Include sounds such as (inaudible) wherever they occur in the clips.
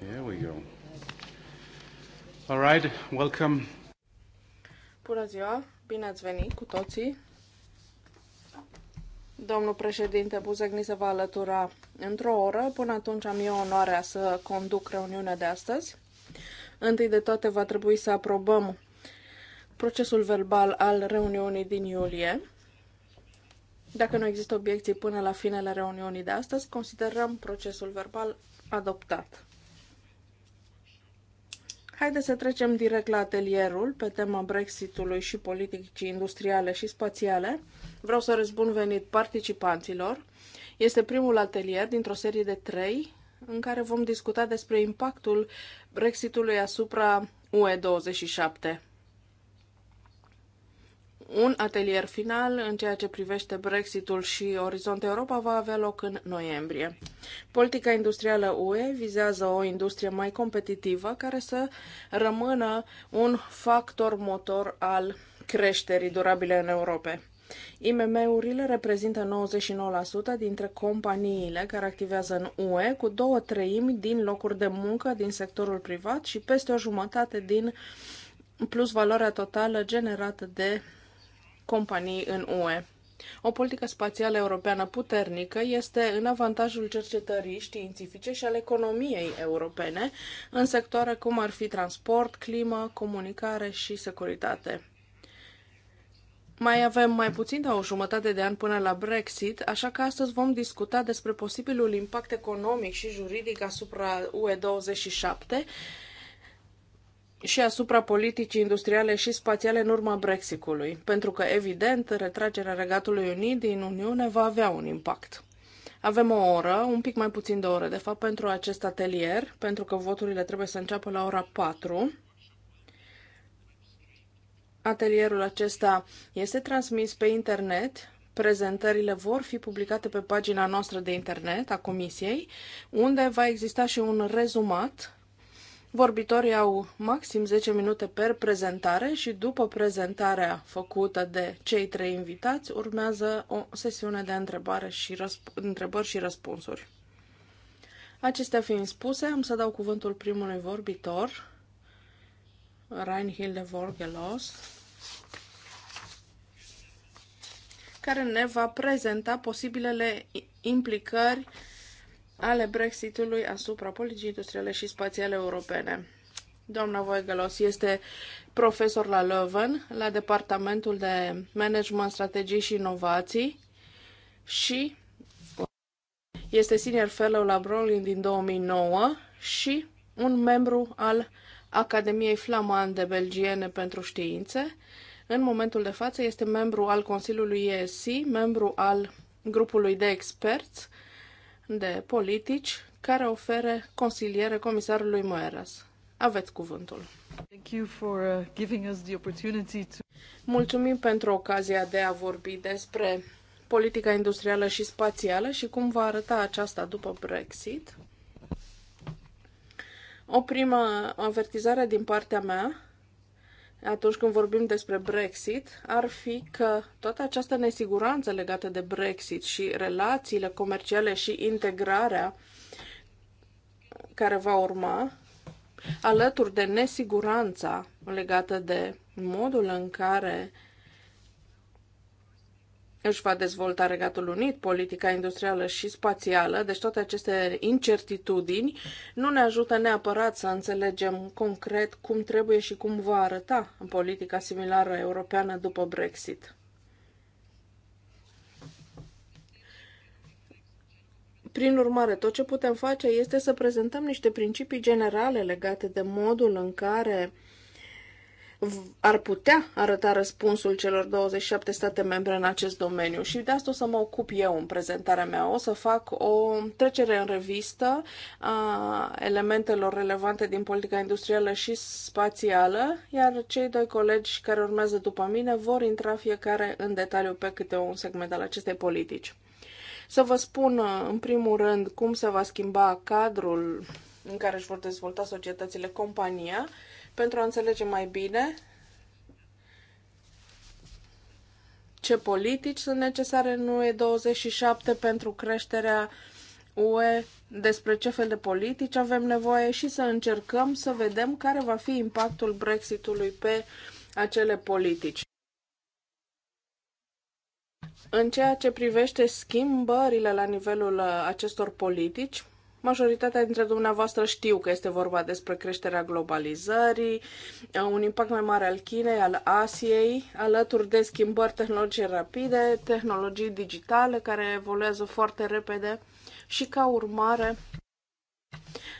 Here we go. All right, welcome. Bună ziua, bine ați venit cu toții. Domnul președinte Buzek ni se va alătura într-o oră. Până atunci am eu onoarea să conduc reuniunea de astăzi. Întâi de toate va trebui să aprobăm procesul verbal al reuniunii din iulie. Dacă nu există obiecții până la finele reuniunii de astăzi, considerăm procesul verbal adoptat. Haideți să trecem direct la atelierul pe tema Brexitului și politicii industriale și spațiale. Vreau să răzbun venit participanților. Este primul atelier dintr-o serie de trei în care vom discuta despre impactul Brexitului asupra UE27. Un atelier final în ceea ce privește Brexitul și Orizont Europa va avea loc în noiembrie. Politica industrială UE vizează o industrie mai competitivă care să rămână un factor motor al creșterii durabile în Europa. IMM-urile reprezintă 99% dintre companiile care activează în UE, cu două treimi din locuri de muncă din sectorul privat și peste o jumătate din plus valoarea totală generată de companii în UE. O politică spațială europeană puternică este în avantajul cercetării științifice și al economiei europene în sectoare cum ar fi transport, climă, comunicare și securitate. Mai avem mai puțin de o jumătate de an până la Brexit, așa că astăzi vom discuta despre posibilul impact economic și juridic asupra UE27 și asupra politicii industriale și spațiale în urma Brexitului, pentru că, evident, retragerea Regatului Unit din Uniune va avea un impact. Avem o oră, un pic mai puțin de oră, de fapt, pentru acest atelier, pentru că voturile trebuie să înceapă la ora 4. Atelierul acesta este transmis pe internet. Prezentările vor fi publicate pe pagina noastră de internet a Comisiei, unde va exista și un rezumat Vorbitorii au maxim 10 minute per prezentare și după prezentarea făcută de cei trei invitați urmează o sesiune de întrebare și răsp- întrebări și răspunsuri. Acestea fiind spuse, am să dau cuvântul primului vorbitor, Reinhilde Vorgelos, care ne va prezenta posibilele implicări ale Brexitului asupra politicii industriale și spațiale europene. Doamna Voigelos este profesor la Leuven, la Departamentul de Management, Strategii și Inovații și este senior fellow la Brolin din 2009 și un membru al Academiei Flamande Belgiene pentru Științe. În momentul de față este membru al Consiliului ESC, membru al grupului de experți de politici care ofere consiliere comisarului Moeras. Aveți cuvântul. Thank you for uh, giving us the opportunity to... Mulțumim pentru ocazia de a vorbi despre politica industrială și spațială și cum va arăta aceasta după Brexit. O primă avertizare din partea mea atunci când vorbim despre Brexit ar fi că toată această nesiguranță legată de Brexit și relațiile comerciale și integrarea care va urma, alături de nesiguranța legată de modul în care uh, își va dezvolta Regatul Unit, politica industrială și spațială, deci toate aceste incertitudini nu ne ajută neapărat să înțelegem concret cum trebuie și cum va arăta politica similară europeană după Brexit. Prin urmare, tot ce putem face este să prezentăm niște principii generale legate de modul în care uh, ar putea arăta răspunsul celor 27 state membre în acest domeniu și de asta o să mă ocup eu în prezentarea mea. O să fac o trecere în revistă a elementelor relevante din politica industrială și spațială, iar cei doi colegi care urmează după mine vor intra fiecare în detaliu pe câte un segment al acestei politici. Să vă spun, în primul rând, cum se va schimba cadrul în care își vor dezvolta societățile compania pentru a înțelege mai bine ce politici sunt necesare în UE 27 pentru creșterea UE, despre ce fel de politici avem nevoie și să încercăm să vedem care va fi impactul Brexitului pe acele politici. În ceea ce privește schimbările la nivelul acestor politici, Majoritatea dintre dumneavoastră știu că este vorba despre creșterea globalizării, un impact mai mare al Chinei, al Asiei, alături de schimbări tehnologice rapide, tehnologii digitale care evoluează foarte repede și ca urmare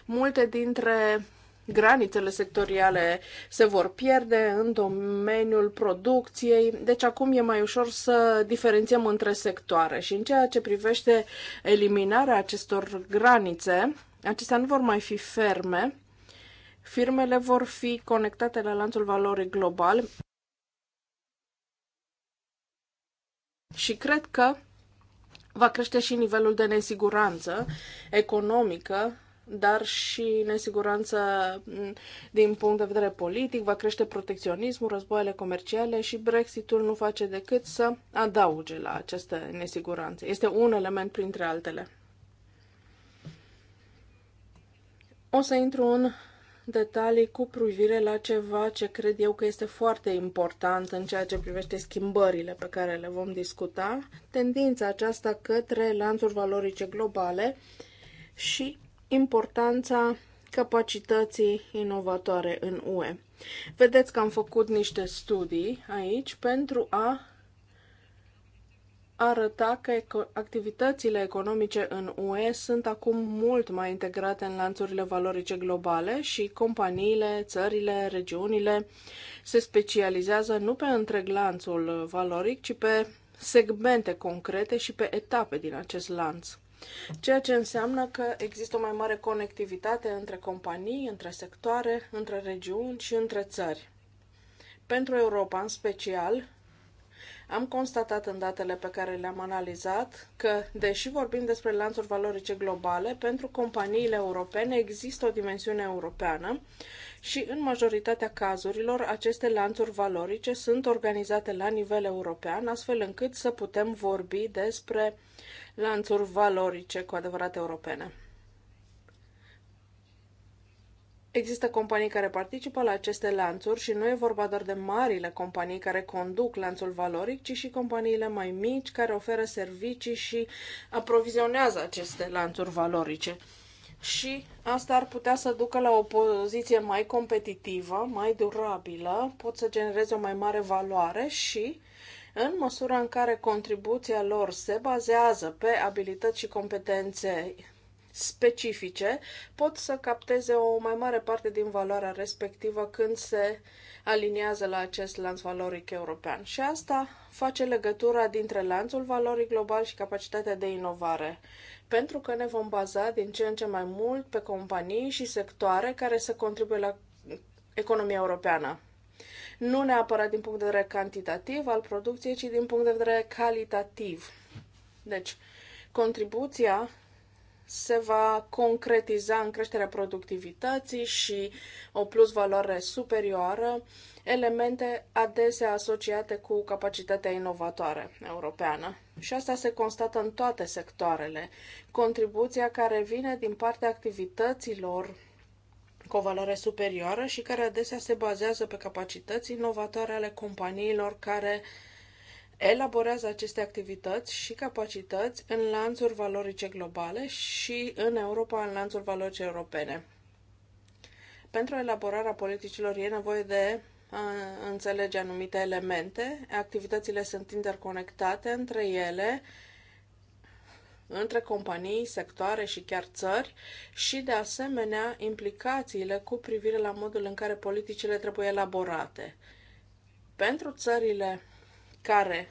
multe dintre granițele sectoriale se vor pierde în domeniul producției, deci acum e mai ușor să diferențiem între sectoare și în ceea ce privește eliminarea acestor granițe, acestea nu vor mai fi ferme, firmele vor fi conectate la lanțul valorii global și cred că va crește și nivelul de nesiguranță economică dar și nesiguranță mm, din punct de vedere politic, va crește protecționismul, războaiele comerciale și Brexitul nu face decât să adauge la aceste nesiguranțe. Este un element printre altele. O să intru în detalii cu privire la ceva ce cred eu că este foarte important în ceea ce privește schimbările pe care le vom discuta, tendința aceasta către lanțuri valorice globale și importanța capacității inovatoare în UE. Vedeți că am făcut niște studii aici pentru a arăta că activitățile economice în UE sunt acum mult mai integrate în lanțurile valorice globale și companiile, țările, regiunile se specializează nu pe întreg lanțul valoric, ci pe segmente concrete și pe etape din acest lanț ceea ce înseamnă că există o mai mare conectivitate între companii, între sectoare, între regiuni și între țări. Pentru Europa, în special, am constatat în datele pe care le-am analizat că, deși vorbim despre lanțuri valorice globale, pentru companiile europene există o dimensiune europeană și, în majoritatea cazurilor, aceste lanțuri valorice sunt organizate la nivel european, astfel încât să putem vorbi despre uh, lanțuri valorice cu adevărat europene. Există companii care participă la aceste lanțuri și nu e vorba doar de marile companii care conduc lanțul valoric, ci și companiile mai mici care oferă servicii și aprovizionează aceste lanțuri valorice. Și asta ar putea să ducă la o poziție mai competitivă, mai durabilă, pot să genereze o mai mare valoare și în măsura în care contribuția lor se bazează pe abilități și competențe specifice, pot să capteze o mai mare parte din valoarea respectivă când se aliniază la acest lanț valoric european. Și asta face legătura dintre lanțul valoric global și capacitatea de inovare, pentru că ne vom baza din ce în ce mai mult pe companii și sectoare care să contribuie la economia europeană nu neapărat din punct de vedere cantitativ al producției, ci din punct de vedere calitativ. Deci, contribuția se va concretiza în creșterea productivității și o plus valoare superioară, elemente adesea asociate cu capacitatea inovatoare europeană. Și asta se constată în toate sectoarele. Contribuția care vine din partea activităților cu o valoare superioară și care adesea se bazează pe capacități inovatoare ale companiilor care elaborează aceste activități și capacități în lanțuri valorice globale și în Europa în lanțuri valorice europene. Pentru elaborarea politicilor e nevoie de înțelege anumite elemente, activitățile sunt interconectate între ele, între companii, sectoare și chiar țări și, de asemenea, implicațiile cu privire la modul în care politicile trebuie elaborate. Pentru țările care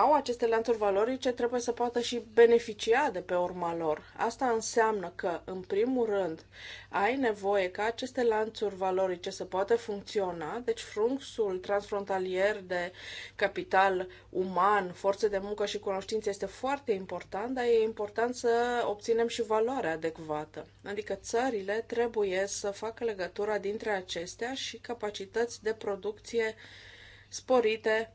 au aceste lanțuri valorice, trebuie să poată și beneficia de pe urma lor. Asta înseamnă că, în primul rând, ai nevoie ca aceste lanțuri valorice să poată funcționa, deci fluxul transfrontalier de capital uman, forțe de muncă și cunoștință este foarte important, dar e important să obținem și valoarea adecvată. Adică țările trebuie să facă legătura dintre acestea și capacități de producție sporite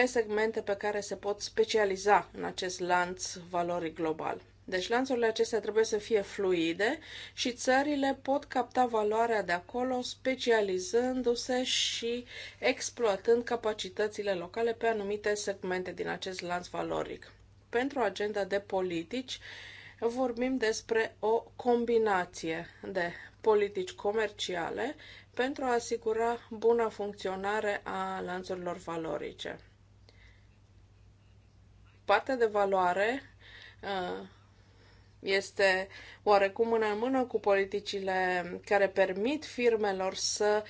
pe segmente pe care se pot specializa în acest lanț valorii global. Deci lanțurile acestea trebuie să fie fluide și țările pot capta valoarea de acolo specializându-se și exploatând capacitățile locale pe anumite segmente din acest lanț valoric. Pentru agenda de politici vorbim despre o combinație de politici comerciale pentru a asigura buna funcționare a lanțurilor valorice partea de valoare uh, este oarecum mână în mână cu politicile care permit firmelor să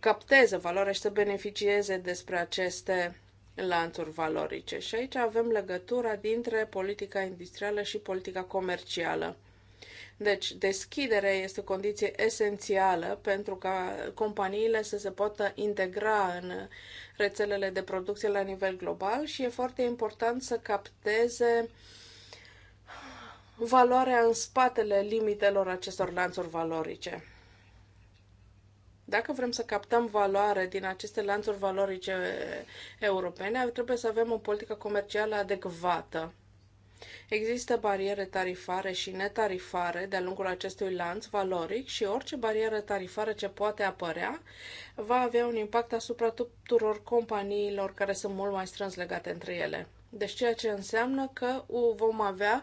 capteze valoare și să beneficieze despre aceste lanțuri valorice. Și aici avem legătura dintre politica industrială și politica comercială. Deci, deschiderea este o condiție esențială pentru ca companiile să se poată integra în rețelele de producție la nivel global și e foarte important să capteze valoarea în spatele limitelor acestor lanțuri valorice. Dacă vrem să captăm valoare din aceste lanțuri valorice europene, trebuie să avem o politică comercială adecvată Există bariere tarifare și netarifare de-a lungul acestui lanț valoric și orice barieră tarifară ce poate apărea va avea un impact asupra tuturor companiilor care sunt mult mai strâns legate între ele. Deci ceea ce înseamnă că vom avea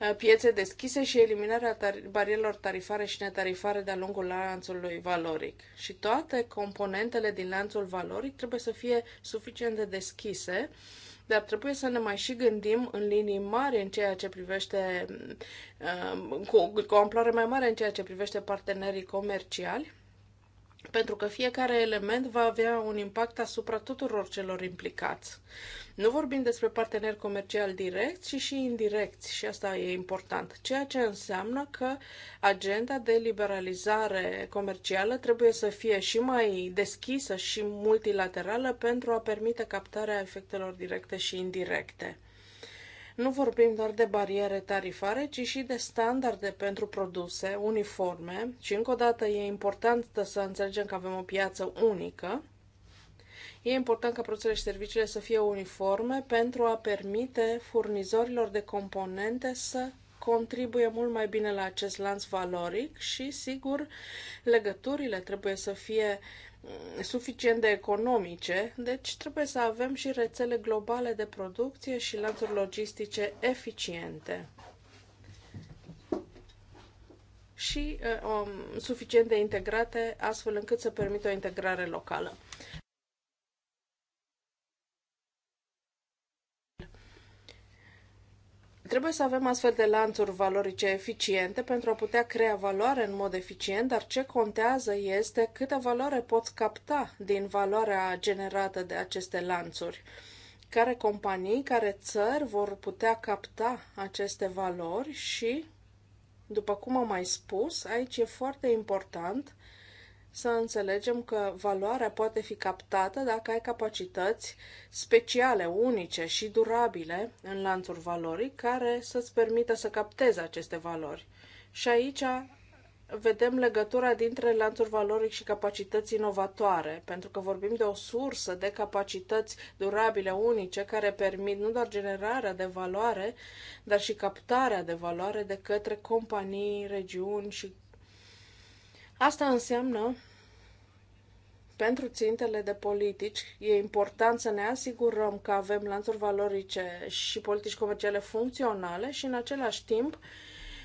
uh, piețe deschise și eliminarea tar- barierelor tarifare și netarifare de-a lungul lanțului valoric. Și toate componentele din lanțul valoric trebuie să fie suficient de deschise dar trebuie să ne mai și gândim în linii mari în ceea ce privește, um, cu, cu o amploare mai mare în ceea ce privește partenerii comerciali pentru că fiecare element va avea un impact asupra tuturor celor implicați. Nu vorbim despre parteneri comerciali direcți, ci și indirecți și asta e important, ceea ce înseamnă că agenda de liberalizare comercială trebuie să fie și mai deschisă și multilaterală pentru a permite captarea efectelor directe și indirecte. Nu vorbim doar de bariere tarifare, ci și de standarde pentru produse uniforme și încă o dată e important să înțelegem că avem o piață unică. E important ca produsele și serviciile să fie uniforme pentru a permite furnizorilor de componente să contribuie mult mai bine la acest lanț valoric și, sigur, legăturile trebuie să fie uh, Mm, suficient de economice, deci trebuie să avem și rețele globale de producție și lanțuri logistice eficiente și uh, um, suficient de integrate astfel încât să permită o integrare locală. Trebuie să avem astfel de lanțuri valorice eficiente pentru a putea crea valoare în mod eficient, dar ce contează este câtă valoare poți capta din valoarea generată de aceste lanțuri. Care companii, care țări vor putea capta aceste valori și, după cum am mai spus, aici e foarte important să înțelegem că valoarea poate fi captată dacă ai capacități speciale, unice și durabile în lanțuri valorii care să-ți permită să captezi aceste valori. Și aici vedem legătura dintre lanțuri valoric și capacități inovatoare, pentru că vorbim de o sursă de capacități durabile, unice, care permit nu doar generarea de valoare, dar și captarea de valoare de către companii, regiuni și Asta înseamnă pentru țintele de politici e important să ne asigurăm că avem lanțuri valorice și politici comerciale funcționale și în același timp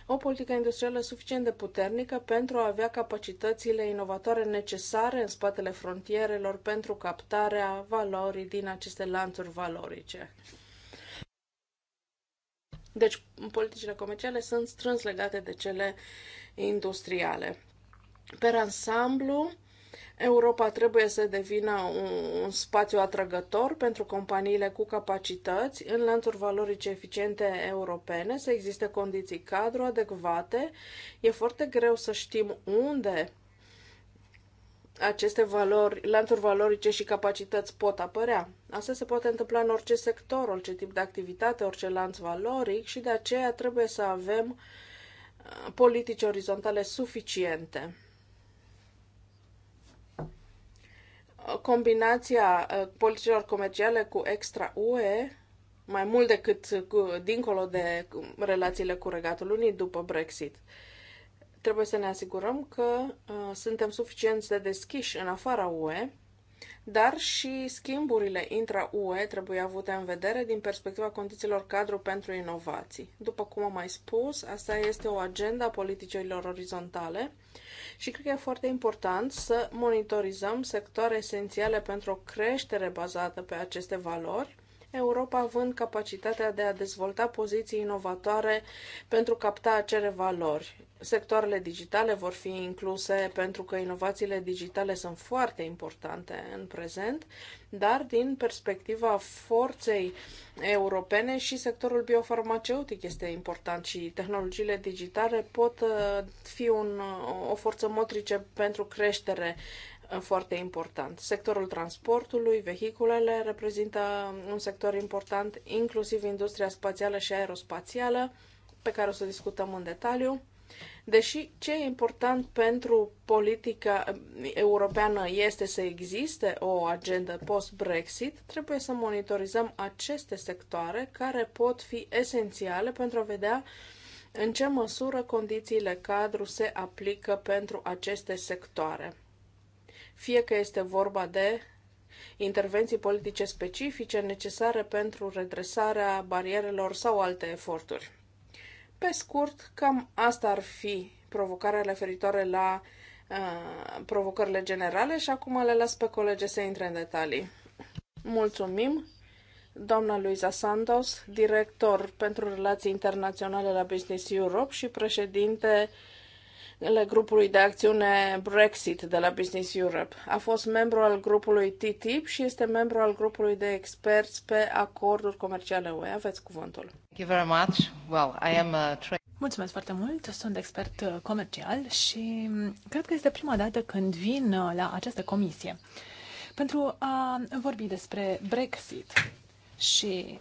o politică industrială suficient de puternică pentru a avea capacitățile inovatoare necesare în spatele frontierelor pentru captarea valorii din aceste lanțuri valorice. Deci, politicile comerciale sunt strâns legate de cele industriale per ansamblu, Europa trebuie să devină un, un spațiu atrăgător pentru companiile cu capacități în lanțuri valorice eficiente europene, să existe condiții cadru adecvate. E foarte greu să știm unde aceste valori, lanțuri valorice și capacități pot apărea. Asta se poate întâmpla în orice sector, orice tip de activitate, orice lanț valoric și de aceea trebuie să avem uh, politici orizontale suficiente combinația uh, politicilor comerciale cu extra UE, mai mult decât cu, dincolo de relațiile cu Regatul Unit după Brexit. Trebuie să ne asigurăm că uh, suntem suficient de deschiși în afara UE, dar și schimburile intra-UE trebuie avute în vedere din perspectiva condițiilor cadru pentru inovații. După cum am mai spus, asta este o agenda politicilor orizontale uh, și cred că e foarte important să monitorizăm sectoare esențiale pentru o creștere bazată pe aceste valori Europa având capacitatea de a dezvolta poziții inovatoare pentru capta acele valori. Sectoarele digitale vor fi incluse pentru că inovațiile digitale sunt foarte importante în prezent, dar din perspectiva forței europene și sectorul biofarmaceutic este important și tehnologiile digitale pot uh, fi un, o forță motrice pentru creștere foarte important. Sectorul transportului, vehiculele reprezintă un sector important, inclusiv industria spațială și aerospațială, pe care o să discutăm în detaliu. Deși ce e important pentru politica eh, europeană este să existe o agendă post-Brexit, trebuie să monitorizăm aceste sectoare care pot fi esențiale pentru a vedea în ce măsură condițiile cadru se aplică pentru aceste sectoare fie că este vorba de intervenții politice specifice necesare pentru redresarea barierelor sau alte eforturi. Pe scurt, cam asta ar fi provocarea referitoare la uh, provocările generale și acum le las pe colege să intre în detalii. Mulțumim! Doamna Luisa Santos, director pentru relații internaționale la Business Europe și președinte ale grupului de acțiune Brexit de la Business Europe. A fost membru al grupului TTIP și este membru al grupului de experți pe acorduri comerciale UE. Aveți cuvântul. Thank you very much. Well, I am a Mulțumesc foarte mult. Sunt expert uh, comercial și mm, cred că este prima dată când vin uh, la această comisie pentru a vorbi despre Brexit. Și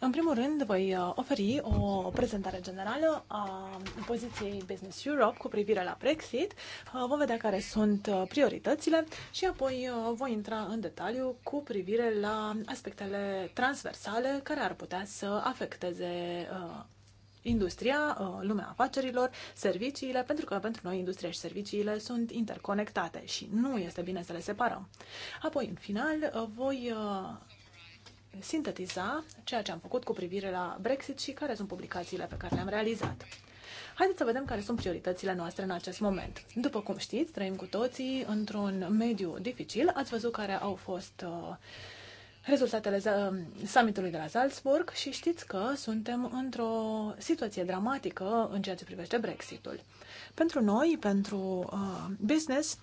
în primul rând, voi uh, oferi o prezentare generală a poziției Business Europe cu privire la Brexit. Uh, vom vedea care sunt uh, prioritățile și apoi voi intra în detaliu cu privire la aspectele transversale care ar putea să afecteze industria, lumea afacerilor, serviciile, pentru că pentru noi industria și serviciile sunt interconectate și nu este bine să le separăm. Apoi, în final, voi sintetiza ceea ce am făcut cu privire la Brexit și care sunt publicațiile pe care le-am realizat. Haideți să vedem care sunt prioritățile noastre în acest moment. După cum știți, trăim cu toții într-un mediu dificil. Ați văzut care au fost uh, rezultatele uh, summitului de la Salzburg și știți că suntem într-o situație dramatică în ceea ce privește Brexitul. Pentru noi, pentru uh, business,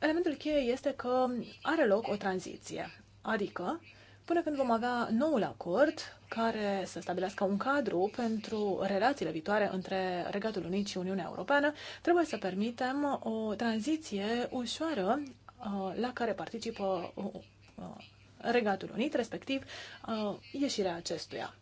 elementul cheie este că are loc o tranziție, adică până când vom avea noul acord care să stabilească un cadru pentru relațiile viitoare între Regatul Unit și Uniunea Europeană, trebuie să permitem o tranziție ușoară uh, la care participă uh, uh, Regatul Unit, respectiv ieșirea acestuia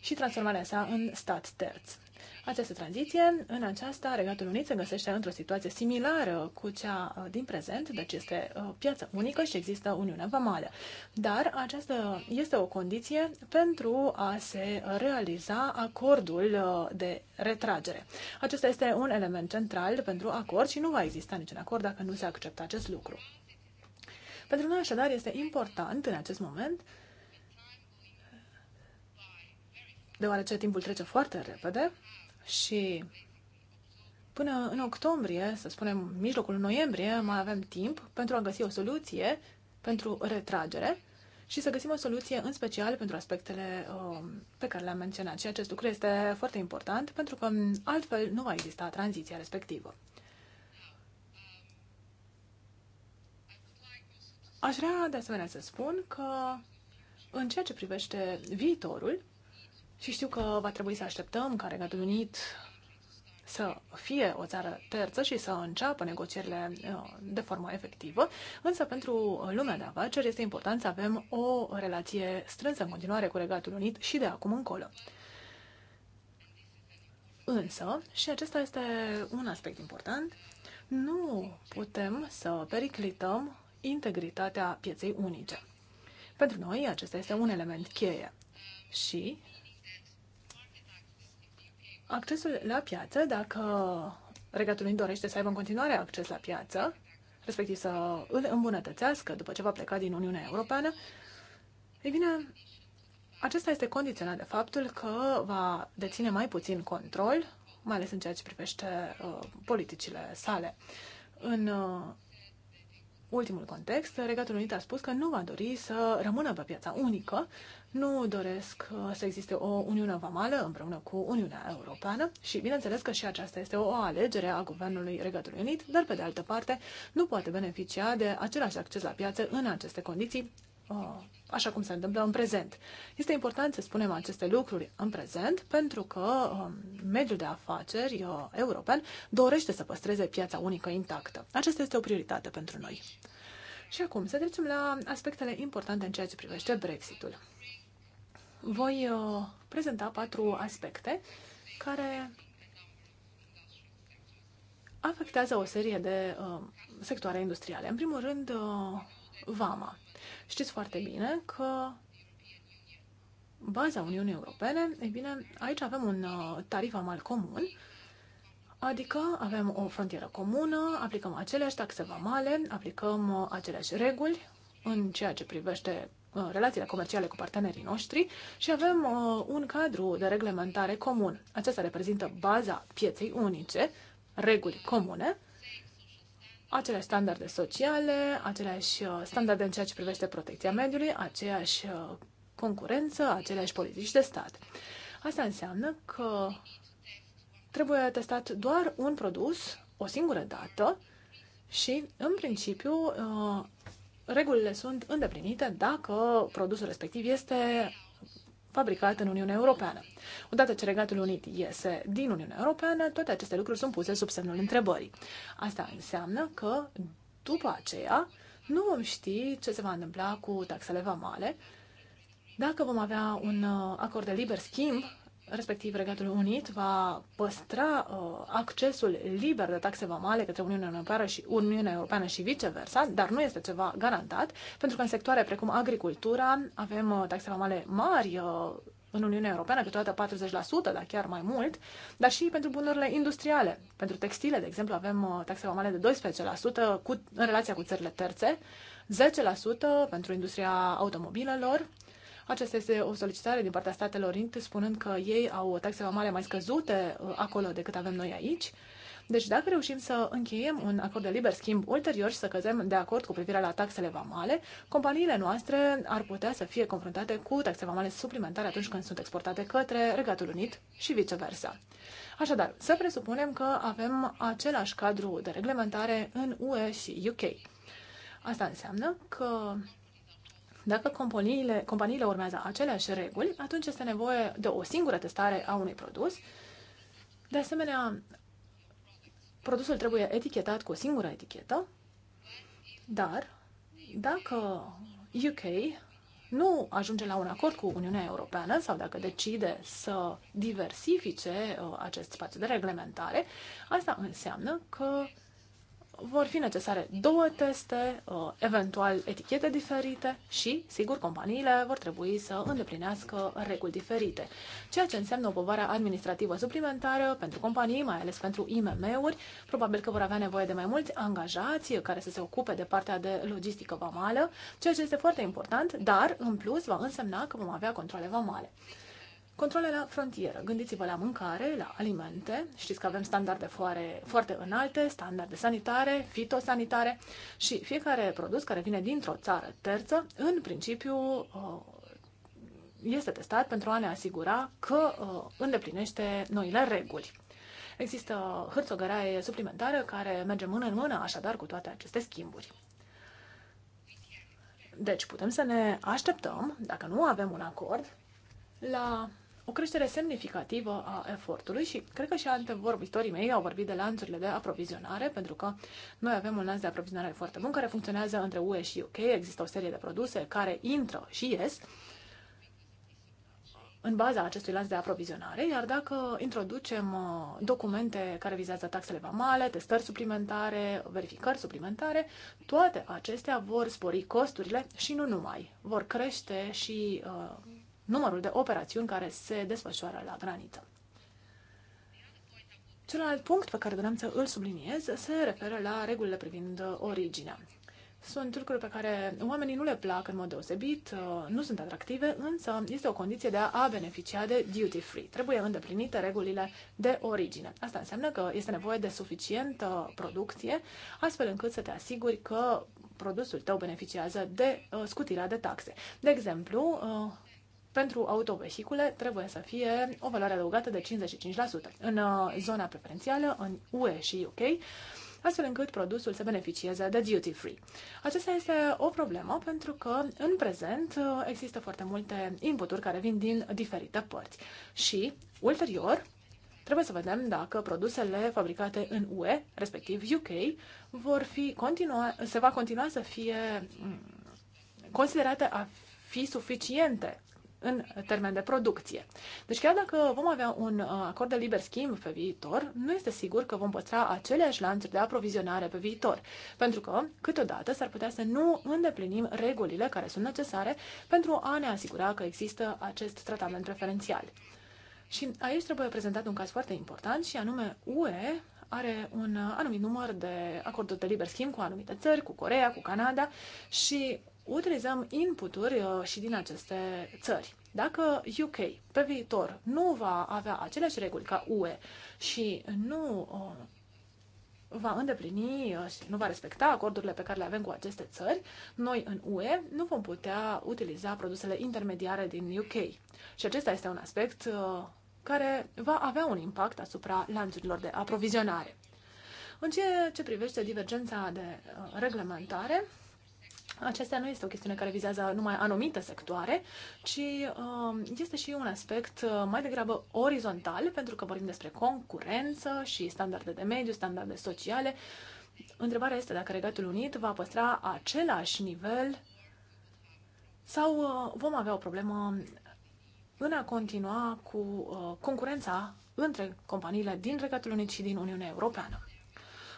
și transformarea sa în stat terț. Această tranziție, în aceasta, Regatul Unit se găsește într-o situație similară cu cea uh, din prezent, deci este uh, piață unică și există Uniunea Vamală. Dar aceasta este o condiție pentru a se realiza acordul uh, de retragere. Acesta este un element central pentru acord și nu va exista niciun acord dacă nu se acceptă acest lucru. Pentru noi, așadar, este important în acest moment deoarece timpul trece foarte repede și până în octombrie, să spunem mijlocul noiembrie, mai avem timp pentru a găsi o soluție pentru retragere și să găsim o soluție în special pentru aspectele um, pe care le-am menționat. Și acest lucru este foarte important pentru că altfel nu va exista tranziția respectivă. Aș vrea de asemenea să spun că în ceea ce privește viitorul, și știu că va trebui să așteptăm ca Regatul Unit să fie o țară terță și să înceapă negocierile uh, de formă efectivă, însă pentru lumea de afaceri este important să avem o relație strânsă în continuare cu Regatul Unit și de acum încolo. Însă, și acesta este un aspect important, nu putem să periclităm integritatea pieței unice. Pentru noi, acesta este un element cheie. Și accesul la piață, dacă Regatul Unit dorește să aibă în continuare acces la piață, respectiv să îl îmbunătățească după ce va pleca din Uniunea Europeană, ei bine, acesta este condiționat de faptul că va deține mai puțin control, mai ales în ceea ce privește uh, politicile sale. În uh, ultimul context, Regatul Unit a spus că nu va dori să rămână pe piața unică, nu doresc uh, să existe o Uniune Vamală împreună cu Uniunea Europeană și bineînțeles că și aceasta este o alegere a Guvernului Regatului Unit, dar pe de altă parte nu poate beneficia de același acces la piață în aceste condiții Ah, așa cum se întâmplă în prezent. Este important să spunem aceste lucruri în prezent pentru că um, mediul de afaceri uh, european dorește să păstreze piața unică intactă. Aceasta este o prioritate pentru noi. Și acum să trecem la aspectele importante în ceea ce privește Brexitul. Voi uh, prezenta patru aspecte care afectează o serie de uh, sectoare industriale. În primul rând, uh, vama. Știți foarte bine că baza Uniunii Europene, ei bine, aici avem un uh, tarif amal comun, adică avem o frontieră comună, aplicăm aceleași taxe vamale, aplicăm uh, aceleași reguli în ceea ce privește uh, relațiile comerciale cu partenerii noștri și avem uh, un cadru de reglementare comun. Acesta reprezintă baza pieței unice, reguli comune aceleași standarde sociale, aceleași uh, standarde în ceea ce privește protecția mediului, aceeași uh, concurență, aceleași politici de stat. Asta înseamnă că trebuie testat doar un produs o singură dată și, în principiu, uh, regulile sunt îndeplinite dacă produsul respectiv este fabricat în Uniunea Europeană. Odată ce Regatul Unit iese din Uniunea Europeană, toate aceste lucruri sunt puse sub semnul întrebării. Asta înseamnă că după aceea nu vom ști ce se va întâmpla cu taxele vamale, dacă vom avea un uh, acord de liber schimb respectiv Regatul Unit, va păstra uh, accesul liber de taxe vamale către Uniunea Europeană și Uniunea Europeană și viceversa, dar nu este ceva garantat, pentru că în sectoare precum agricultura avem uh, taxe vamale mari uh, în Uniunea Europeană, câteodată 40%, dar chiar mai mult, dar și pentru bunurile industriale. Pentru textile, de exemplu, avem uh, taxe vamale de 12% cu, în relația cu țările terțe, 10% pentru industria automobilelor, aceasta este o solicitare din partea Statelor Unite, spunând că ei au taxe vamale mai scăzute uh, acolo decât avem noi aici. Deci dacă reușim să încheiem un acord de liber schimb ulterior și să căzem de acord cu privire la taxele vamale, companiile noastre ar putea să fie confruntate cu taxe vamale suplimentare atunci când sunt exportate către Regatul Unit și viceversa. Așadar, să presupunem că avem același cadru de reglementare în UE și UK. Asta înseamnă că dacă companiile, companiile urmează aceleași reguli, atunci este nevoie de o singură testare a unui produs. De asemenea, produsul trebuie etichetat cu o singură etichetă, dar dacă UK nu ajunge la un acord cu Uniunea Europeană sau dacă decide să diversifice uh, acest spațiu de reglementare, asta înseamnă că vor fi necesare două teste, uh, eventual etichete diferite și, sigur, companiile vor trebui să îndeplinească reguli diferite, ceea ce înseamnă o povară administrativă suplimentară pentru companii, mai ales pentru IMM-uri. Probabil că vor avea nevoie de mai mulți angajați care să se ocupe de partea de logistică vamală, ceea ce este foarte important, dar, în plus, va însemna că vom avea controle vamale. Controle la frontieră. Gândiți-vă la mâncare, la alimente. Știți că avem standarde foarte, foarte înalte, standarde sanitare, fitosanitare și fiecare produs care vine dintr-o țară terță, în principiu, uh, este testat pentru a ne asigura că uh, îndeplinește noile reguli. Există hârțogăraie suplimentară care merge mână în mână, așadar, cu toate aceste schimburi. Deci putem să ne așteptăm, dacă nu avem un acord, la o creștere semnificativă a efortului și cred că și antevorbitorii mei au vorbit de lanțurile de aprovizionare, pentru că noi avem un lanț de aprovizionare foarte bun care funcționează între UE și UK. Există o serie de produse care intră și ies în baza acestui lanț de aprovizionare, iar dacă introducem uh, documente care vizează taxele vamale, testări suplimentare, verificări suplimentare, toate acestea vor spori costurile și nu numai, vor crește și uh, numărul de operațiuni care se desfășoară la graniță. Celălalt punct pe care doream să îl subliniez se referă la regulile privind originea. Sunt lucruri pe care oamenii nu le plac în mod deosebit, nu sunt atractive, însă este o condiție de a beneficia de duty free. Trebuie îndeplinite regulile de origine. Asta înseamnă că este nevoie de suficientă uh, producție, astfel încât să te asiguri că produsul tău beneficiază de uh, scutirea de taxe. De exemplu, uh, pentru autovehicule trebuie să fie o valoare adăugată de 55% în uh, zona preferențială, în UE și UK, astfel încât produsul să beneficieze de duty free. Aceasta este o problemă pentru că în prezent uh, există foarte multe inputuri care vin din diferite părți și ulterior Trebuie să vedem dacă produsele fabricate în UE, respectiv UK, vor fi continua, se va continua să fie mm, considerate a fi suficiente în termen de producție. Deci chiar dacă vom avea un uh, acord de liber schimb pe viitor, nu este sigur că vom păstra aceleași lanțuri de aprovizionare pe viitor, pentru că câteodată s-ar putea să nu îndeplinim regulile care sunt necesare pentru a ne asigura că există acest tratament preferențial. Și aici trebuie prezentat un caz foarte important și anume UE are un uh, anumit număr de acorduri de liber schimb cu anumite țări, cu Corea, cu Canada și utilizăm inputuri uh, și din aceste țări. Dacă UK pe viitor nu va avea aceleași reguli ca UE și nu uh, va îndeplini uh, și nu va respecta acordurile pe care le avem cu aceste țări, noi în UE nu vom putea utiliza produsele intermediare din UK. Și acesta este un aspect care va avea un impact asupra lanțurilor de aprovizionare. În ceea ce privește divergența de reglementare, acestea nu este o chestiune care vizează numai anumite sectoare, ci um, este și un aspect uh, mai degrabă orizontal, pentru că vorbim despre concurență și standarde de mediu, standarde sociale. Întrebarea este dacă Regatul Unit va păstra același nivel sau uh, vom avea o problemă în a continua cu uh, concurența între companiile din Regatul Unit și din Uniunea Europeană.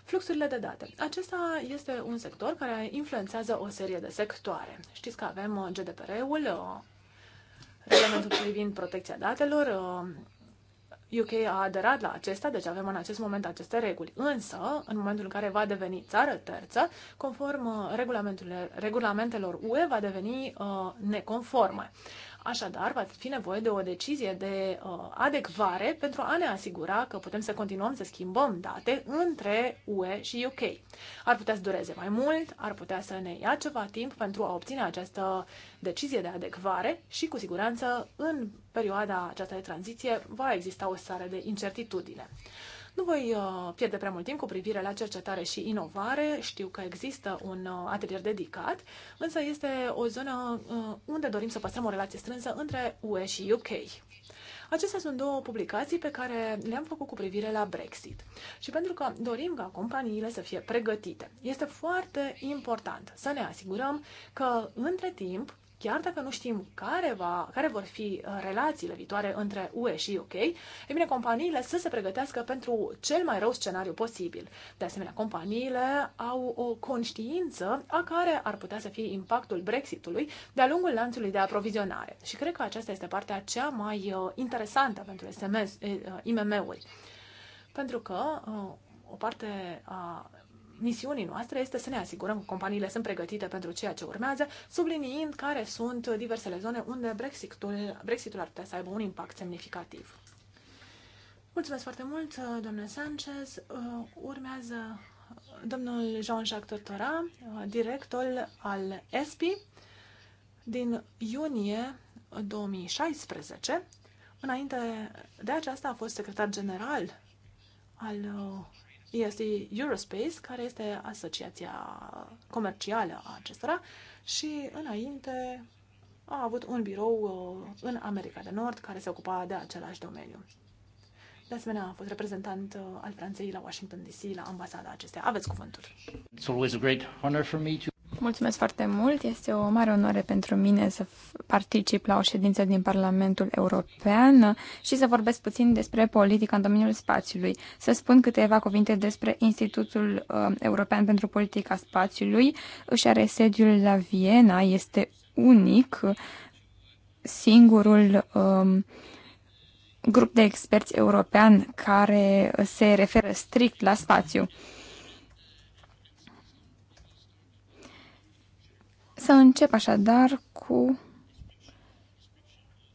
Fluxurile de date. Acesta este un sector care influențează o serie de sectoare. Știți că avem uh, GDPR-ul, uh, regulamentul privind protecția datelor, UK uh, a aderat la acesta, deci avem în acest moment aceste reguli. Însă, în momentul în care va deveni țară terță, conform regulamentelor UE, va deveni uh, neconformă. Așadar, va fi nevoie de o decizie de uh, adecvare pentru a ne asigura că putem să continuăm să schimbăm date între UE și UK. Ar putea să dureze mai mult, ar putea să ne ia ceva timp pentru a obține această decizie de adecvare și, cu siguranță, în perioada aceasta de tranziție va exista o stare de incertitudine. Nu voi uh, pierde prea mult timp cu privire la cercetare și inovare. Știu că există un uh, atelier dedicat, însă este o zonă uh, unde dorim să păstrăm o relație strânsă între UE și UK. Acestea sunt două publicații pe care le-am făcut cu privire la Brexit. Și pentru că dorim ca companiile să fie pregătite, este foarte important să ne asigurăm că între timp chiar dacă nu știm care, va, care vor fi uh, relațiile viitoare între UE și UK, e bine, companiile să se pregătească pentru cel mai rău scenariu posibil. De asemenea, companiile au o conștiință a care ar putea să fie impactul Brexitului de-a lungul lanțului de aprovizionare. Și cred că aceasta este partea cea mai uh, interesantă pentru SMS, eh, uh, IMM-uri. Pentru că o parte a misiunii noastre este să ne asigurăm că companiile sunt pregătite pentru ceea ce urmează, subliniind care sunt diversele zone unde Brexitul, Brexitul ar putea să aibă un impact semnificativ. Mulțumesc foarte mult, domnule Sanchez. Uh, urmează domnul Jean-Jacques Tortora, uh, directorul al ESPI din iunie 2016. Înainte de aceasta a fost secretar general al uh, este Eurospace, care este asociația comercială a acestora și înainte a avut un birou uh, în America de Nord care se ocupa de același domeniu. De asemenea, a fost reprezentant uh, al Franței la Washington DC, la ambasada acestea. Aveți cuvântul. It's always a great honor for me to... Mulțumesc foarte mult. Este o mare onoare pentru mine să particip la o ședință din Parlamentul European și să vorbesc puțin despre politica în domeniul spațiului. Să spun câteva cuvinte despre Institutul uh, European pentru Politica Spațiului. Își are sediul la Viena, este unic, singurul um, grup de experți european care se referă strict la spațiu. Să încep așadar cu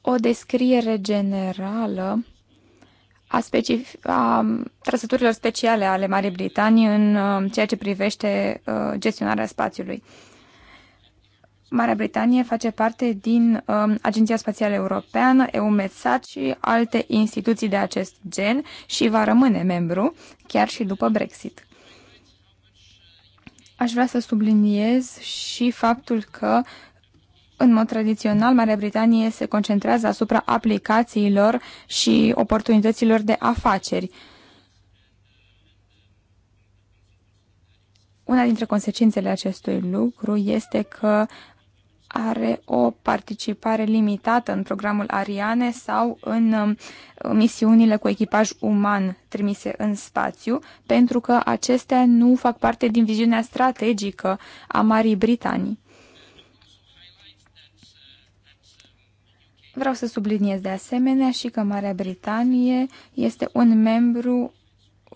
o descriere generală a, specific, a trăsăturilor speciale ale Marii Britanii în uh, ceea ce privește uh, gestionarea spațiului. Marea Britanie face parte din um, Agenția Spațială Europeană, EUMETSAT și alte instituții de acest gen și va rămâne membru chiar și după Brexit. Aș vrea să subliniez și faptul că în mod tradițional, Marea Britanie se concentrează asupra aplicațiilor și oportunităților de afaceri. Una dintre consecințele acestui lucru este că are o participare limitată în programul Ariane sau în um, misiunile cu echipaj uman trimise în spațiu, pentru că acestea nu fac parte din viziunea strategică a Marii Britanii. Vreau să subliniez de asemenea și că Marea Britanie este un membru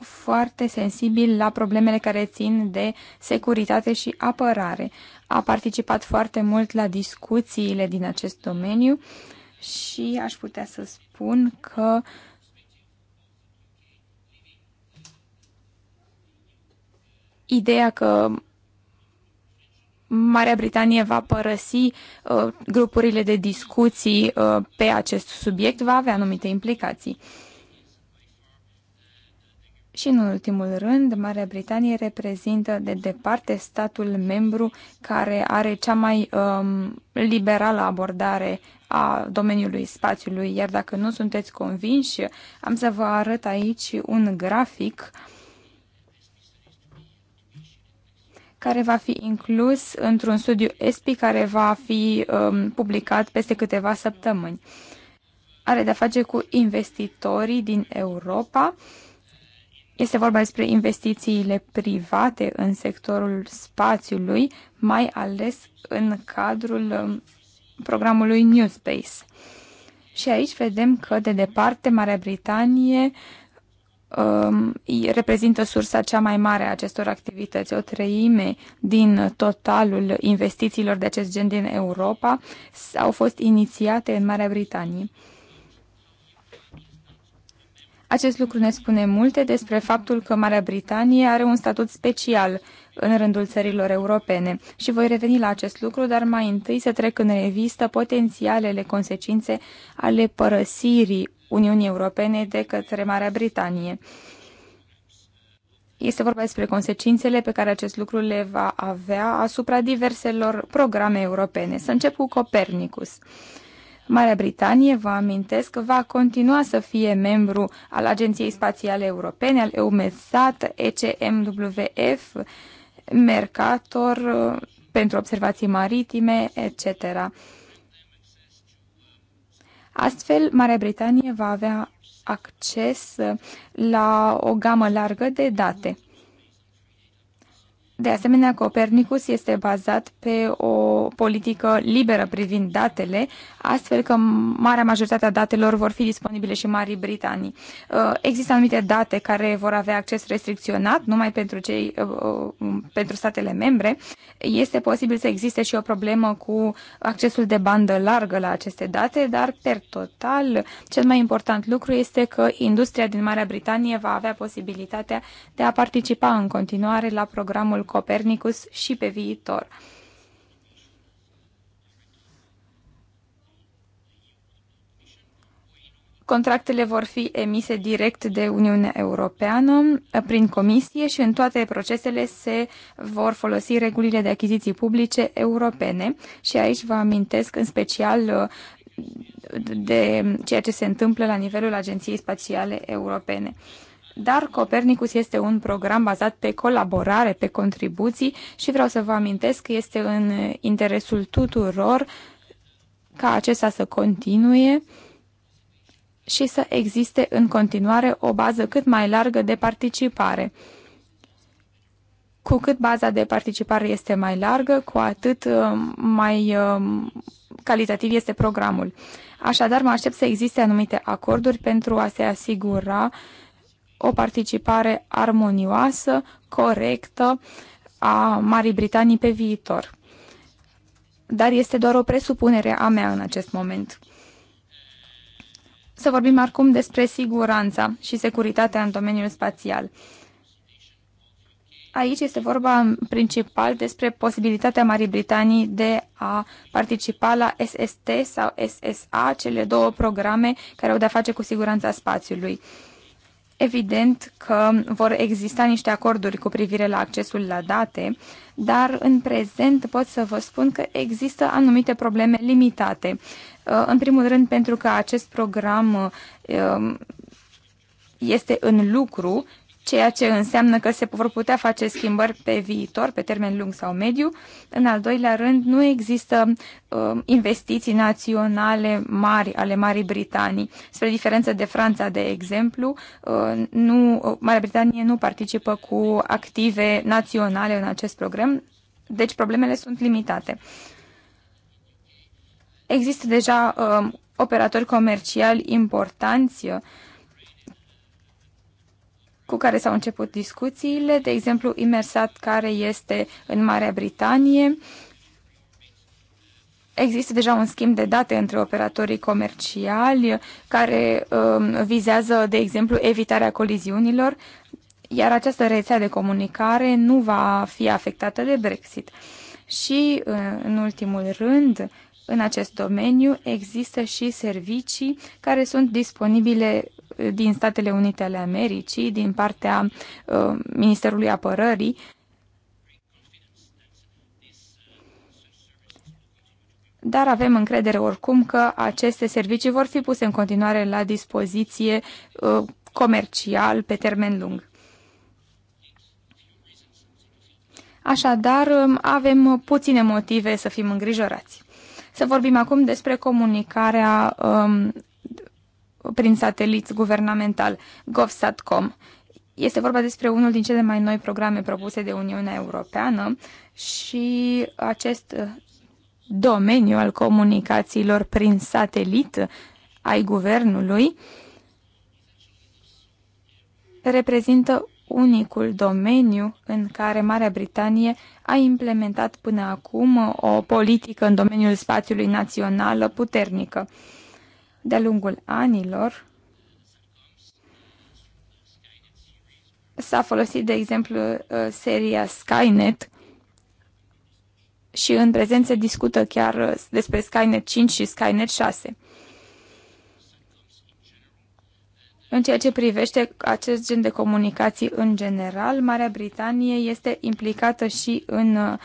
foarte sensibil la problemele care țin de securitate și apărare. A participat foarte mult la discuțiile din acest domeniu și aș putea să spun că ideea că Marea Britanie va părăsi uh, grupurile de discuții uh, pe acest subiect va avea anumite implicații. Uh, și în ultimul rând, Marea Britanie reprezintă de departe statul membru care are cea mai um, liberală abordare a domeniului spațiului, iar dacă nu sunteți convinși, am să vă arăt aici un grafic care va fi inclus într-un studiu ESPI care va fi um, publicat peste câteva săptămâni. Are de-a face cu investitorii din Europa, este vorba despre investițiile private în sectorul spațiului, mai ales în cadrul um, programului New Space. Și aici vedem că, de departe, Marea Britanie um, reprezintă sursa cea mai mare a acestor activități. O treime din totalul investițiilor de acest gen din Europa au fost inițiate în Marea Britanie. Acest lucru ne spune multe despre faptul că Marea Britanie are un statut special în rândul țărilor europene și voi reveni la acest lucru, dar mai întâi să trec în revistă potențialele consecințe ale părăsirii Uniunii Europene de către Marea Britanie. Este vorba despre consecințele pe care acest lucru le va avea asupra diverselor programe europene. Să încep cu Copernicus. Marea Britanie, vă amintesc, va continua să fie membru al Agenției Spațiale Europene, al EUMESAT, ECMWF, Mercator, pentru observații maritime, etc. Astfel, Marea Britanie va avea acces la o gamă largă de date. De asemenea, Copernicus este bazat pe o politică liberă privind datele, astfel că marea majoritate a datelor vor fi disponibile și Marii Britanii. Uh, există anumite date care vor avea acces restricționat numai pentru, cei, uh, uh, pentru statele membre. Este posibil să existe și o problemă cu accesul de bandă largă la aceste date, dar, per total, cel mai important lucru este că industria din Marea Britanie va avea posibilitatea de a participa în continuare la programul Copernicus și pe viitor. Contractele vor fi emise direct de Uniunea Europeană eh, prin comisie și în toate procesele se vor folosi regulile de achiziții publice europene și aici vă amintesc în special eh, de ceea ce se întâmplă la nivelul Agenției Spațiale Europene dar Copernicus este un program bazat pe colaborare, pe contribuții și vreau să vă amintesc că este în interesul tuturor ca acesta să continue și să existe în continuare o bază cât mai largă de participare. Cu cât baza de participare este mai largă, cu atât uh, mai uh, calitativ este programul. Așadar, mă aștept să existe anumite acorduri pentru a se asigura uh, o participare armonioasă, corectă a Marii Britanii pe viitor. Dar este doar o presupunere a mea în acest moment. Să vorbim acum despre siguranța și securitatea în domeniul spațial. Aici este vorba în principal despre posibilitatea Marii Britanii de a participa la SST sau SSA, cele două programe care au de-a face cu siguranța spațiului. Uh, Evident că vor exista niște acorduri cu privire la accesul la date, dar în prezent pot să vă spun că există anumite probleme limitate. Uh, în primul rând pentru că acest program uh, este în lucru ceea ce înseamnă că se vor putea face schimbări pe viitor, pe termen lung sau mediu. În al doilea rând, nu există uh, investiții naționale mari ale Marii Britanii. Spre diferență de Franța, de exemplu, uh, nu, uh, Marea Britanie nu participă cu active naționale în acest program, deci problemele sunt limitate. Există deja uh, operatori comerciali importanți uh, cu care s-au început discuțiile, de exemplu Imersat care este în Marea Britanie. Există deja un schimb de date între operatorii comerciali care uh, vizează, de exemplu, evitarea coliziunilor, iar această rețea de comunicare nu va fi afectată de Brexit. Și, uh, în ultimul rând, în acest domeniu există și servicii care sunt disponibile din Statele Unite ale Americii, din partea uh, Ministerului Apărării. Dar avem încredere oricum că aceste servicii vor fi puse în continuare la dispoziție uh, comercial pe termen lung. Așadar, um, avem puține motive să fim îngrijorați. Să vorbim acum despre comunicarea um, prin satelit guvernamental GovSatcom. Este vorba despre unul din cele mai noi programe propuse de Uniunea Europeană și acest uh, domeniu al comunicațiilor prin satelit ai guvernului reprezintă unicul domeniu în care Marea Britanie a implementat până acum uh, o politică în domeniul spațiului național puternică. De-a lungul anilor s-a folosit, de exemplu, uh, seria Skynet și în prezent se discută chiar uh, despre Skynet 5 și Skynet 6. În ceea ce privește acest gen de comunicații în general, Marea Britanie este implicată și în uh,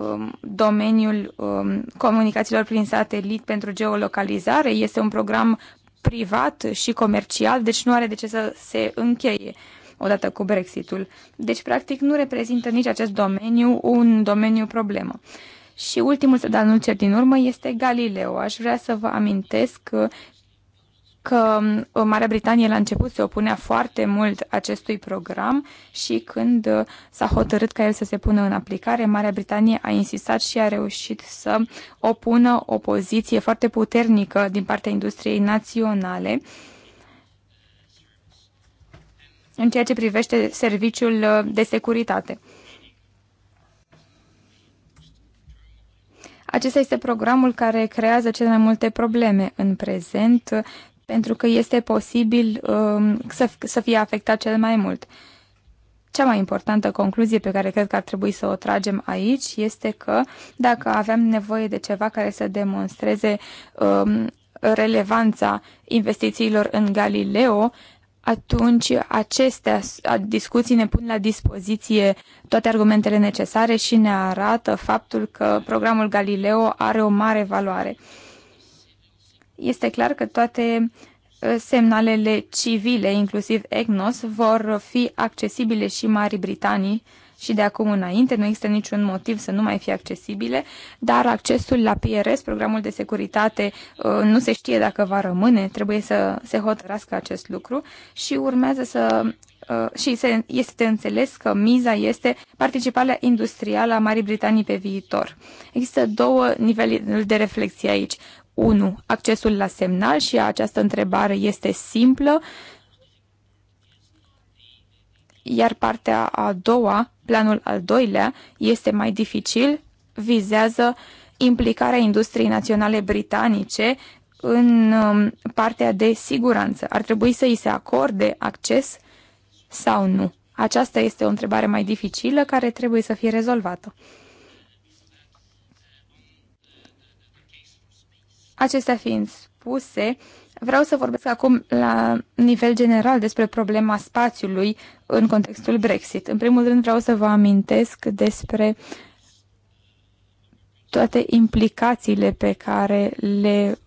Um, domeniul um, comunicațiilor prin satelit pentru geolocalizare. Este un program privat și comercial, deci nu are de ce să se încheie odată cu Brexitul. Deci, practic, nu reprezintă nici acest domeniu un domeniu problemă. Și ultimul, dar nu cel din urmă, este Galileo. Aș vrea să vă amintesc că uh, Marea Britanie la început se opunea foarte mult acestui program și când uh, s-a hotărât ca el să se pună în aplicare, Marea Britanie a insistat și a reușit să opună o poziție foarte puternică din partea industriei naționale în ceea ce privește serviciul uh, de securitate. Acesta este programul care creează cele mai multe probleme în prezent pentru că este posibil um, să, să fie afectat cel mai mult. Cea mai importantă concluzie pe care cred că ar trebui să o tragem aici este că dacă avem nevoie de ceva care să demonstreze um, relevanța investițiilor în Galileo, atunci aceste discuții ne pun la dispoziție toate argumentele necesare și ne arată faptul că programul Galileo are o mare valoare este clar că toate uh, semnalele civile, inclusiv EGNOS, vor fi accesibile și Marii Britanii și de acum înainte. Nu există niciun motiv să nu mai fie accesibile, dar accesul la PRS, programul de securitate, uh, nu se știe dacă va rămâne, trebuie să se hotărască acest lucru și urmează să uh, și se, este înțeles că miza este participarea industrială a Marii Britanii pe viitor. Există două niveluri de reflexie aici. 1. Accesul la semnal și această întrebare este simplă. Iar partea a doua, planul al doilea, este mai dificil, vizează implicarea industriei naționale britanice în um, partea de siguranță. Ar trebui să îi se acorde acces sau nu? Aceasta este o întrebare mai dificilă care trebuie să fie rezolvată. Acestea fiind spuse, vreau să vorbesc acum la nivel general despre problema spațiului în contextul Brexit. În primul rând vreau să vă amintesc despre toate implicațiile pe care le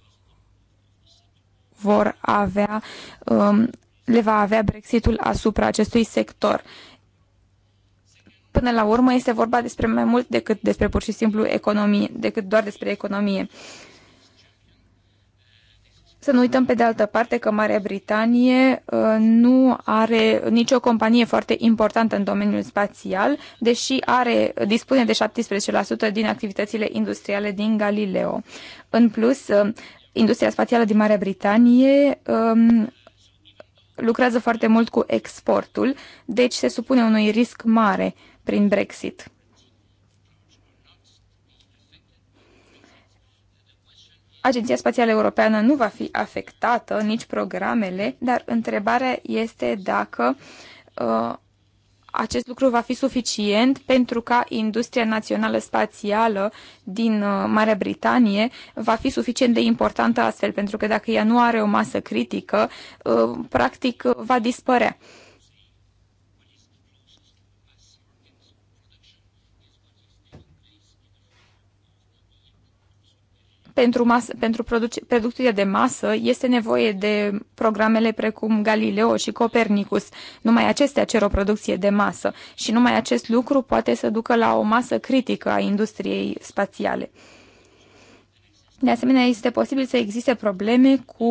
vor avea, um, le va avea Brexitul asupra acestui sector. Până la urmă este vorba despre mai mult decât despre pur și simplu economie, decât doar despre economie. Uh, să nu uităm pe de altă parte că Marea Britanie uh, nu are nicio companie foarte importantă în domeniul spațial, deși are, dispune de 17% din activitățile industriale din Galileo. În plus, uh, industria spațială din Marea Britanie um, lucrează foarte mult cu exportul, deci se supune unui risc mare prin Brexit. Agenția Spațială Europeană nu va fi afectată, nici programele, dar întrebarea este dacă uh, acest lucru va fi suficient pentru ca industria națională spațială din uh, Marea Britanie va fi suficient de importantă astfel, pentru că dacă ea nu are o masă critică, uh, practic va dispărea. pentru, masă, pentru producția de masă este nevoie de programele precum Galileo și Copernicus. Numai acestea cer o producție de masă și numai acest lucru poate să ducă la o masă critică a industriei spațiale. De asemenea, este posibil să existe probleme cu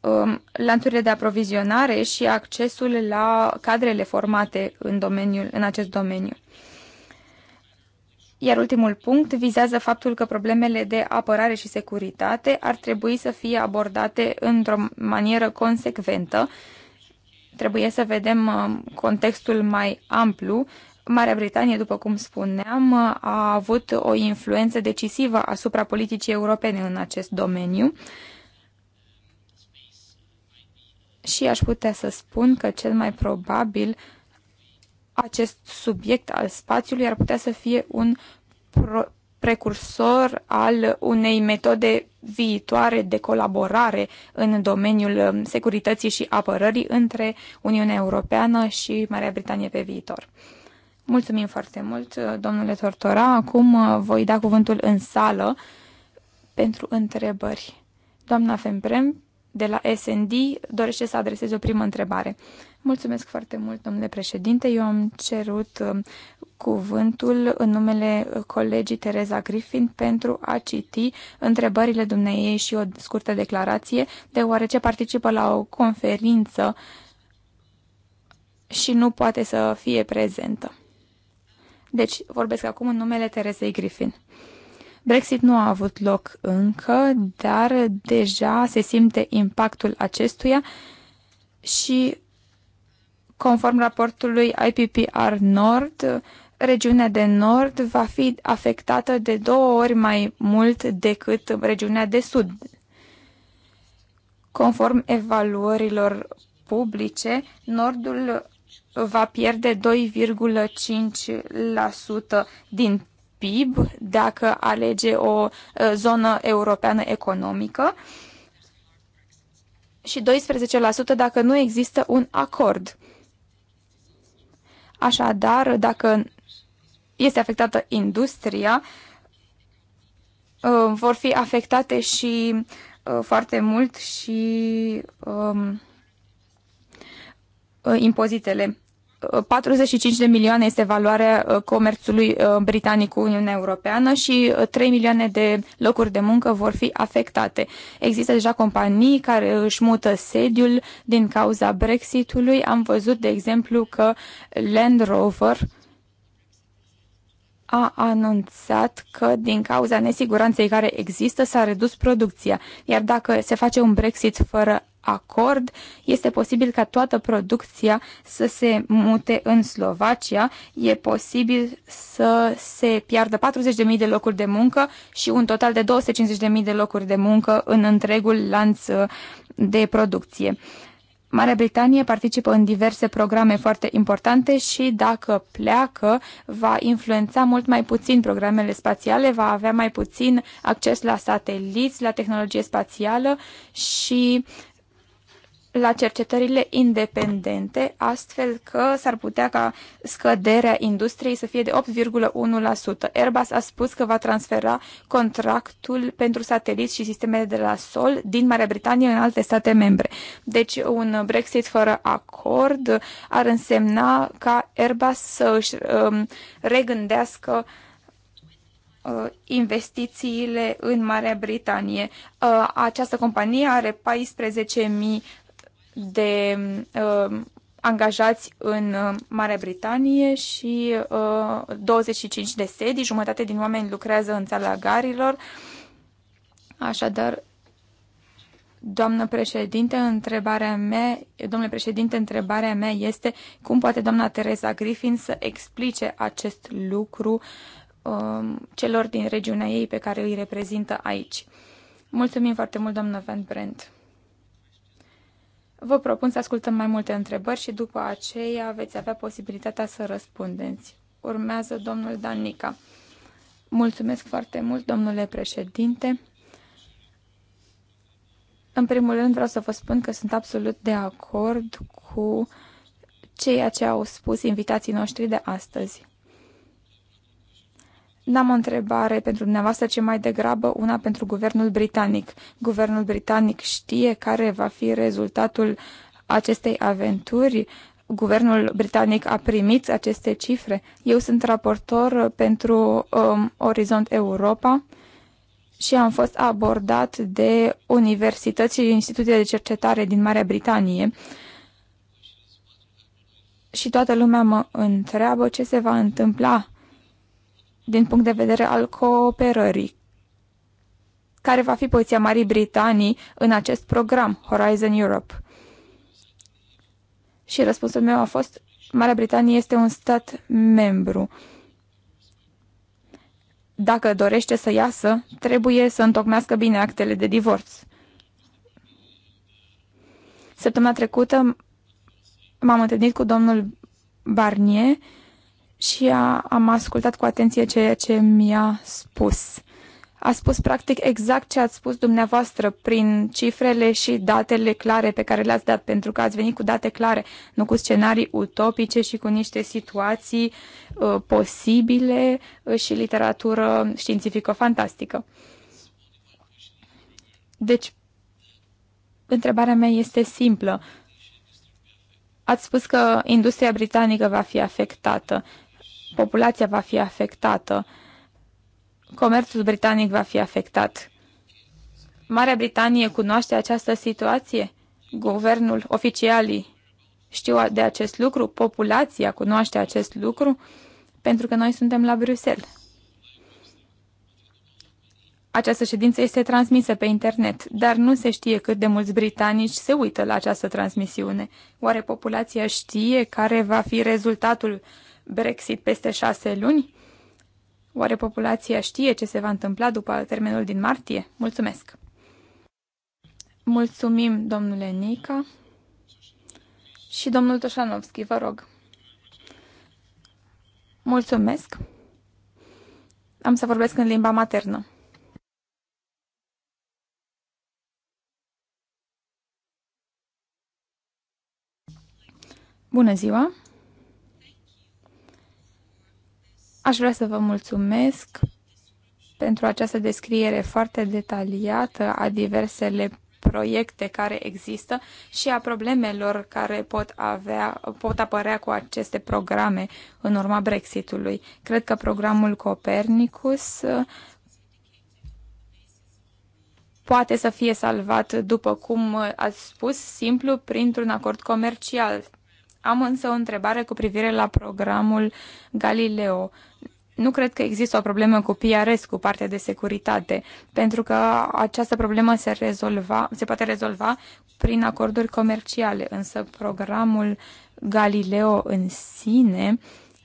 um, lanțurile de aprovizionare și accesul la cadrele formate în, domeniul, în acest domeniu. Iar ultimul punct vizează faptul că problemele de apărare și securitate ar trebui să fie abordate într-o manieră consecventă. Trebuie să vedem uh, contextul mai amplu. Marea Britanie, după cum spuneam, a avut o influență decisivă asupra politicii europene în acest domeniu. Și aș putea să spun că cel mai probabil uh, acest subiect al spațiului ar putea să fie un precursor al unei metode viitoare de colaborare în domeniul um, securității și apărării între Uniunea Europeană și Marea Britanie pe viitor. Mulțumim foarte mult, uh, domnule Tortora. Acum uh, voi da cuvântul în sală pentru întrebări. Doamna Femprem, de la SND, dorește să adreseze o primă întrebare. Mulțumesc foarte mult, domnule președinte. Eu am cerut uh, cuvântul în numele uh, colegii Tereza Griffin pentru a citi întrebările dumneiei și o scurtă declarație, deoarece participă la o conferință și nu poate să fie prezentă. Deci, vorbesc acum în numele Terezei Griffin. Brexit nu a avut loc încă, dar deja se simte impactul acestuia și Conform raportului IPPR Nord, regiunea de nord va fi afectată de două ori mai mult decât regiunea de sud. Conform evaluărilor publice, nordul va pierde 2,5% din PIB dacă alege o eh, zonă europeană economică și 12% dacă nu există un acord. Așadar, dacă este afectată industria, uh, vor fi afectate și uh, foarte mult și um, uh, impozitele. 45 de milioane este valoarea uh, comerțului uh, britanic cu Uniunea Europeană și 3 uh, milioane de locuri de muncă vor fi afectate. Există deja companii care își mută sediul din cauza Brexitului. Am văzut, de exemplu, că Land Rover a anunțat că din cauza nesiguranței care există s-a redus producția. Iar dacă se face un Brexit fără acord, este posibil ca toată producția să se mute în Slovacia, e posibil să se piardă 40.000 de locuri de muncă și un total de 250.000 de locuri de muncă în întregul lanț de producție. Marea Britanie participă în diverse programe foarte importante și dacă pleacă, va influența mult mai puțin programele spațiale, va avea mai puțin acces la sateliți, la tehnologie spațială și la cercetările independente, astfel că s-ar putea ca scăderea industriei să fie de 8,1%. Airbus a spus că va transfera contractul pentru sateliți și sistemele de la sol din Marea Britanie în alte state membre. Deci un Brexit fără acord ar însemna ca Airbus să își um, regândească uh, investițiile în Marea Britanie. Uh, această companie are 14.000 de uh, angajați în uh, Marea Britanie și uh, 25 de sedii. Jumătate din oameni lucrează în țara garilor. Așadar, doamnă președinte, întrebarea mea, domnule președinte, întrebarea mea este cum poate doamna Teresa Griffin să explice acest lucru uh, celor din regiunea ei pe care îi reprezintă aici. Mulțumim foarte mult, doamnă Van Brent. Vă propun să ascultăm mai multe întrebări și după aceea veți avea posibilitatea să răspundeți. Urmează domnul Danica. Mulțumesc foarte mult, domnule președinte. În primul rând vreau să vă spun că sunt absolut de acord cu ceea ce au spus invitații noștri de astăzi. N-am o întrebare pentru dumneavoastră, ce mai degrabă una pentru guvernul britanic. Guvernul britanic știe care va fi rezultatul acestei aventuri? Guvernul britanic a primit aceste cifre? Eu sunt raportor pentru um, Orizont Europa și am fost abordat de universități și instituții de cercetare din Marea Britanie și toată lumea mă întreabă ce se va întâmpla din punct de vedere al cooperării. Care va fi poziția Marii Britanii în acest program Horizon Europe? Și răspunsul meu a fost Marea Britanie este un stat membru. Dacă dorește să iasă, trebuie să întocmească bine actele de divorț. Săptămâna trecută m-am întâlnit cu domnul Barnier și a, am ascultat cu atenție ceea ce mi-a spus. A spus practic exact ce ați spus dumneavoastră prin cifrele și datele clare pe care le-ați dat, pentru că ați venit cu date clare, nu cu scenarii utopice și cu niște situații uh, posibile uh, și literatură științifico-fantastică. Deci, întrebarea mea este simplă. Ați spus că industria britanică va fi afectată populația va fi afectată, comerțul britanic va fi afectat. Marea Britanie cunoaște această situație? Guvernul, oficialii știu de acest lucru? Populația cunoaște acest lucru? Pentru că noi suntem la Bruxelles. Această ședință este transmisă pe internet, dar nu se știe cât de mulți britanici se uită la această transmisiune. Oare populația știe care va fi rezultatul Brexit peste șase luni? Oare populația știe ce se va întâmpla după termenul din martie? Mulțumesc! Mulțumim, domnule Nica. Și domnul Toșanovski, vă rog. Mulțumesc. Am să vorbesc în limba maternă. Bună ziua! Aș vrea să vă mulțumesc pentru această descriere foarte detaliată a diversele proiecte care există și a problemelor care pot, avea, pot apărea cu aceste programe în urma Brexitului. Cred că programul Copernicus uh, poate să fie salvat, după cum ați spus, simplu printr-un acord comercial. Am însă o întrebare cu privire la programul Galileo. Nu cred că există o problemă cu PRS, cu partea de securitate, pentru că această problemă se, rezolva, se poate rezolva prin acorduri comerciale, însă programul Galileo în sine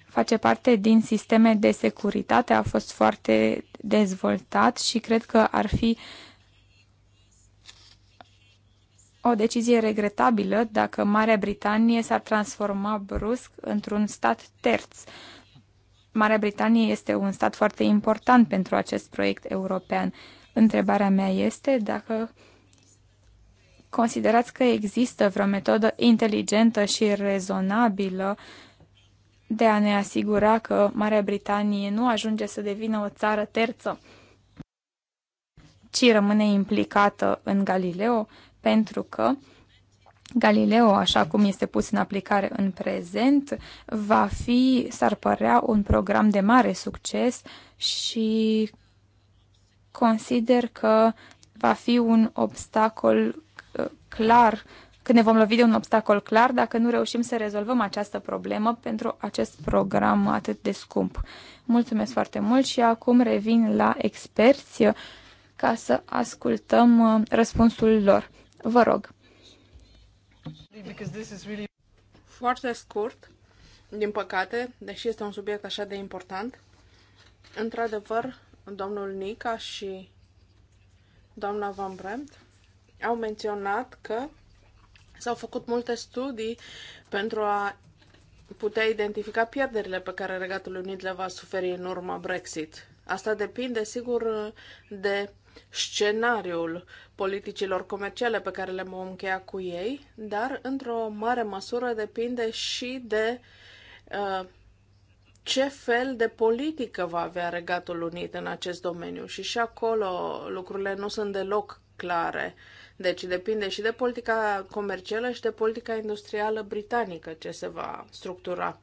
face parte din sisteme de securitate, a fost foarte dezvoltat și cred că ar fi uh, o decizie regretabilă dacă Marea Britanie s-ar transforma brusc într-un stat terț. Marea Britanie este un stat foarte important pentru acest proiect european. Întrebarea mea este dacă considerați că există vreo metodă inteligentă și rezonabilă de a ne asigura că Marea Britanie nu ajunge să devină o țară terță, ci rămâne implicată în Galileo pentru că Galileo, așa cum este pus în aplicare în prezent, va fi, s-ar părea, un program de mare succes și consider că va fi un obstacol uh, clar, când ne vom lovi de un obstacol clar dacă nu reușim să rezolvăm această problemă pentru acest program atât de scump. Mulțumesc foarte mult și acum revin la experți uh, ca să ascultăm uh, răspunsul lor. Vă rog. Foarte scurt, din păcate, deși este un subiect așa de important, într-adevăr, domnul Nica și doamna Van Bremt au menționat că s-au făcut multe studii pentru a putea identifica pierderile pe care Regatul Unit le va suferi în urma Brexit. Asta depinde, sigur, de scenariul politicilor comerciale pe care le vom încheia cu ei, dar într-o mare măsură depinde și de uh, ce fel de politică va avea Regatul Unit în acest domeniu. Și și acolo lucrurile nu sunt deloc clare. Deci depinde și de politica comercială și de politica industrială britanică ce se va structura.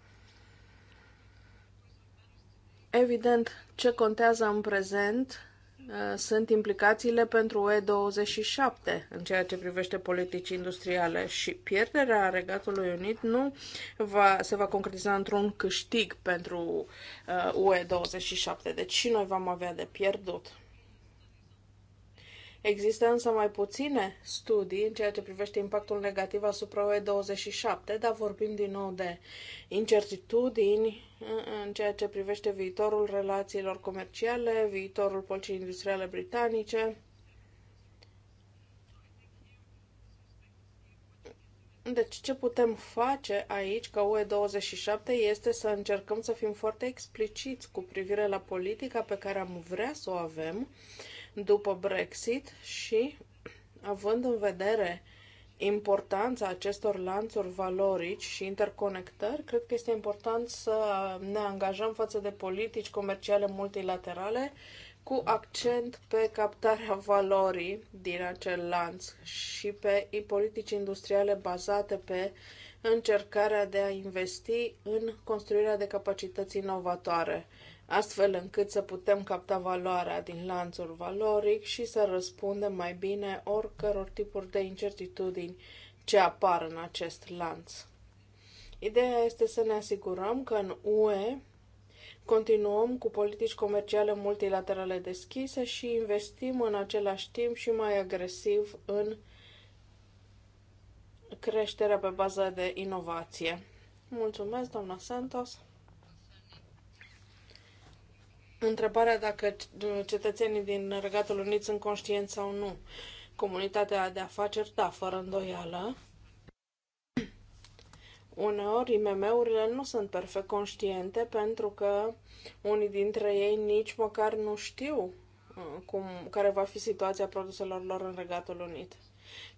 Evident, ce contează în prezent Uh, sunt implicațiile pentru UE 27 în ceea ce privește politici industriale și pierderea Regatului Unit nu va, se va concretiza într-un câștig pentru UE27. Uh, deci și noi vom avea de pierdut. Există însă mai puține studii în ceea ce privește impactul negativ asupra oe 27 dar vorbim din nou de incertitudini în ceea ce privește viitorul relațiilor comerciale, viitorul policii industriale britanice. Deci ce putem face aici ca UE27 este să încercăm să fim foarte expliciți cu privire la politica pe care am vrea să o avem după Brexit și, având în vedere importanța acestor lanțuri valorici și interconectări, cred că este important să ne angajăm față de politici comerciale multilaterale cu accent pe captarea valorii din acel lanț și pe politici industriale bazate pe încercarea de a investi în construirea de capacități inovatoare astfel încât să putem capta valoarea din lanțul valoric și să răspundem mai bine oricăror tipuri de incertitudini ce apar în acest lanț. Ideea este să ne asigurăm că în UE continuăm cu politici comerciale multilaterale deschise și investim în același timp și mai agresiv în creșterea pe bază de inovație. Mulțumesc, doamna Santos! Întrebarea dacă cetățenii din Regatul Unit sunt conștienți sau nu. Comunitatea de afaceri, da, fără îndoială. Uneori, IMM-urile nu sunt perfect conștiente pentru că unii dintre ei nici măcar nu știu uh, cum, care va fi situația produselor lor în Regatul Unit.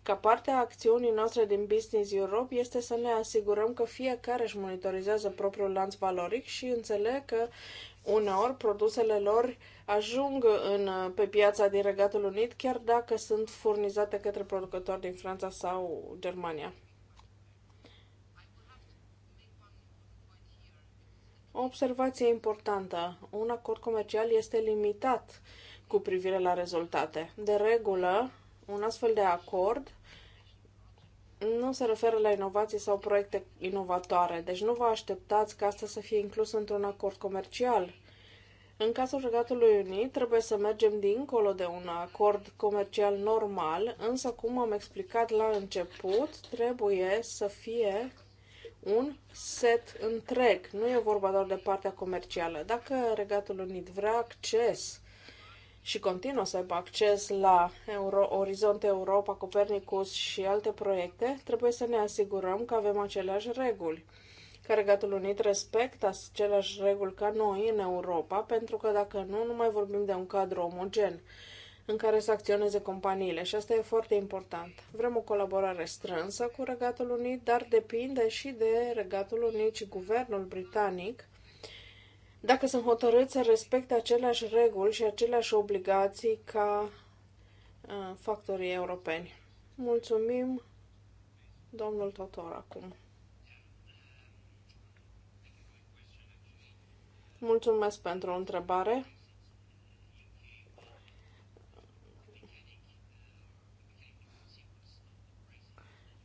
Ca parte a acțiunii noastre din Business Europe este să ne asigurăm că fiecare își monitorizează propriul lanț valoric și înțeleg că Uneori, produsele lor ajung în, pe piața din Regatul Unit, chiar dacă sunt furnizate către producători din Franța sau Germania. O observație importantă. Un acord comercial este limitat cu privire la rezultate. De regulă, un astfel de acord nu se referă la inovații sau proiecte inovatoare, deci nu vă așteptați ca asta să fie inclus într-un acord comercial. În cazul Regatului Unit trebuie să mergem dincolo de un acord comercial normal, însă, cum am explicat la început, trebuie să fie un set întreg. Nu e vorba doar de partea comercială. Dacă Regatul Unit vrea acces și continuă să aibă acces la Euro, Orizont Europa, Copernicus și alte proiecte, trebuie să ne asigurăm că avem aceleași reguli. Că Regatul Unit respectă aceleași reguli ca noi în Europa, pentru că dacă nu, nu mai vorbim de un cadru omogen în care să acționeze companiile și asta e foarte important. Vrem o colaborare strânsă cu Regatul Unit, dar depinde și de Regatul Unit și Guvernul Britanic dacă sunt hotărâți să respecte aceleași reguli și aceleași obligații ca uh, factorii europeni. Mulțumim, domnul Totor, acum. Mulțumesc pentru o întrebare.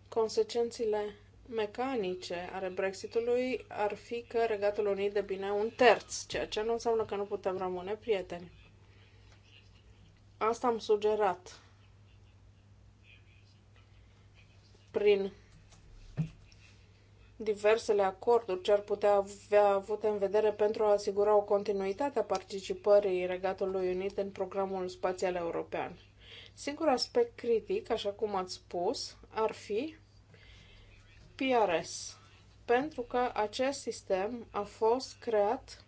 Consecințele mecanice ale Brexitului ar fi că Regatul Unit devine un terț, ceea ce nu înseamnă că nu putem rămâne prieteni. Asta am sugerat prin diversele acorduri ce ar putea avea avut în vedere pentru a asigura o continuitate a participării Regatului Unit în programul spațial european. Singur aspect critic, așa cum ați spus, ar fi PRS, pentru că acest sistem a fost creat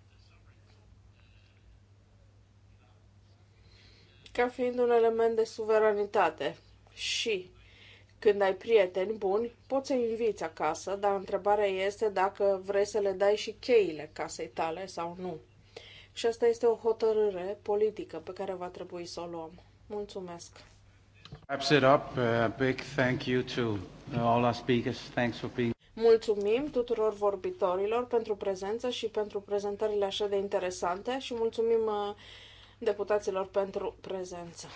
ca fiind un element de suveranitate și când ai prieteni buni, poți să-i inviți acasă, dar întrebarea este dacă vrei să le dai și cheile casei tale sau nu. Și asta este o hotărâre politică pe care va trebui să o luăm. Mulțumesc! Wraps it up. A uh, big thank you to uh, all our speakers. Thanks for being Mulțumim tuturor vorbitorilor pentru prezență și pentru prezentările așa de interesante și mulțumim uh, deputaților pentru prezență.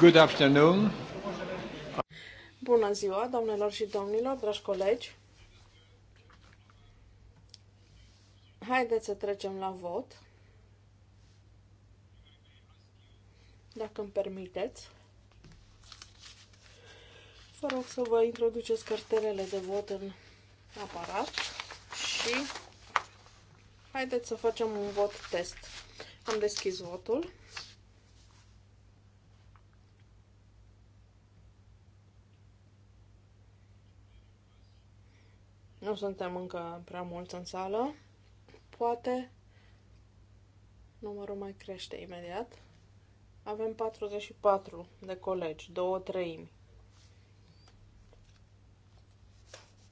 Good afternoon. Bună ziua, doamnelor și domnilor, dragi colegi. Haideți să trecem la vot. Dacă îmi permiteți. Vă rog să vă introduceți cartelele de vot în aparat și haideți să facem un vot test. Am deschis votul. Nu suntem încă prea mulți în sală. Poate numărul mai crește imediat. Avem 44 de colegi, două treimi.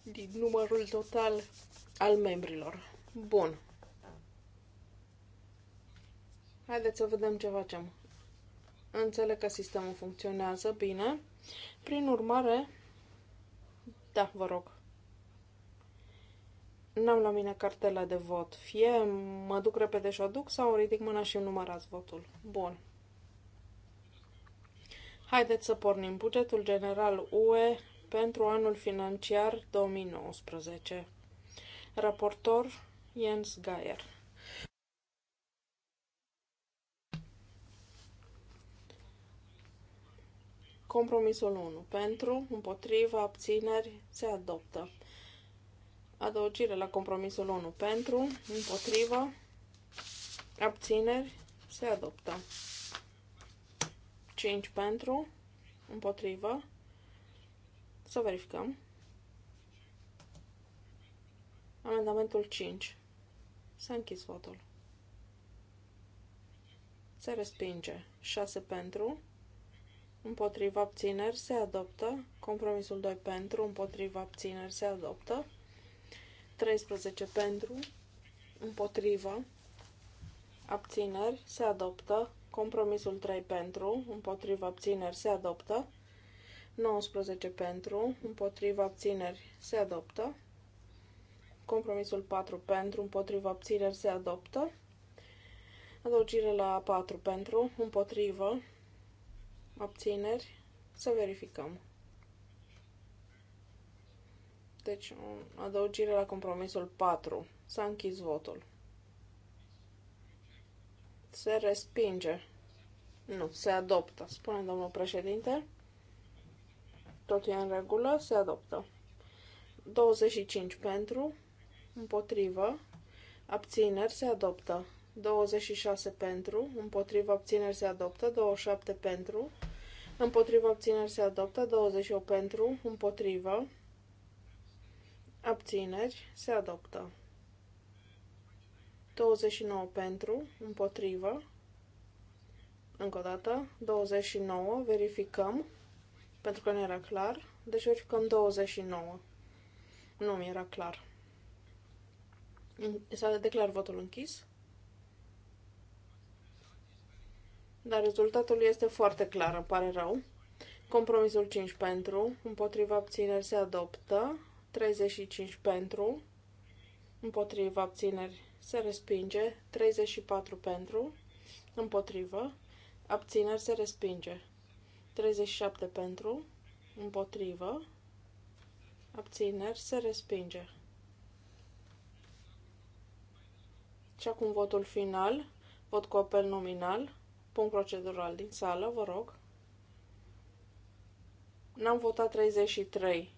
Din numărul total al membrilor. Bun. Haideți să vedem ce facem. Înțeleg că sistemul funcționează bine. Prin urmare, da, vă rog. N-am la mine cartela de vot. Fie mă duc repede și o duc sau ridic mâna și numărați votul. Bun. Haideți să pornim bugetul general UE pentru anul financiar 2019. Raportor Jens Geier. Compromisul 1. Pentru, împotriva, abțineri, se adoptă. Adăugire la compromisul 1 pentru, împotrivă, abțineri, se adoptă. 5 pentru, împotrivă. Să verificăm. Amendamentul 5. S-a închis votul. Se respinge. 6 pentru. Împotriva abțineri se adoptă. Compromisul 2 pentru. Împotriva abțineri se adoptă. 13 pentru, împotrivă, abțineri, se adoptă. Compromisul 3 pentru, împotrivă, abțineri, se adoptă. 19 pentru, împotrivă, abțineri, se adoptă. Compromisul 4 pentru, împotrivă, abțineri, se adoptă. Adăugire la 4 pentru, împotrivă, abțineri, să verificăm. Deci, adăugire la compromisul 4. S-a închis votul. Se respinge. Nu, se adoptă, spune domnul președinte. Totul e în regulă, se adoptă. 25 pentru, împotrivă, abțineri, se adoptă. 26 pentru, împotrivă, abțineri, se adoptă. 27 pentru, împotrivă, abțineri, se adoptă. 28 pentru, împotrivă, abțineri, se adoptă. 29 pentru, împotrivă, încă o dată, 29, verificăm, pentru că nu era clar, deci verificăm 29. Nu mi era clar. S-a declarat votul închis. Dar rezultatul este foarte clar, îmi pare rău. Compromisul 5 pentru, împotriva abțineri se adoptă. 35 pentru, împotriva abțineri se respinge, 34 pentru, împotrivă, abțineri se respinge, 37 pentru, împotrivă, abțineri se respinge. Și acum votul final, vot cu apel nominal, punct procedural din sală, vă rog. N-am votat 33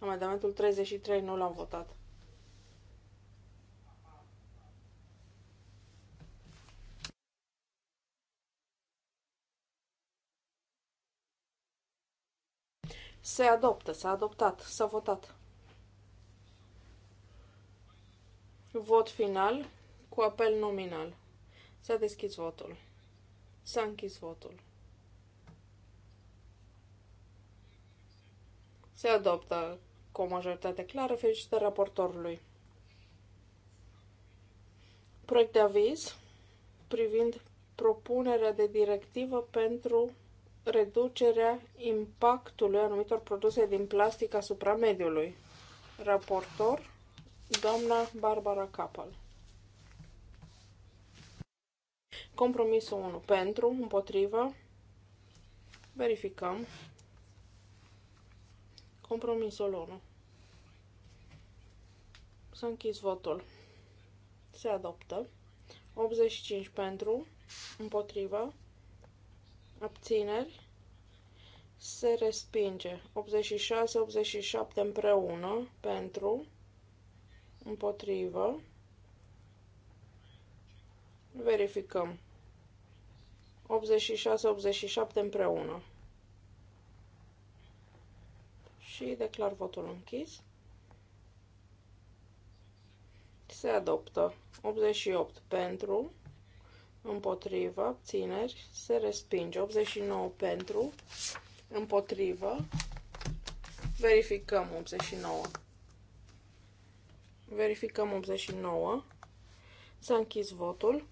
Amendamentul 33 nu l-am votat. Se adoptă, s-a adoptat, s-a votat. Vot final cu apel nominal. S-a deschis votul. S-a închis votul. Se adoptă cu o majoritate clară. Felicitări raportorului. Proiect de aviz privind propunerea de directivă pentru reducerea impactului anumitor produse din plastic asupra mediului. Raportor, doamna Barbara Capal. Compromisul 1 pentru, împotrivă. Verificăm. Compromisul 1. S-a închis votul. Se adoptă. 85 pentru, împotrivă, abțineri, se respinge. 86-87 împreună, pentru, împotrivă, verificăm. 86-87 împreună. Și declar votul închis. se adoptă. 88 pentru, împotrivă, abțineri, se respinge. 89 pentru, împotrivă, verificăm 89. Verificăm 89. S-a închis votul.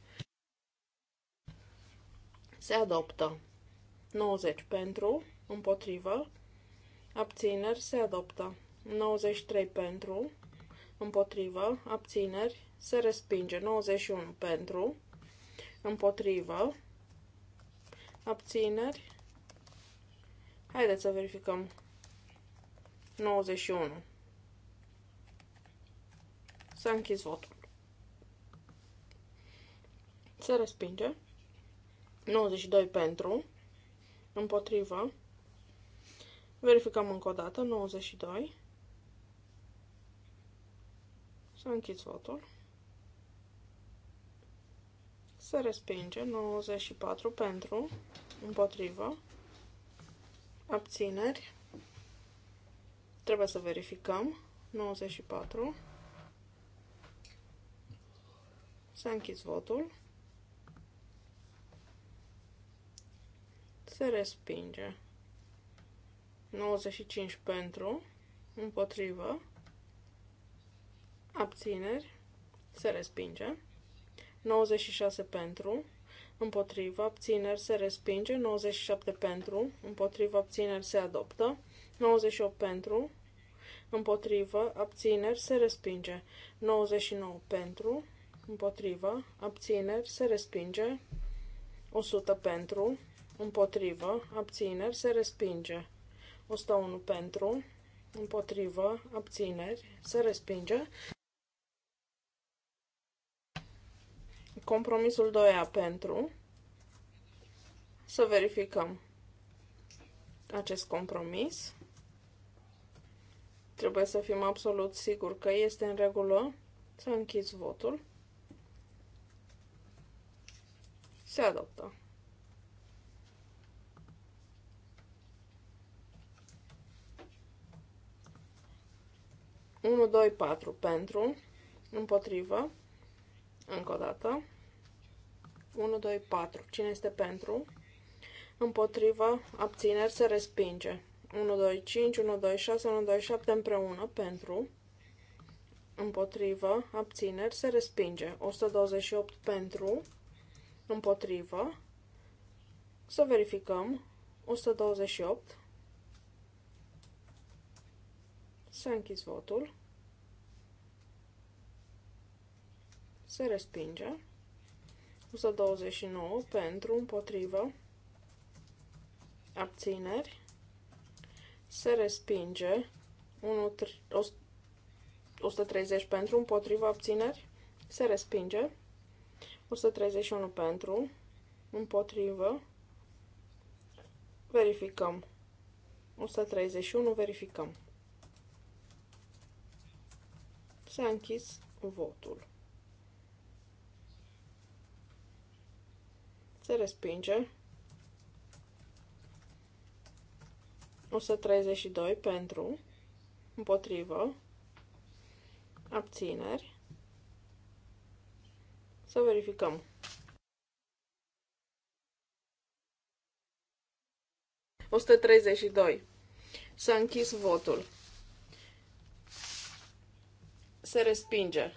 Se adoptă. 90 pentru, împotrivă, abțineri, se adoptă. 93 pentru, împotrivă, abțineri, se respinge. 91 pentru, împotrivă, abțineri. Haideți să verificăm. 91. S-a închis votul. Se respinge. 92 pentru, împotrivă. Verificăm încă o dată, 92. Să a închis Se respinge 94 pentru, împotrivă, abțineri. Trebuie să verificăm. 94. S-a închis votul. Se respinge. 95 pentru, împotrivă, abțineri, se respinge. 96 pentru, Împotrivă. abțineri, se respinge. 97 pentru, Împotrivă. abțineri, se adoptă. 98 pentru, împotrivă, abțineri, se respinge. 99 pentru, împotrivă, abțineri, se respinge. 100 pentru, împotrivă, abțineri, se respinge. 101 pentru, împotrivă, abțineri, se respinge. Compromisul 2A pentru. Să verificăm acest compromis. Trebuie să fim absolut siguri că este în regulă. Să închizi votul. Se adoptă. Unu, doi, patru pentru, împotrivă, încă o dată, 1, 2, 4. Cine este pentru? Împotriva, abțineri, se respinge. 1, 2, 5, 1, 2, 6, 1, 2, 7 împreună, pentru. Împotrivă, abțineri, se respinge. 128 pentru, împotrivă. Să verificăm. 128. Să închis votul. Se respinge. 129 pentru, împotrivă, abțineri, se respinge, 1, 130 pentru, împotrivă, abțineri, se respinge, 131 pentru, împotrivă, verificăm, 131, verificăm. S-a închis votul. Se respinge. 132 pentru, împotrivă, abțineri. Să verificăm. S-a închis votul. Se respinge.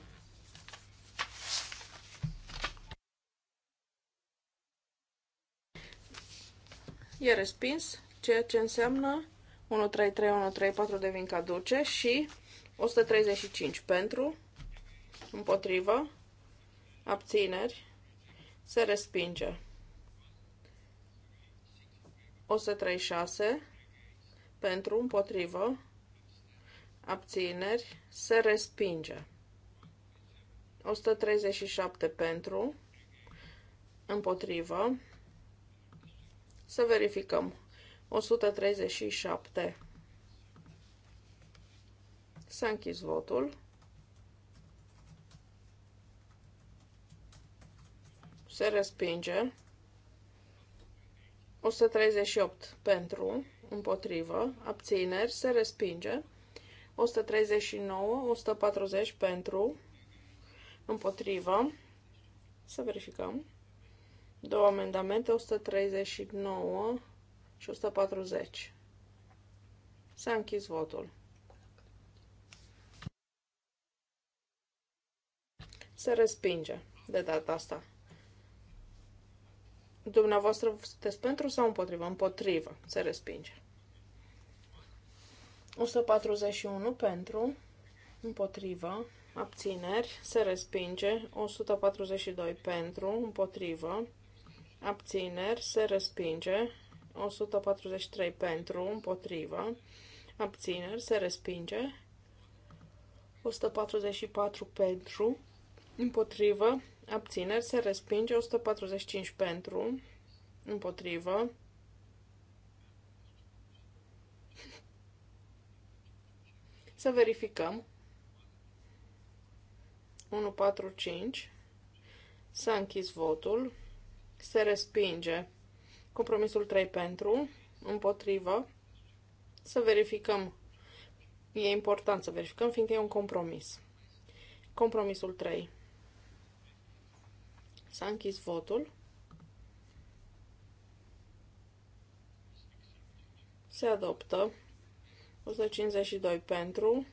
e respins, ceea ce înseamnă 133, 134 devin caduce și 135 pentru, împotrivă, abțineri, se respinge. 136 pentru, împotrivă, abțineri, se respinge. 137 pentru, împotrivă, să verificăm. 137. S-a închis votul. Se respinge. 138 pentru, împotrivă, abțineri, se respinge. 139, 140 pentru, împotrivă. Să verificăm. Două amendamente, 139 și 140. S-a închis votul. Se respinge de data asta. Dumneavoastră sunteți pentru sau împotrivă? Împotrivă. Se respinge. 141 pentru, împotrivă, abțineri, se respinge. 142 pentru, împotrivă, abțineri, se respinge. 143 pentru, împotriva, abțineri, se respinge. 144 pentru, împotrivă, abțineri, se respinge. 145 pentru, împotrivă. (laughs) Să verificăm. 145. S-a închis votul se respinge. Compromisul 3 pentru, împotrivă. Să verificăm. E important să verificăm, fiindcă e un compromis. Compromisul 3. S-a închis votul. Se adoptă. 152 pentru.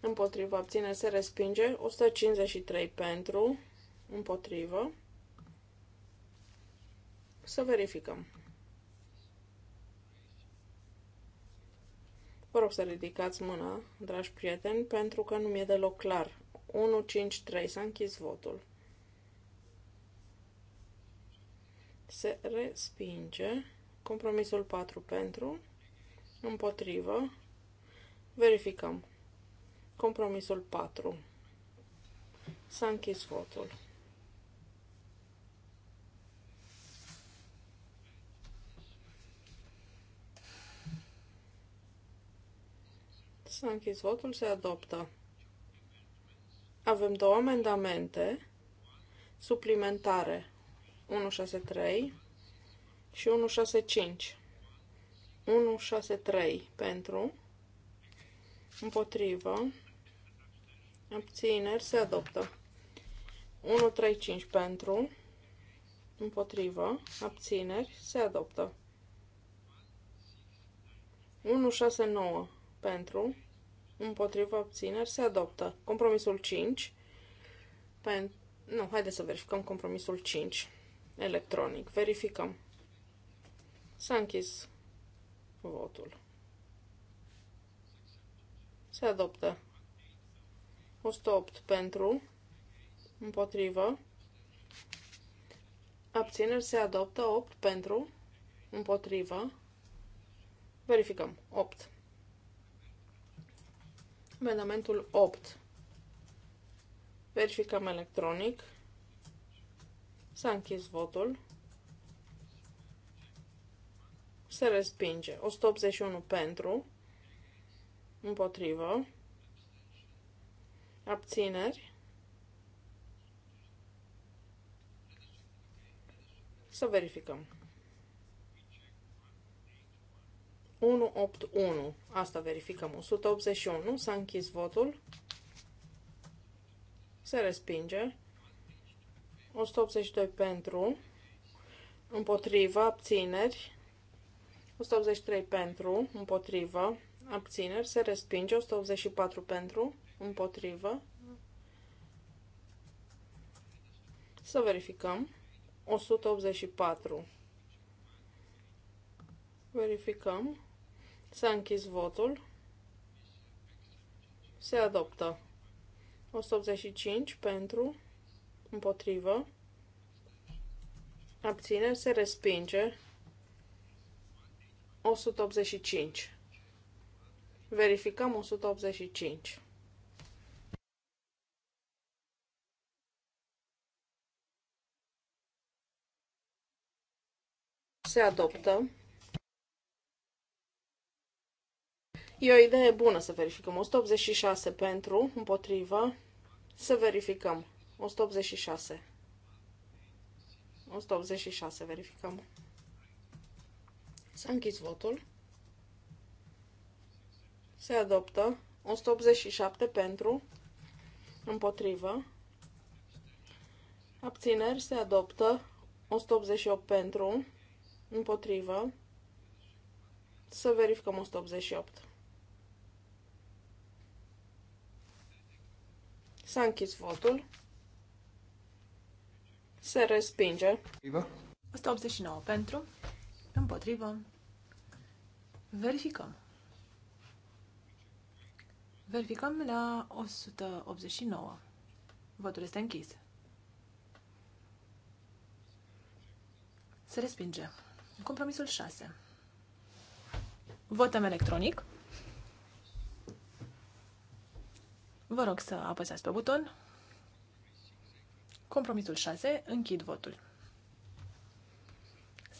Împotriva abține se respinge. 153 pentru împotrivă. Să verificăm. Vă rog să ridicați mâna, dragi prieteni, pentru că nu mi-e deloc clar. 1, 5, 3, s-a închis votul. Se respinge. Compromisul 4 pentru, împotrivă. Verificăm. Compromisul 4. S-a închis votul. S-a închis votul, se adoptă. Avem două amendamente suplimentare, 163 și 165. 163 pentru, împotrivă, abțineri, se adoptă. 135 pentru, împotrivă, abțineri, se adoptă. 169 pentru, împotriva abțineri se adoptă. Compromisul 5, pentru... Nu, haideți să verificăm compromisul 5 electronic. Verificăm. S-a închis votul. Se adoptă. 108 pentru, împotrivă. Abțineri se adoptă 8 pentru, împotrivă. Verificăm. 8. Amendamentul 8. Verificăm electronic. S-a închis votul. Se respinge. 181 pentru. Împotrivă. Abțineri. Să verificăm. 181. Asta verificăm. 181. S-a închis votul. Se respinge. 182 pentru. Împotriva. Abțineri. 183 pentru. Împotriva. Abțineri. Se respinge. 184 pentru. Împotrivă. Să verificăm. 184. Verificăm. S-a închis votul. Se adoptă. 185 pentru, împotrivă, Abține, se respinge. 185. Verificăm 185. Se adoptă. E o idee bună să verificăm. 186 pentru, împotrivă. Să verificăm. 186. 186 verificăm. S-a închis votul. Se adoptă. 187 pentru, împotrivă. Abțineri se adoptă. 188 pentru, împotrivă. Să verificăm 188. S-a închis votul. Se respinge. 189 pentru. Împotrivă. Verificăm. Verificăm la 189. Votul este închis. Se respinge. Compromisul 6. Votăm electronic. Vă rog să apăsați pe buton. Compromisul 6. Închid votul.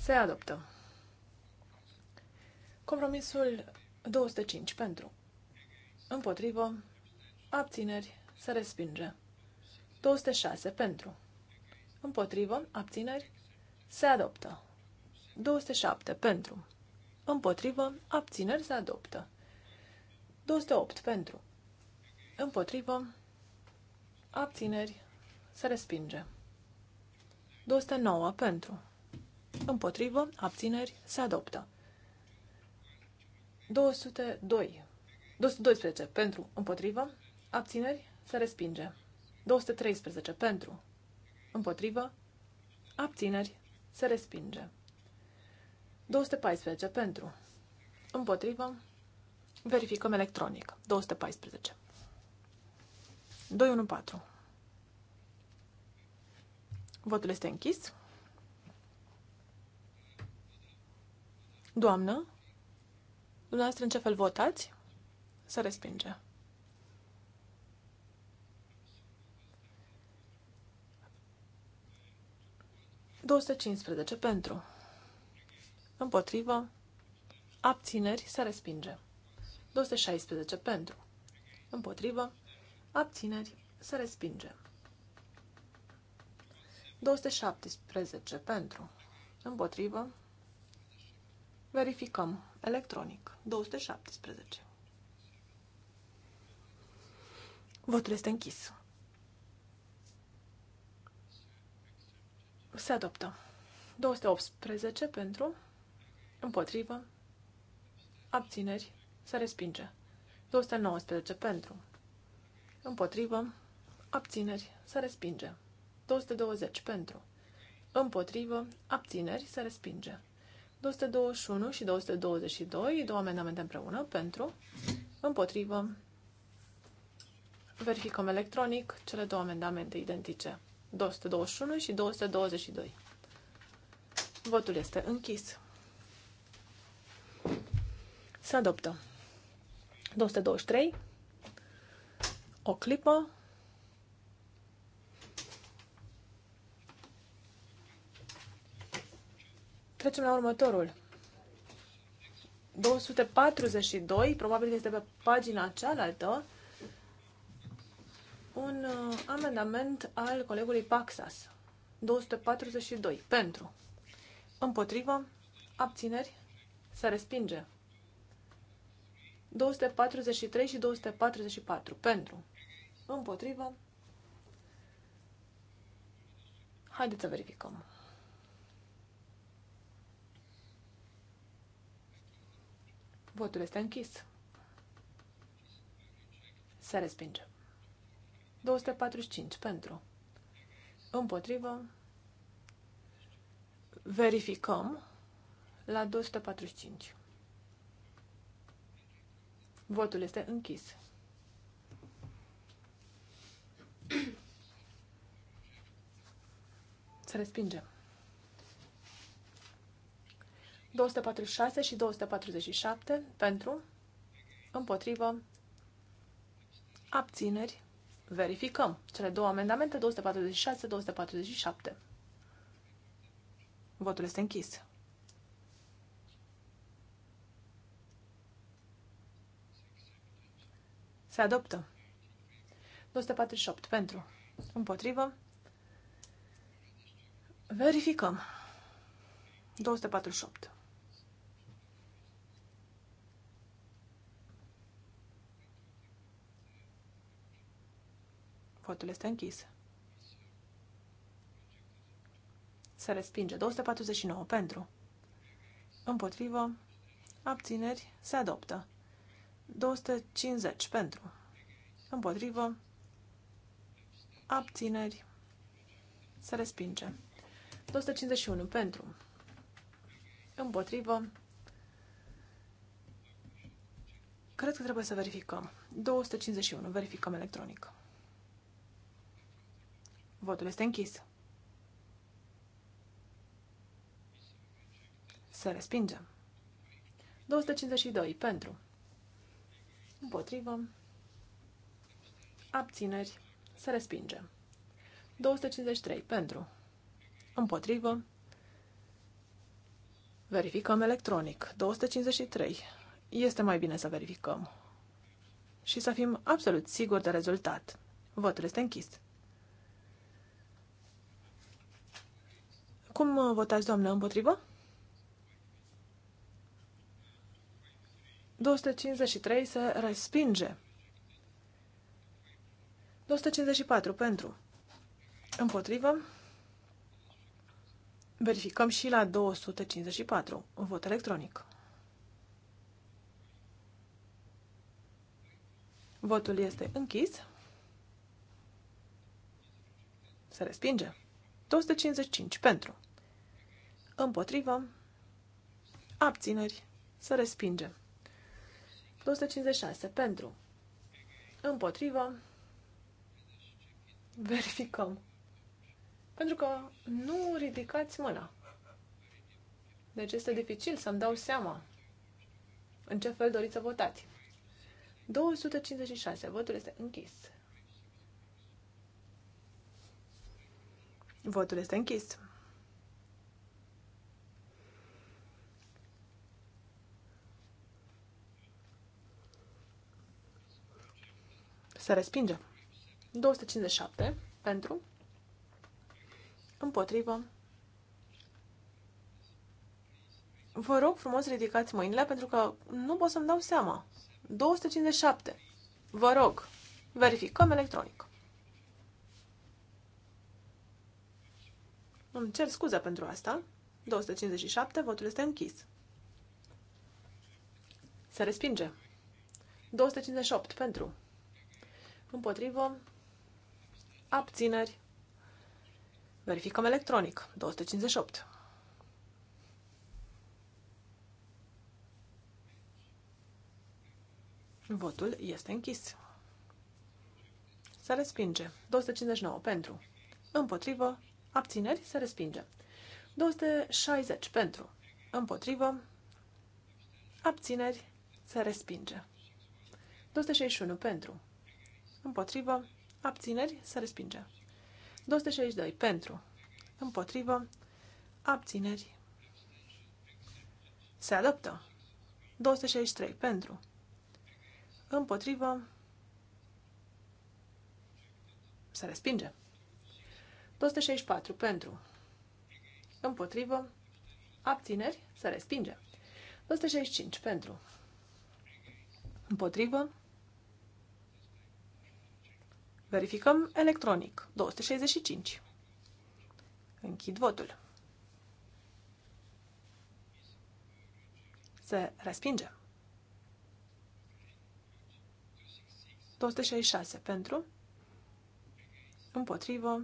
Se adoptă. Compromisul 205 pentru. Împotrivă. Abțineri. Se respinge. 206 pentru. Împotrivă. Abțineri. Se adoptă. 207 pentru. Împotrivă. Abțineri. Se adoptă. 208 pentru împotrivă, abțineri, se respinge. 209 pentru, împotrivă, abțineri, se adoptă. 202, 212 pentru, împotrivă, abțineri, se respinge. 213 pentru, împotrivă, abțineri, se respinge. 214 pentru, împotrivă, verificăm electronic. 214. 214. Votul este închis. Doamnă, dumneavoastră în ce fel votați? să respinge. pentru. Împotrivă. Abțineri să respinge. 216 pentru. Împotrivă abțineri, să respingem. 217 pentru, împotrivă, verificăm, electronic, 217. Votul este închis. Se adoptă. 218 pentru, împotrivă, abțineri, se respinge. 219 pentru, împotrivă, abțineri, să respinge. 220 pentru, împotrivă, abțineri, să respinge. 221 și 222, două amendamente împreună, pentru, împotrivă, verificăm electronic cele două amendamente identice, 221 și 222. Votul este închis. Se adoptă. 223 o clipă. Trecem la următorul. 242, probabil este pe pagina cealaltă, un uh, amendament al colegului Paxas. 242. Pentru. Împotrivă. Abțineri. Se respinge. 243 și 244. Pentru. Împotrivă. Haideți să verificăm. Votul este închis. Se respinge. 245 pentru. Împotrivă. Verificăm la 245. Votul este închis. Să respingem. 246 și 247 pentru, împotrivă, abțineri, verificăm. Cele două amendamente, 246-247. Votul este închis. Se adoptă. 248 pentru. Împotrivă. Verificăm. 248. Votul este închis. Se respinge. 249 pentru. Împotrivă. Abțineri. Se adoptă. 250 pentru. Împotrivă abțineri, se respinge. 251 pentru, împotrivă, cred că trebuie să verificăm. 251, verificăm electronic. Votul este închis. Se respinge. 252 pentru, împotrivă, abțineri, se respinge. 253. Pentru. Împotrivă. Verificăm electronic. 253. Este mai bine să verificăm. Și să fim absolut siguri de rezultat. Votul este închis. Cum votați, doamnă, împotrivă? 253 se respinge. 254 pentru. Împotrivă. Verificăm și la 254. un Vot electronic. Votul este închis. Se respinge. 255 pentru. Împotrivă. Abțineri. Se respinge. 256 pentru. Împotrivă. Verificăm. Pentru că nu ridicați mâna. Deci este dificil să-mi dau seama în ce fel doriți să votați. 256. Votul este închis. Votul este închis. Se respinge. 257 pentru, împotrivă. Vă rog frumos ridicați mâinile pentru că nu pot să-mi dau seama. 257. Vă rog, verificăm electronic. Îmi cer scuze pentru asta. 257, votul este închis. Se respinge. 258 pentru. Împotrivă, abțineri. Verificăm electronic. 258. Votul este închis. Se respinge. 259 pentru. Împotrivă. Abțineri. Se respinge. 260 pentru. Împotrivă. Abțineri. Se respinge. 261 pentru. Împotrivă. Abțineri? Se respinge. 262. Pentru. Împotrivă. Abțineri. Se adoptă. 263. Pentru. Împotrivă. Se respinge. 264. Pentru. Împotrivă. Abțineri. Se respinge. 265. Pentru. Împotrivă. Verificăm electronic. 265. Închid votul. Se respinge. 266 pentru, împotrivă,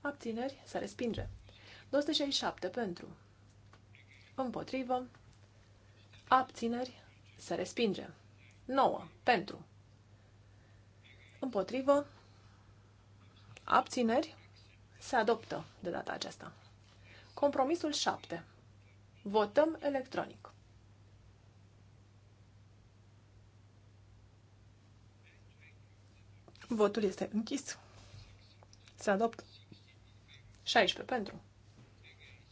abțineri, se respinge. 267 pentru, împotrivă, abțineri, se respinge. 9 pentru, Împotrivă. Abțineri. Se adoptă de data aceasta. Compromisul 7. Votăm electronic. Votul este închis. Se adoptă. 16 pentru.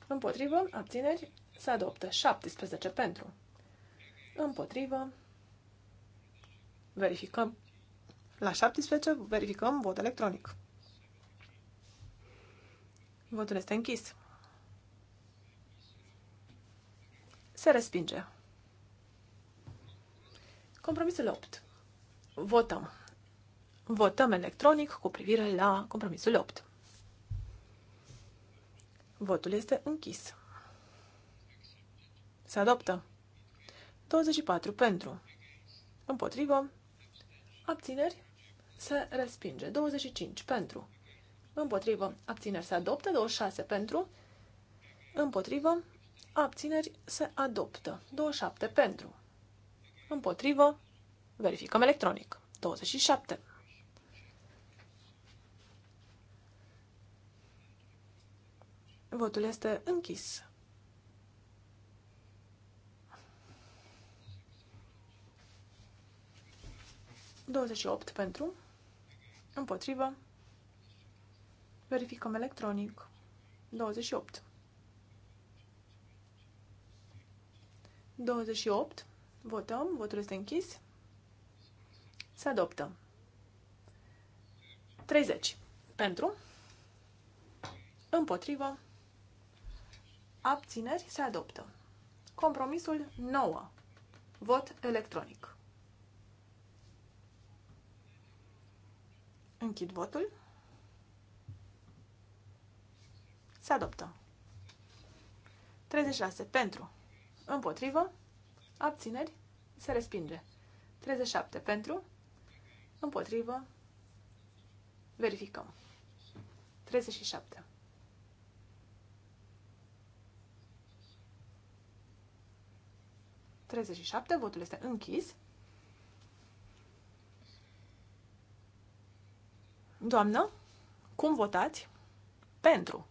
Împotrivă, abțineri, se adoptă. 17 pentru. Împotrivă, verificăm la 17 verificăm vot electronic. Votul este închis. Se respinge. Compromisul 8. Votăm. Votăm electronic cu privire la compromisul 8. Votul este închis. Se adoptă. 24 pentru. Împotrivă. Abțineri se respinge. 25 pentru, împotrivă, abțineri se adoptă. 26 pentru, împotrivă, abțineri se adoptă. 27 pentru, împotrivă, verificăm electronic. 27. Votul este închis. Douăzeci opt pentru. Împotrivă. Verificăm electronic. 28. 28. Votăm. Votul este închis. Se adoptă. 30. Pentru. Împotrivă. Abțineri se adoptă. Compromisul 9. Vot electronic. Închid votul. Se adoptă. 36. Pentru. Împotrivă. Abțineri. Se respinge. 37. Pentru. Împotrivă. Verificăm. 37. Treizeci și șapte, votul este închis. Doamnă, cum votați? Pentru.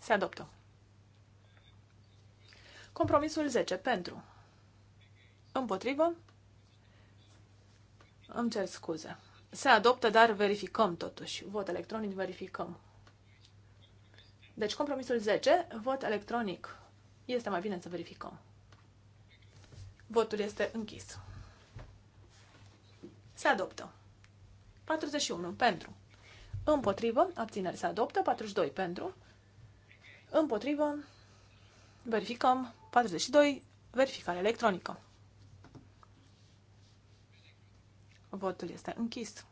Se adoptă. Compromisul 10. Pentru. Împotrivă. Îmi cer scuze. Se adoptă, dar verificăm totuși. Vot electronic, verificăm. Deci compromisul 10, vot electronic. Este mai bine să verificăm. Votul este închis se adoptă. 41 pentru. Împotrivă, abțineri se adoptă. 42 pentru. Împotrivă, verificăm. 42, verificare electronică. Votul este închis.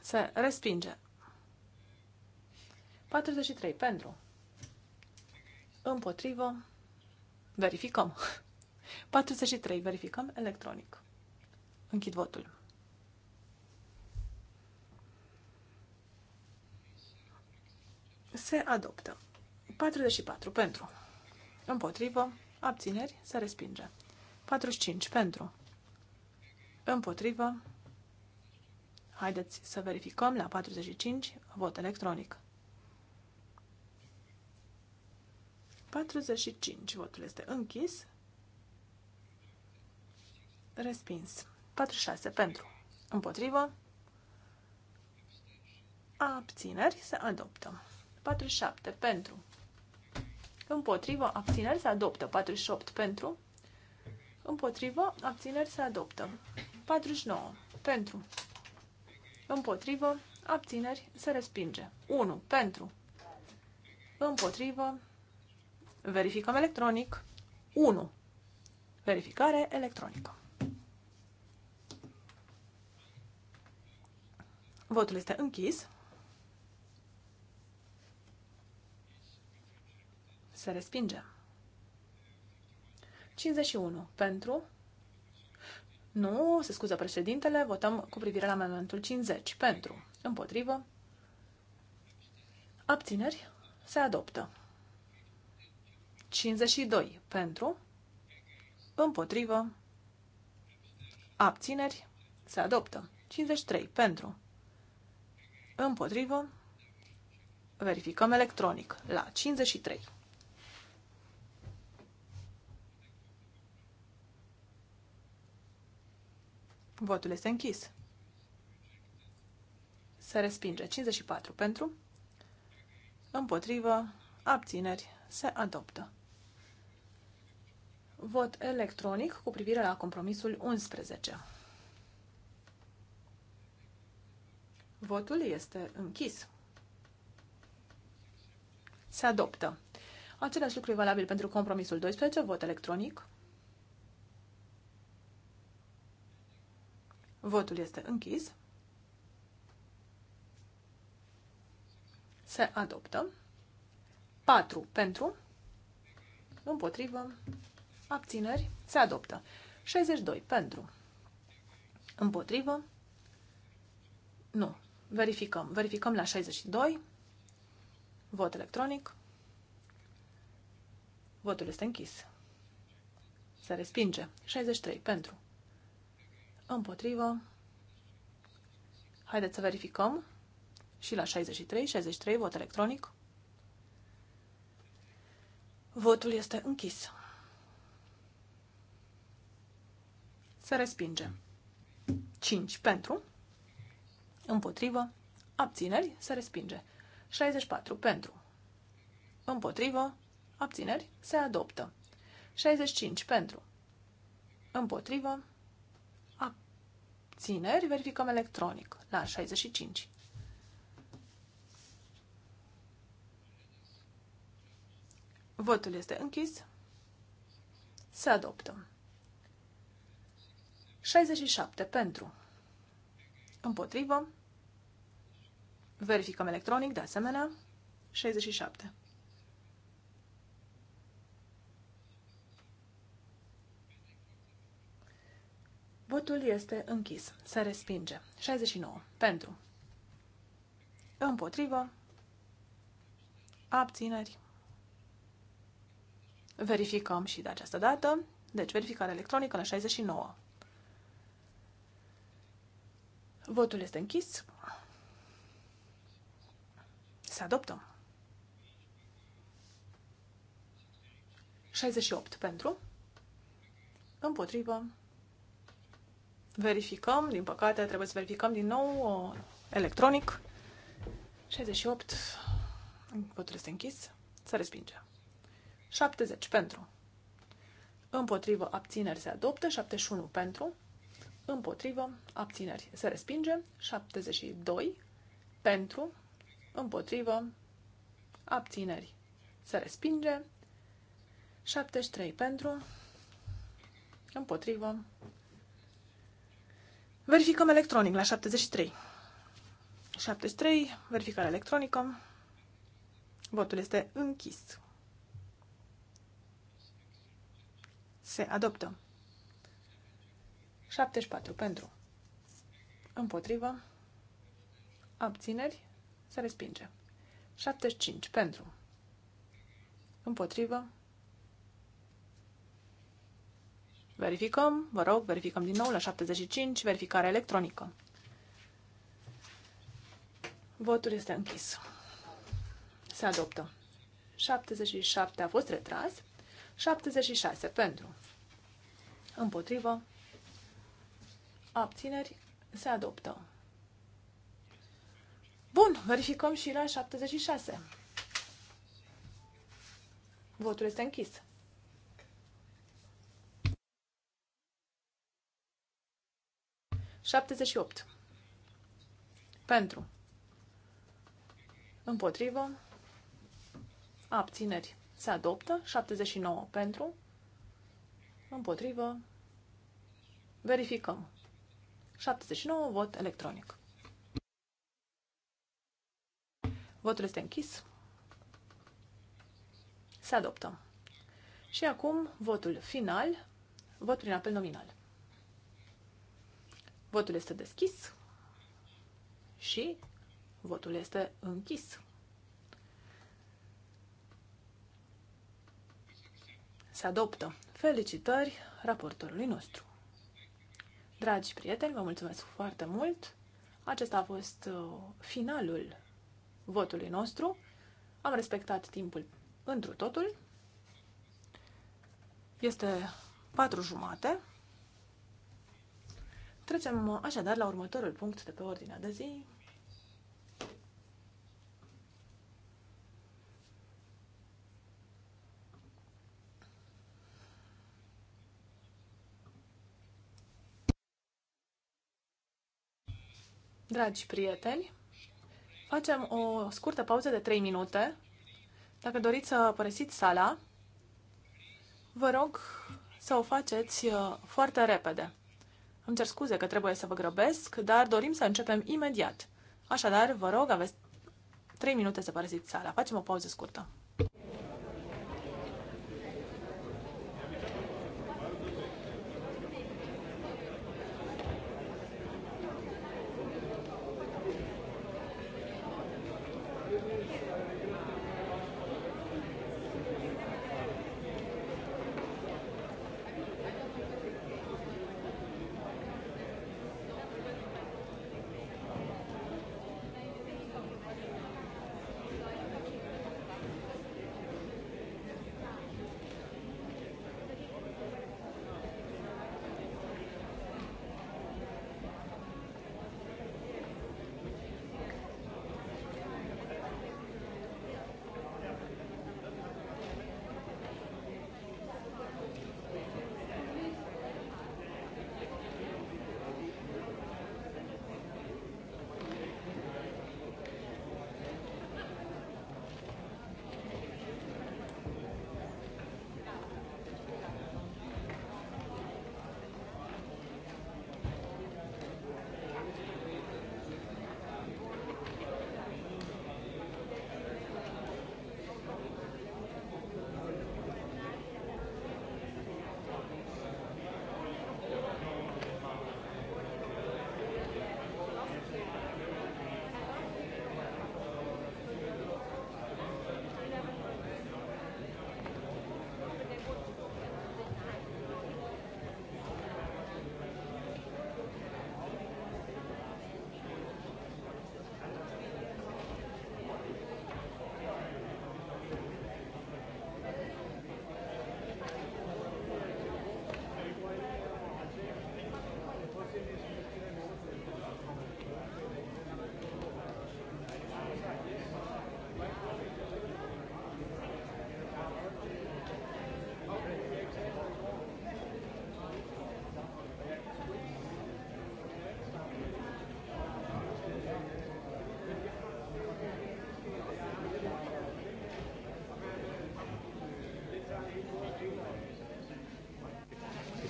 Se respinge. 43 pentru. Împotrivă. Verificăm. (laughs) 43. Verificăm electronic. Închid votul. Se adoptă. 44 pentru. Împotrivă. Abțineri. Se respinge. 45 pentru. Împotrivă. Haideți să verificăm la 45 vot electronic. 45 votul este închis Respins. 46 pentru. Împotrivă. Abțineri se adoptă. 47 pentru. Împotrivă. Abțineri se adoptă. 48 pentru. Împotrivă. Abțineri se adoptă. 49 pentru. Împotrivă. Abțineri se respinge. 1 pentru. Împotrivă. Verificăm electronic. 1. Verificare electronică. Votul este închis. Se respinge. 51 pentru. Nu, se scuză președintele, votăm cu privire la amendamentul 50 pentru. Împotrivă. Abțineri. Se adoptă. 52 pentru. Împotrivă. Abțineri. Se adoptă. 53 pentru. Împotrivă. Verificăm electronic. La 53. Votul este închis. Se respinge 54 pentru, împotrivă, abțineri, se adoptă. Vot electronic cu privire la compromisul 11. Votul este închis. Se adoptă. Același lucru e valabil pentru compromisul 12, vot electronic. Votul este închis. Se adoptă. 4 pentru, împotrivă, abțineri, se adoptă. 62 pentru, împotrivă, nu, Verificăm. Verificăm la 62. Vot electronic. Votul este închis. Se respinge. 63. Pentru. Împotrivă. Haideți să verificăm. Și la 63. 63. Vot electronic. Votul este închis. Se respinge. 5 pentru. Împotrivă. Abțineri. Se respinge. 64. Pentru. Împotrivă. Abțineri. Se adoptă. 65. Pentru. Împotrivă. Abțineri. Verificăm electronic. La 65. Votul este închis. Se adoptă. 67. Pentru. Împotrivă. Verificăm electronic, de asemenea. 67. Votul este închis. Se respinge. 69. Pentru. Împotrivă. Abțineri. Verificăm și de această dată. Deci, verificare electronică la 69. Votul este închis se adoptă. 68 pentru, împotrivă, verificăm, din păcate trebuie să verificăm din nou o, uh, electronic. 68, votul este închis, Să respinge. 70 pentru, împotrivă, abțineri se adoptă, 71 pentru, împotrivă, abțineri se respinge, 72 pentru, împotrivă, abțineri, se respinge. 73 pentru, împotrivă. Verificăm electronic la 73. 73, verificare electronică. Votul este închis. Se adoptă. 74 pentru. Împotrivă. Abțineri. Se respinge. 75 pentru. Împotrivă. Verificăm, vă rog, verificăm din nou la 75, verificare electronică. Votul este închis. Se adoptă. 77 a fost retras. 76 pentru. Împotrivă. Abțineri. Se adoptă. Bun, verificăm și la 76. Votul este închis. Șaptezeci opt. Pentru. Împotrivă. Abțineri. Se adoptă. 79 pentru. Împotrivă. Verificăm. 79 vot electronic. Votul este închis. Se adoptă. Și acum votul final, vot prin apel nominal. Votul este deschis și votul este închis. Se adoptă. Felicitări raportorului nostru. Dragi prieteni, vă mulțumesc foarte mult. Acesta a fost uh, finalul votului nostru. Am respectat timpul întru totul. Este patru jumate. Trecem așadar la următorul punct de pe ordinea de zi. Dragi prieteni, Facem o scurtă pauză de 3 minute. Dacă doriți să părăsiți sala, vă rog să o faceți uh, foarte repede. Îmi cer scuze că trebuie să vă grăbesc, dar dorim să începem imediat. Așadar, vă rog, aveți 3 minute să părăsiți sala. Facem o pauză scurtă.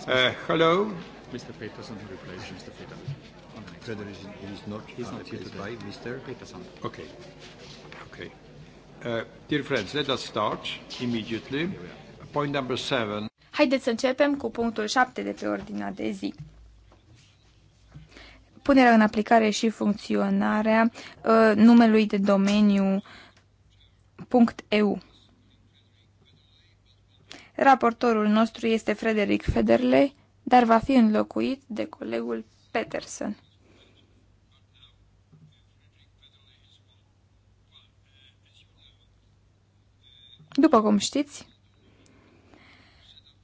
Uh, hello. Mr. Peterson Mr. Peterson. is, is not, He's not uh, here today. Mr. Peterson. Okay. Okay. Uh, dear friends, let us start immediately. Point number seven. Haideți să începem cu punctul 7 de pe ordinea de zi. Punerea în aplicare și funcționarea uh, numelui de domeniu .eu. Raportorul nostru este Frederic Federley, dar va fi înlocuit de colegul Peterson. După cum știți,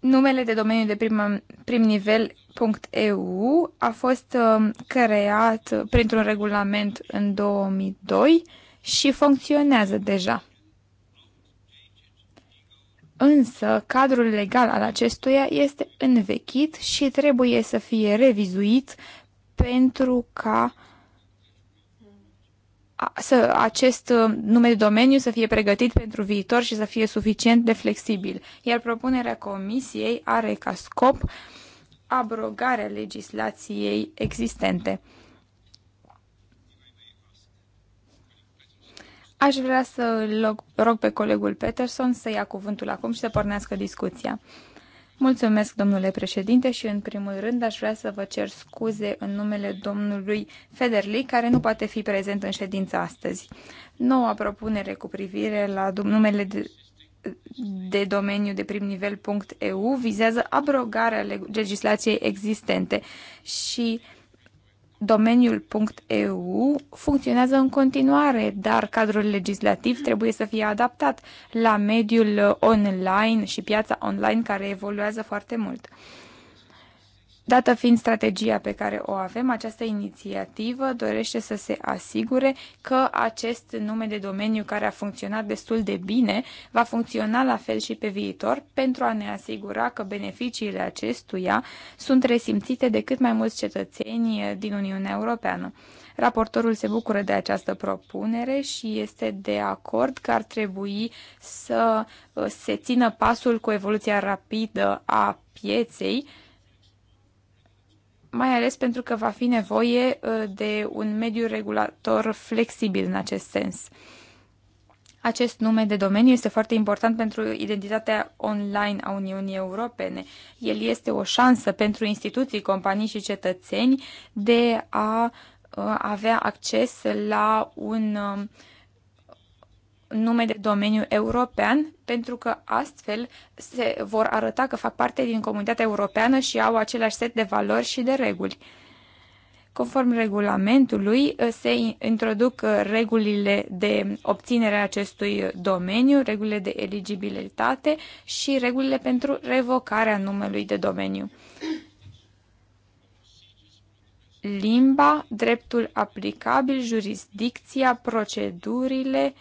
numele de domeniu de prim, prim nivel .eu a fost uh, creat printr-un regulament în 2002 și funcționează deja însă cadrul legal al acestuia este învechit și trebuie să fie revizuit pentru ca să acest uh, nume de domeniu să fie pregătit pentru viitor și să fie suficient de flexibil. Iar propunerea comisiei are ca scop abrogarea legislației existente. Aș vrea să rog pe colegul Peterson să ia cuvântul acum și să pornească discuția. Mulțumesc, domnule președinte, și în primul rând aș vrea să vă cer scuze în numele domnului Federli, care nu poate fi prezent în ședința astăzi. Noua propunere cu privire la numele de, de domeniu de prim nivel.eu vizează abrogarea legislației existente și uh, domeniul.eu funcționează în continuare, dar cadrul legislativ trebuie să fie adaptat la mediul online și piața online care evoluează foarte mult. Dată fiind strategia pe care o avem, această inițiativă dorește să se asigure că acest nume de domeniu care a funcționat destul de bine va funcționa la fel și pe viitor pentru a ne asigura că beneficiile acestuia sunt resimțite de cât mai mulți cetățeni din Uniunea Europeană. Raportorul se bucură de această propunere și este de acord că ar trebui să se țină pasul cu evoluția rapidă a pieței, mai ales pentru că va fi nevoie uh, de un mediu regulator flexibil în acest sens. Acest nume de domeniu este foarte important pentru identitatea online a Uniunii Europene. El este o șansă pentru instituții, companii și cetățeni de a uh, avea acces la un uh, nume de domeniu european, pentru că astfel se vor arăta că fac parte din comunitatea europeană și au același set de valori și de reguli. Conform regulamentului, uh, se introduc uh, regulile de obținere a acestui uh, domeniu, regulile de eligibilitate și regulile pentru revocarea numelui de domeniu. Limba, dreptul aplicabil, jurisdicția, procedurile,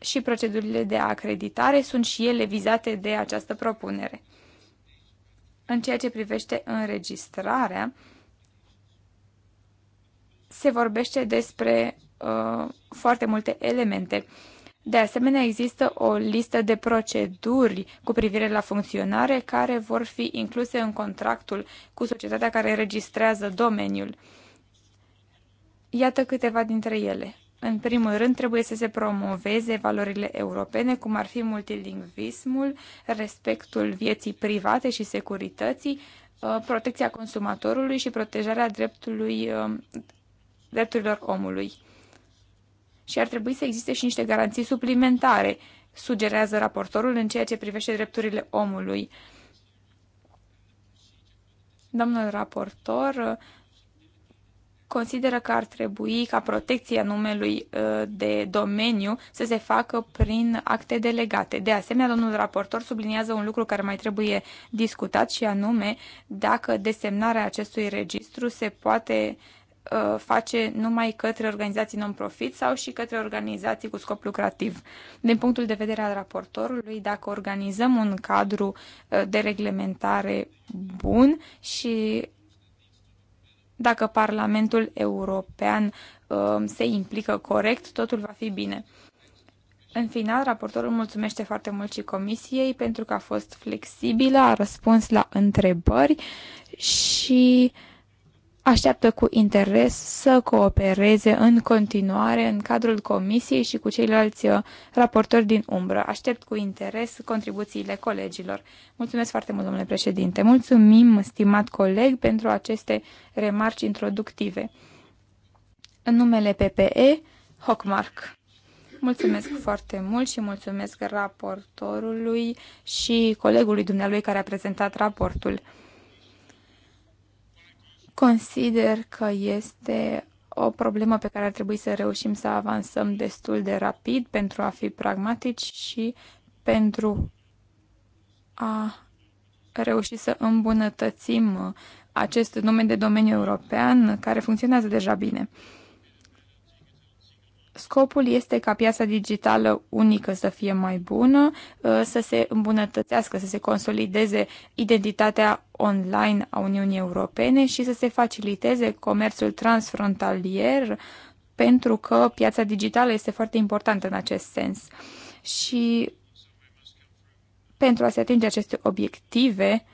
și procedurile de acreditare sunt și ele vizate de această propunere. În ceea ce privește înregistrarea, se vorbește despre uh, foarte multe elemente. De asemenea, există o listă de proceduri cu privire la funcționare care vor fi incluse în contractul cu societatea care registrează domeniul. Iată câteva dintre ele în primul rând, trebuie să se promoveze valorile europene, cum ar fi multilingvismul, respectul vieții private și securității, uh, protecția consumatorului și protejarea dreptului, uh, drepturilor omului. Și ar trebui să existe și niște garanții suplimentare, sugerează raportorul în ceea ce privește drepturile omului. Domnul raportor uh, consideră că ar trebui ca protecția numelui ă, de domeniu să se facă prin acte delegate. De asemenea, domnul raportor subliniază un lucru care mai trebuie discutat și anume dacă desemnarea acestui registru se poate ă, face numai către organizații non-profit sau și către organizații cu scop lucrativ. Din punctul de vedere al raportorului, dacă organizăm un cadru ă, de reglementare bun și dacă Parlamentul European um, se implică corect, totul va fi bine. În final, raportorul mulțumește foarte mult și comisiei pentru că a fost flexibilă, a răspuns la întrebări și așteaptă cu interes să coopereze în continuare în cadrul comisiei și cu ceilalți uh, raportori din umbră. Aștept cu interes contribuțiile colegilor. Mulțumesc foarte mult, domnule președinte. Mulțumim, stimat coleg, pentru aceste remarci introductive. În numele PPE, Hockmark. Mulțumesc foarte mult și mulțumesc raportorului și colegului dumnealui care a prezentat raportul. Consider că este o problemă pe care ar trebui să reușim să avansăm destul de rapid pentru a fi pragmatici și pentru a reuși să îmbunătățim acest nume de domeniu european care funcționează deja bine. Scopul este ca piața digitală unică să fie mai bună, uh, să se îmbunătățească, să se consolideze identitatea online a Uniunii Europene și să se faciliteze comerțul transfrontalier, pentru că piața digitală este foarte importantă în acest sens. Și pentru a se atinge aceste obiective,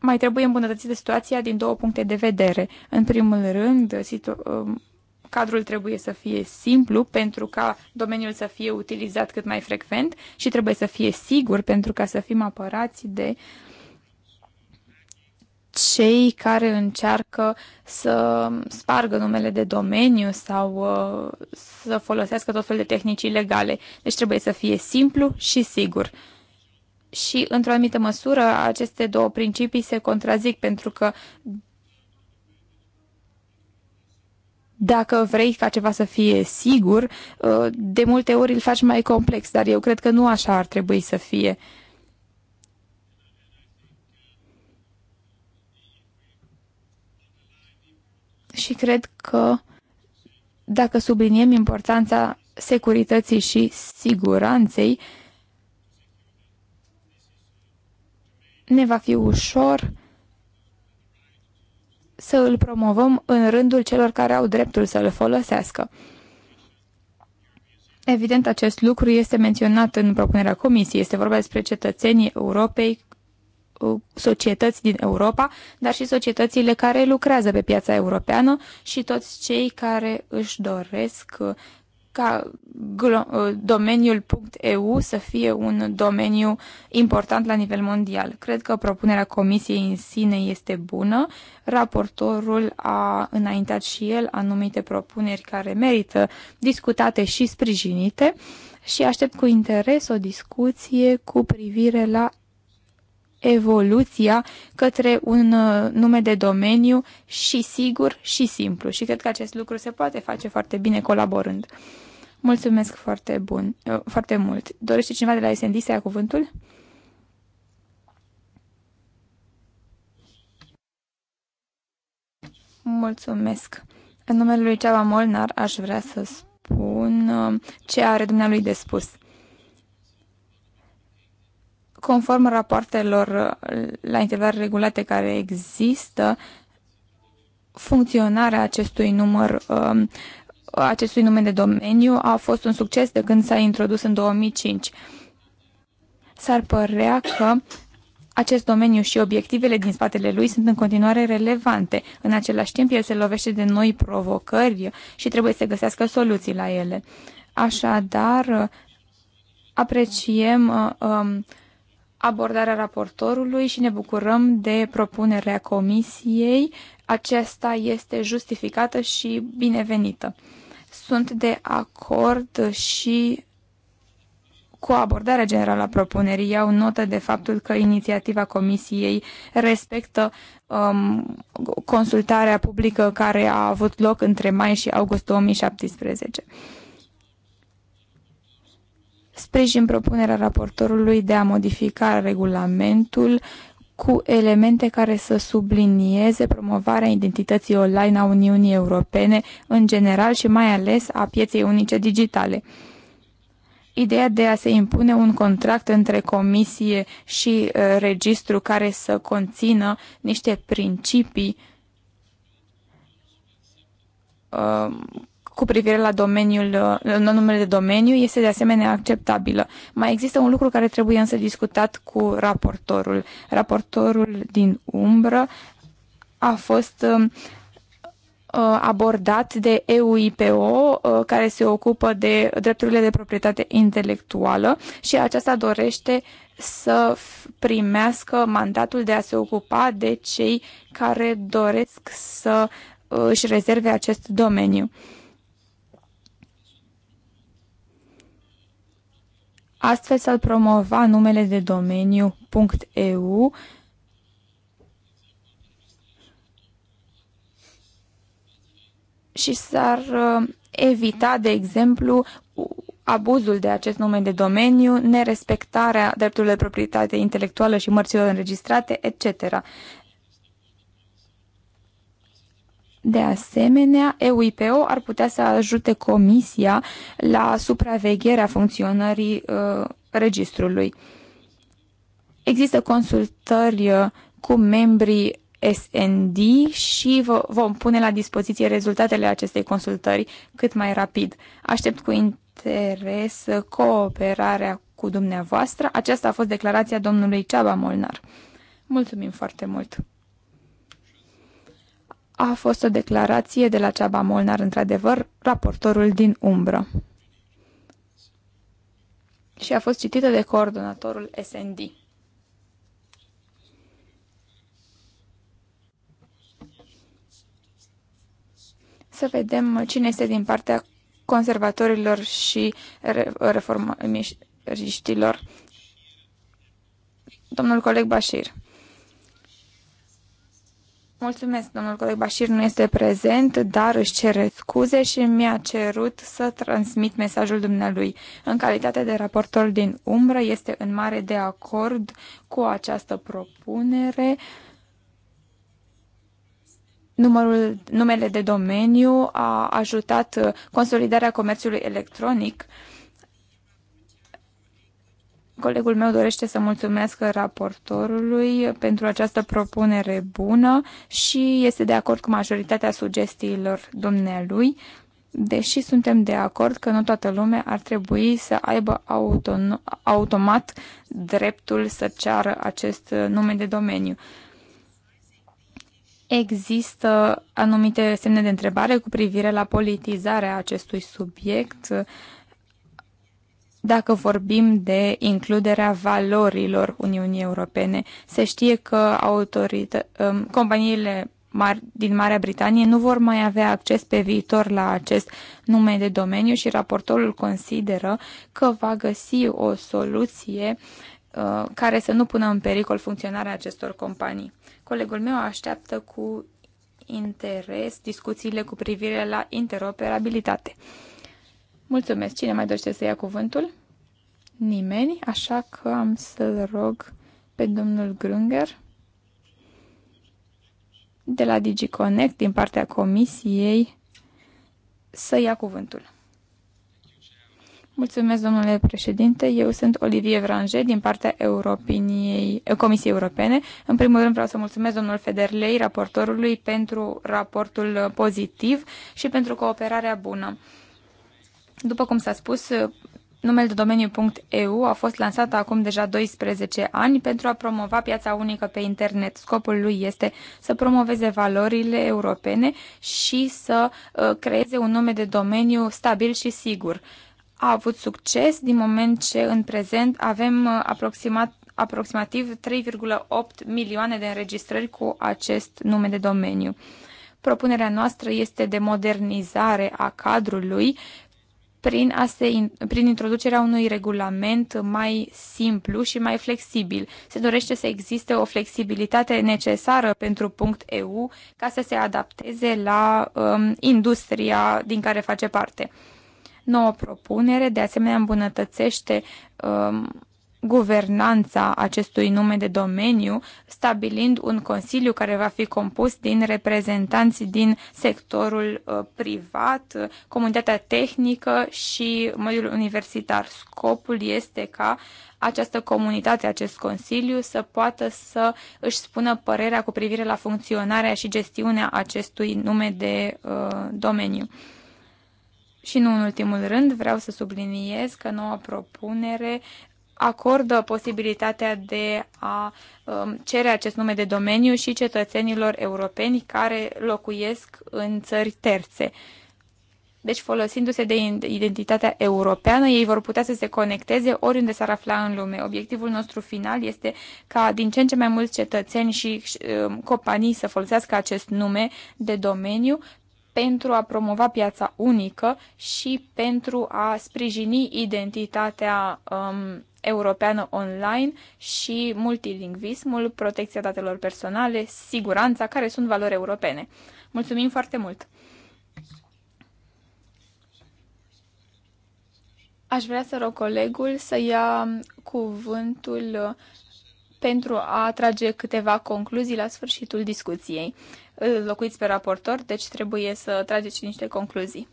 mai trebuie îmbunătățită situația din două puncte de vedere. În primul rând, um, cadrul trebuie să fie simplu pentru ca domeniul să fie utilizat cât mai frecvent și trebuie să fie sigur pentru ca să fim apărați de cei care încearcă să spargă numele de domeniu sau uh, să folosească tot felul de tehnici legale. Deci trebuie să fie simplu și sigur și, într-o anumită măsură, aceste două principii se contrazic pentru că dacă vrei ca ceva să fie sigur, uh, de multe ori îl faci mai complex, dar eu cred că nu așa ar trebui să fie. Și cred că dacă subliniem importanța securității și siguranței, uh, ne va fi ușor să îl promovăm în rândul celor care au dreptul să îl folosească. Evident, acest lucru este menționat în propunerea comisiei. Este vorba despre cetățenii Europei, societăți din Europa, dar și societățile care lucrează pe piața europeană și toți cei care își doresc ca uh, domeniul .eu să fie un domeniu important la nivel mondial. Cred că propunerea comisiei în sine este bună. Raportorul a înaintat și el anumite propuneri care merită discutate și sprijinite și aștept cu interes o discuție cu privire la evoluția către un uh, nume de domeniu și sigur și simplu. Și cred că acest lucru se poate face foarte bine colaborând. Mulțumesc foarte, bun, uh, foarte mult. Dorește cineva de la SND să ia cuvântul? Mulțumesc. În numele lui Ceava Molnar aș vrea să spun uh, ce are dumnealui de spus. Conform rapoartelor la interval regulate care există, funcționarea acestui număr um, acestui nume de domeniu a fost un succes de când s-a introdus în 2005. S-ar părea că acest domeniu și obiectivele din spatele lui sunt în continuare relevante. În același timp, el se lovește de noi provocări și trebuie să găsească soluții la ele. Așadar, apreciem uh, um, abordarea raportorului și ne bucurăm de propunerea comisiei. Aceasta este justificată și binevenită. Sunt de acord și cu abordarea generală a propunerii. Iau notă de faptul că inițiativa comisiei respectă um, consultarea publică care a avut loc între mai și august 2017 sprijin propunerea raportorului de a modifica regulamentul cu elemente care să sublinieze promovarea identității online a Uniunii Europene în general și mai ales a pieței unice digitale. Ideea de a se impune un contract între comisie și uh, registru care să conțină niște principii uh, cu privire la domeniul, uh, la numele de domeniu este de asemenea acceptabilă. Mai există un lucru care trebuie însă discutat cu raportorul. Raportorul din umbră a fost um, uh, abordat de EUIPO, uh, care se ocupă de drepturile de proprietate intelectuală și aceasta dorește să primească mandatul de a se ocupa de cei care doresc să își rezerve acest domeniu. Astfel s-ar promova numele de domeniu .eu și s-ar uh, evita, de exemplu, abuzul de acest nume de domeniu, nerespectarea drepturilor de proprietate intelectuală și mărților înregistrate, etc. De asemenea, EUIPO ar putea să ajute Comisia la supravegherea funcționării uh, registrului. Există consultări uh, cu membrii SND și vă vom pune la dispoziție rezultatele acestei consultări cât mai rapid. Aștept cu interes cooperarea cu dumneavoastră. Aceasta a fost declarația domnului Ceaba Molnar. Mulțumim foarte mult! a fost o declarație de la Ceaba Molnar, într-adevăr, raportorul din umbră. Și a fost citită de coordonatorul SND. Să vedem cine este din partea conservatorilor și reformiștilor. Domnul coleg Bashir. Mulțumesc, domnul coleg Bașir nu este prezent, dar își cere scuze și mi-a cerut să transmit mesajul dumnealui. În calitate de raportor din umbră, este în mare de acord cu această propunere. Numărul, numele de domeniu a ajutat consolidarea comerțului electronic Colegul meu dorește să mulțumesc raportorului pentru această propunere bună și este de acord cu majoritatea sugestiilor dumnealui, deși suntem de acord că nu toată lumea ar trebui să aibă auton- automat dreptul să ceară acest nume de domeniu. Există anumite semne de întrebare cu privire la politizarea acestui subiect dacă vorbim de includerea valorilor Uniunii Europene. Se știe că autorită, um, companiile mari din Marea Britanie nu vor mai avea acces pe viitor la acest nume de domeniu și raportorul consideră că va găsi o soluție uh, care să nu pună în pericol funcționarea acestor companii. Colegul meu așteaptă cu interes discuțiile cu privire la interoperabilitate. Mulțumesc. Cine mai dorește să ia cuvântul? Nimeni, așa că am să-l rog pe domnul Grünger de la DigiConnect, din partea comisiei, să ia cuvântul. Mulțumesc, domnule președinte. Eu sunt Olivier Vranger din partea Europiniei, Comisiei Europene. În primul rând vreau să mulțumesc domnul Federlei, raportorului, pentru raportul pozitiv și pentru cooperarea bună. După cum s-a spus, uh, numele de domeniu .eu a fost lansat acum deja 12 ani pentru a promova piața unică pe internet. Scopul lui este să promoveze valorile europene și să uh, creeze un nume de domeniu stabil și sigur. A avut succes din moment ce în prezent avem uh, aproximat aproximativ 3,8 milioane de înregistrări cu acest nume de domeniu. Propunerea noastră este de modernizare a cadrului prin, a se, prin introducerea unui regulament mai simplu și mai flexibil. Se dorește să existe o flexibilitate necesară pentru punct .eu ca să se adapteze la um, industria din care face parte. Noua propunere de asemenea îmbunătățește um, guvernanța acestui nume de domeniu, stabilind un consiliu care va fi compus din reprezentanți din sectorul uh, privat, comunitatea tehnică și mediul universitar. Scopul este ca această comunitate, acest consiliu, să poată să își spună părerea cu privire la funcționarea și gestiunea acestui nume de uh, domeniu. Și nu în ultimul rând, vreau să subliniez că noua propunere acordă posibilitatea de a um, cere acest nume de domeniu și cetățenilor europeni care locuiesc în țări terțe. Deci, folosindu-se de identitatea europeană, ei vor putea să se conecteze oriunde s-ar afla în lume. Obiectivul nostru final este ca din ce în ce mai mulți cetățeni și um, companii să folosească acest nume de domeniu pentru a promova piața unică și pentru a sprijini identitatea um, europeană online și multilingvismul, protecția datelor personale, siguranța, care sunt valori europene. Mulțumim foarte mult! Aș vrea să rog colegul să ia cuvântul pentru a trage câteva concluzii la sfârșitul discuției. Îl locuiți pe raportor, deci trebuie să trageți niște concluzii.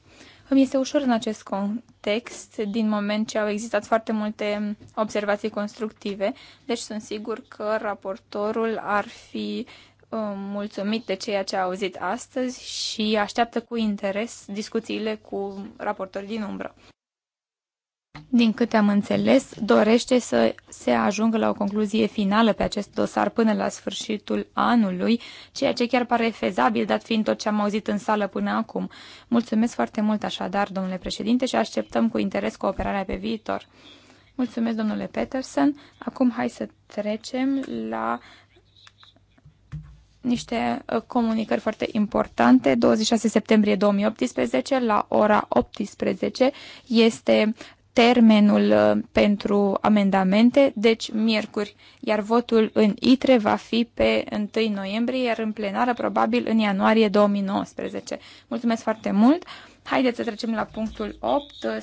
Îmi este ușor în acest context, din moment ce au existat foarte multe observații constructive, deci sunt sigur că raportorul ar fi uh, mulțumit de ceea ce a auzit astăzi și așteaptă cu interes discuțiile cu raportori din umbră din câte am înțeles, dorește să se ajungă la o concluzie finală pe acest dosar până la sfârșitul anului, ceea ce chiar pare fezabil, dat fiind tot ce am auzit în sală până acum. Mulțumesc foarte mult așadar, domnule președinte, și așteptăm cu interes cooperarea pe viitor. Mulțumesc, domnule Peterson. Acum hai să trecem la niște uh, comunicări foarte importante. 26 septembrie 2018 la ora 18 este termenul uh, pentru amendamente, deci miercuri, iar votul în ITRE va fi pe 1 noiembrie, iar în plenară probabil în ianuarie 2019. Mulțumesc foarte mult! Haideți să trecem la punctul 8, uh,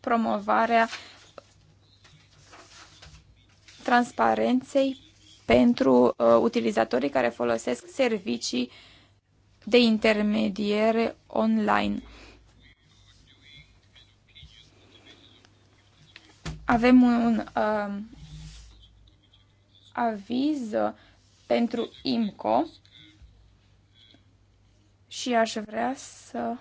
promovarea transparenței pentru uh, utilizatorii care folosesc servicii de intermediere online. Avem un uh, aviz pentru IMCO și aș vrea să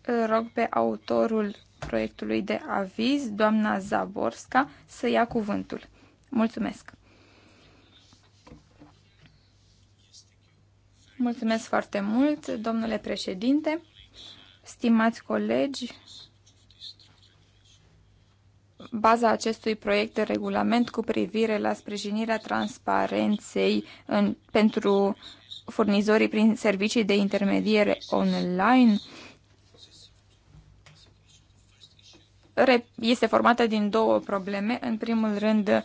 îl rog pe autorul proiectului de aviz, doamna Zaborska, să ia cuvântul. Mulțumesc! Mulțumesc foarte mult, domnule președinte, stimați colegi, baza acestui proiect de regulament cu privire la sprijinirea transparenței în, pentru furnizorii prin servicii de intermediere online este formată din două probleme. În primul rând,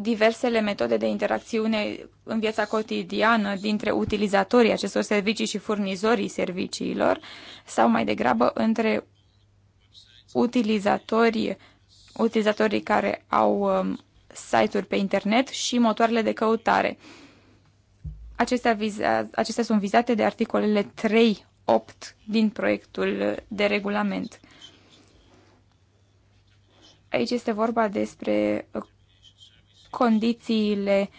diversele metode de interacțiune în viața cotidiană dintre utilizatorii acestor servicii și furnizorii serviciilor, sau mai degrabă între utilizatorii utilizatorii care au um, site-uri pe internet și motoarele de căutare. Acestea, viza, acestea sunt vizate de articolele 3.8 din proiectul de regulament. Aici este vorba despre uh, condițiile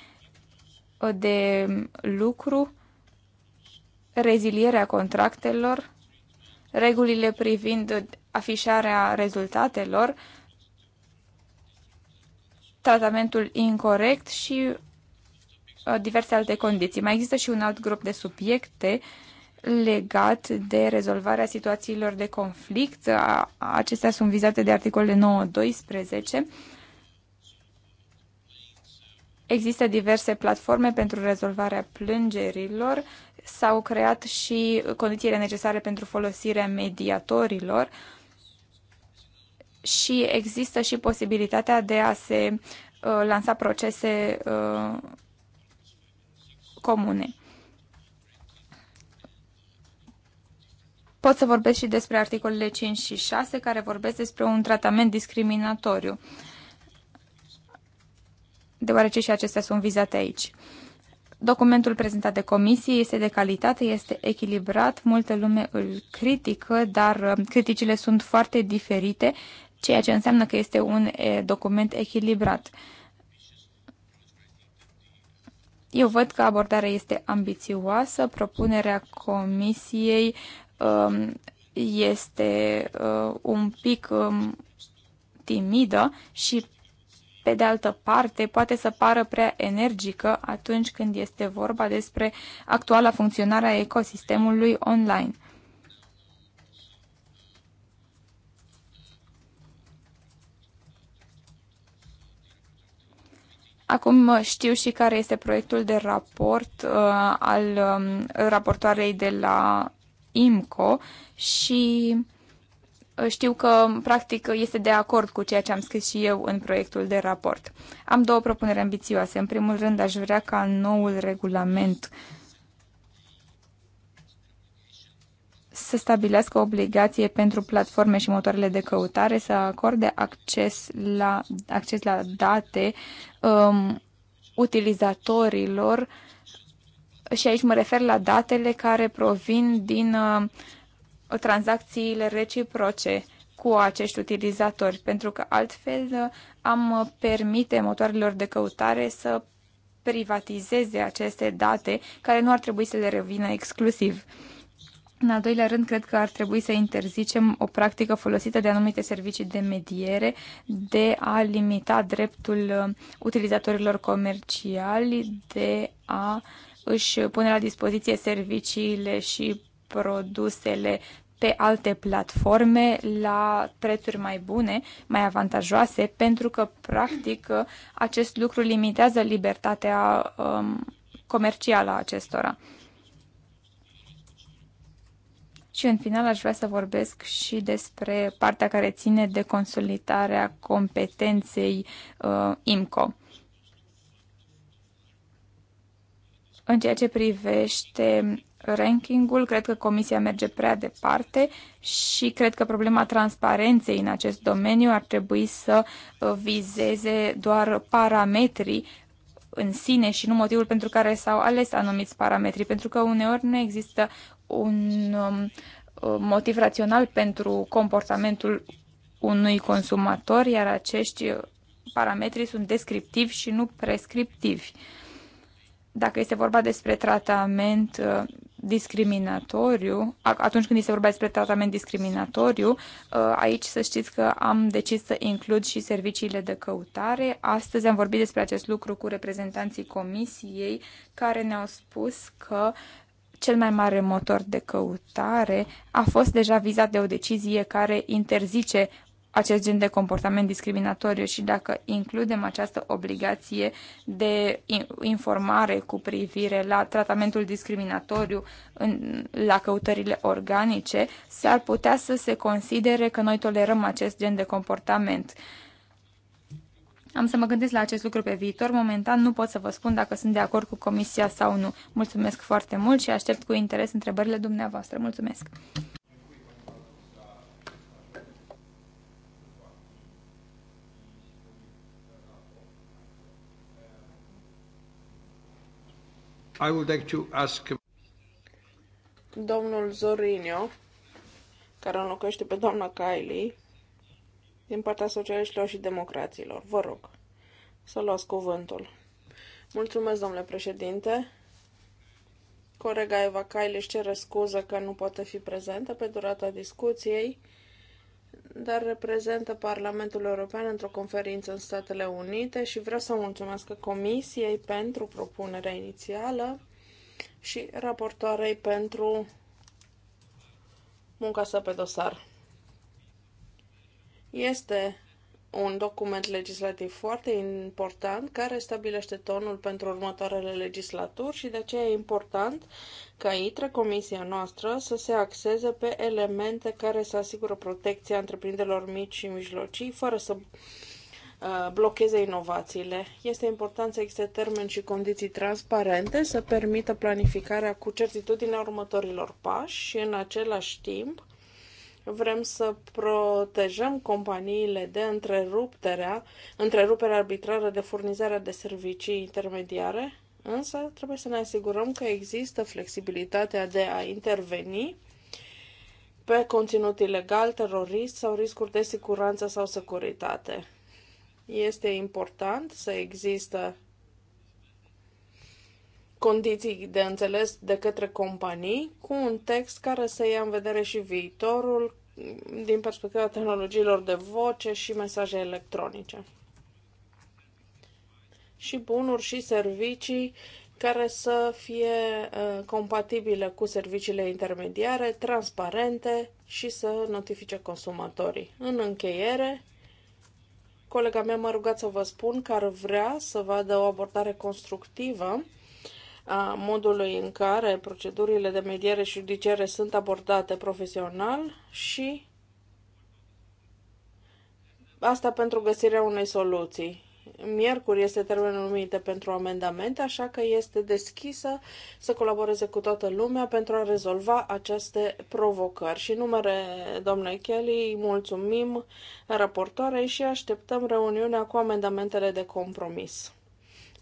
uh, de lucru, rezilierea contractelor, regulile privind afișarea rezultatelor tratamentul incorrect și uh, diverse alte condiții. Mai există și un alt grup de subiecte legat de rezolvarea situațiilor de conflict. Acestea sunt vizate de articolele 9-12. Există diverse platforme pentru rezolvarea plângerilor. S-au creat și condițiile necesare pentru folosirea mediatorilor. Uh, și există și posibilitatea de a se uh, lansa procese uh, comune. Pot să vorbesc și despre articolele 5 și 6 care vorbesc despre un tratament discriminatoriu, deoarece și acestea sunt vizate aici. Documentul prezentat de comisie este de calitate, este echilibrat, multă lume îl critică, dar uh, criticile sunt foarte diferite ceea ce înseamnă că este un document echilibrat. Eu văd că abordarea este ambițioasă, propunerea comisiei um, este uh, un pic um, timidă și pe de altă parte, poate să pară prea energică atunci când este vorba despre actuala funcționare a ecosistemului online. Acum uh, știu și care este proiectul de raport uh, al um, raportoarei de la IMCO și uh, știu că, practic, este de acord cu ceea ce am scris și eu în proiectul de raport. Am două propuneri ambițioase. În primul rând, aș vrea ca noul regulament uh, să stabilească obligație pentru platforme și motoarele de căutare să acorde acces la, acces la date um, utilizatorilor și aici mă refer la datele care provin din uh, tranzacțiile reciproce cu acești utilizatori, pentru că altfel uh, am permite motoarelor de căutare să privatizeze aceste date care nu ar trebui să le revină exclusiv. Uh, în al doilea rând, cred că ar trebui să interzicem o practică folosită de anumite servicii de mediere de a limita dreptul uh, utilizatorilor comerciali de a își pune la dispoziție serviciile și produsele pe alte platforme la prețuri mai bune, mai avantajoase, pentru că, practic, uh, acest lucru limitează libertatea um, comercială a acestora. Și în final aș vrea să vorbesc și despre partea care ține de consolidarea competenței uh, IMCO. În ceea ce privește rankingul, cred că comisia merge prea departe și cred că problema transparenței în acest domeniu ar trebui să uh, vizeze doar parametrii în sine și nu motivul pentru care s-au ales anumiți parametri, pentru că uneori nu există un um, uh, motiv rațional pentru comportamentul unui consumator, iar acești parametri sunt descriptivi și nu prescriptivi. Dacă este vorba despre tratament uh, discriminatoriu, atunci când este vorba despre tratament discriminatoriu, uh, aici să știți că am decis să includ și serviciile de căutare. Astăzi am vorbit despre acest lucru cu reprezentanții comisiei care ne-au spus că cel mai mare motor de căutare a fost deja vizat de o decizie care interzice acest gen de comportament discriminatoriu și dacă includem această obligație de informare cu privire la tratamentul discriminatoriu în, la căutările organice, s-ar putea să se considere că noi tolerăm acest gen de comportament. Uh, am să mă gândesc la acest lucru pe viitor. Momentan nu pot să vă spun dacă sunt de acord cu comisia sau nu. Mulțumesc foarte mult și aștept cu interes întrebările dumneavoastră. Mulțumesc! I would like to ask... Domnul Zorinio, care înlocuiește pe doamna Kylie, din partea socialiștilor și democraților. Vă rog să luați cuvântul. Mulțumesc, domnule președinte. Corega Eva Caile își cere scuză că nu poate fi prezentă pe durata discuției, dar reprezintă Parlamentul European într-o conferință în Statele Unite și vreau să mulțumesc Comisiei pentru propunerea inițială și raportoarei pentru munca sa pe dosar. Este un document legislativ foarte important care stabilește tonul pentru următoarele legislaturi și de aceea e important ca ITRE, comisia noastră, să se axeze pe elemente care să asigură protecția întreprinderilor mici și mijlocii, fără să uh, blocheze inovațiile. Este important să existe termeni și condiții transparente, să permită planificarea cu certitudinea următorilor pași și în același timp Vrem să protejăm companiile de întreruperea, întreruperea arbitrară de furnizarea de servicii intermediare, însă trebuie să ne asigurăm că există flexibilitatea de a interveni pe conținut ilegal, terorist sau riscuri de siguranță sau securitate. Este important să există condiții de înțeles de către companii cu un text care să ia în vedere și viitorul din perspectiva tehnologiilor de voce și mesaje electronice. Și bunuri și servicii care să fie uh, compatibile cu serviciile intermediare, transparente și să notifice consumatorii. În încheiere, colega mea m-a rugat să vă spun că ar vrea să vadă o abordare constructivă a modului în care procedurile de mediere judiciare sunt abordate profesional și asta pentru găsirea unei soluții. Miercuri este termenul limită pentru amendamente, așa că este deschisă să colaboreze cu toată lumea pentru a rezolva aceste provocări. Și numere domnului Kelly, mulțumim raportoarei și așteptăm reuniunea cu amendamentele de compromis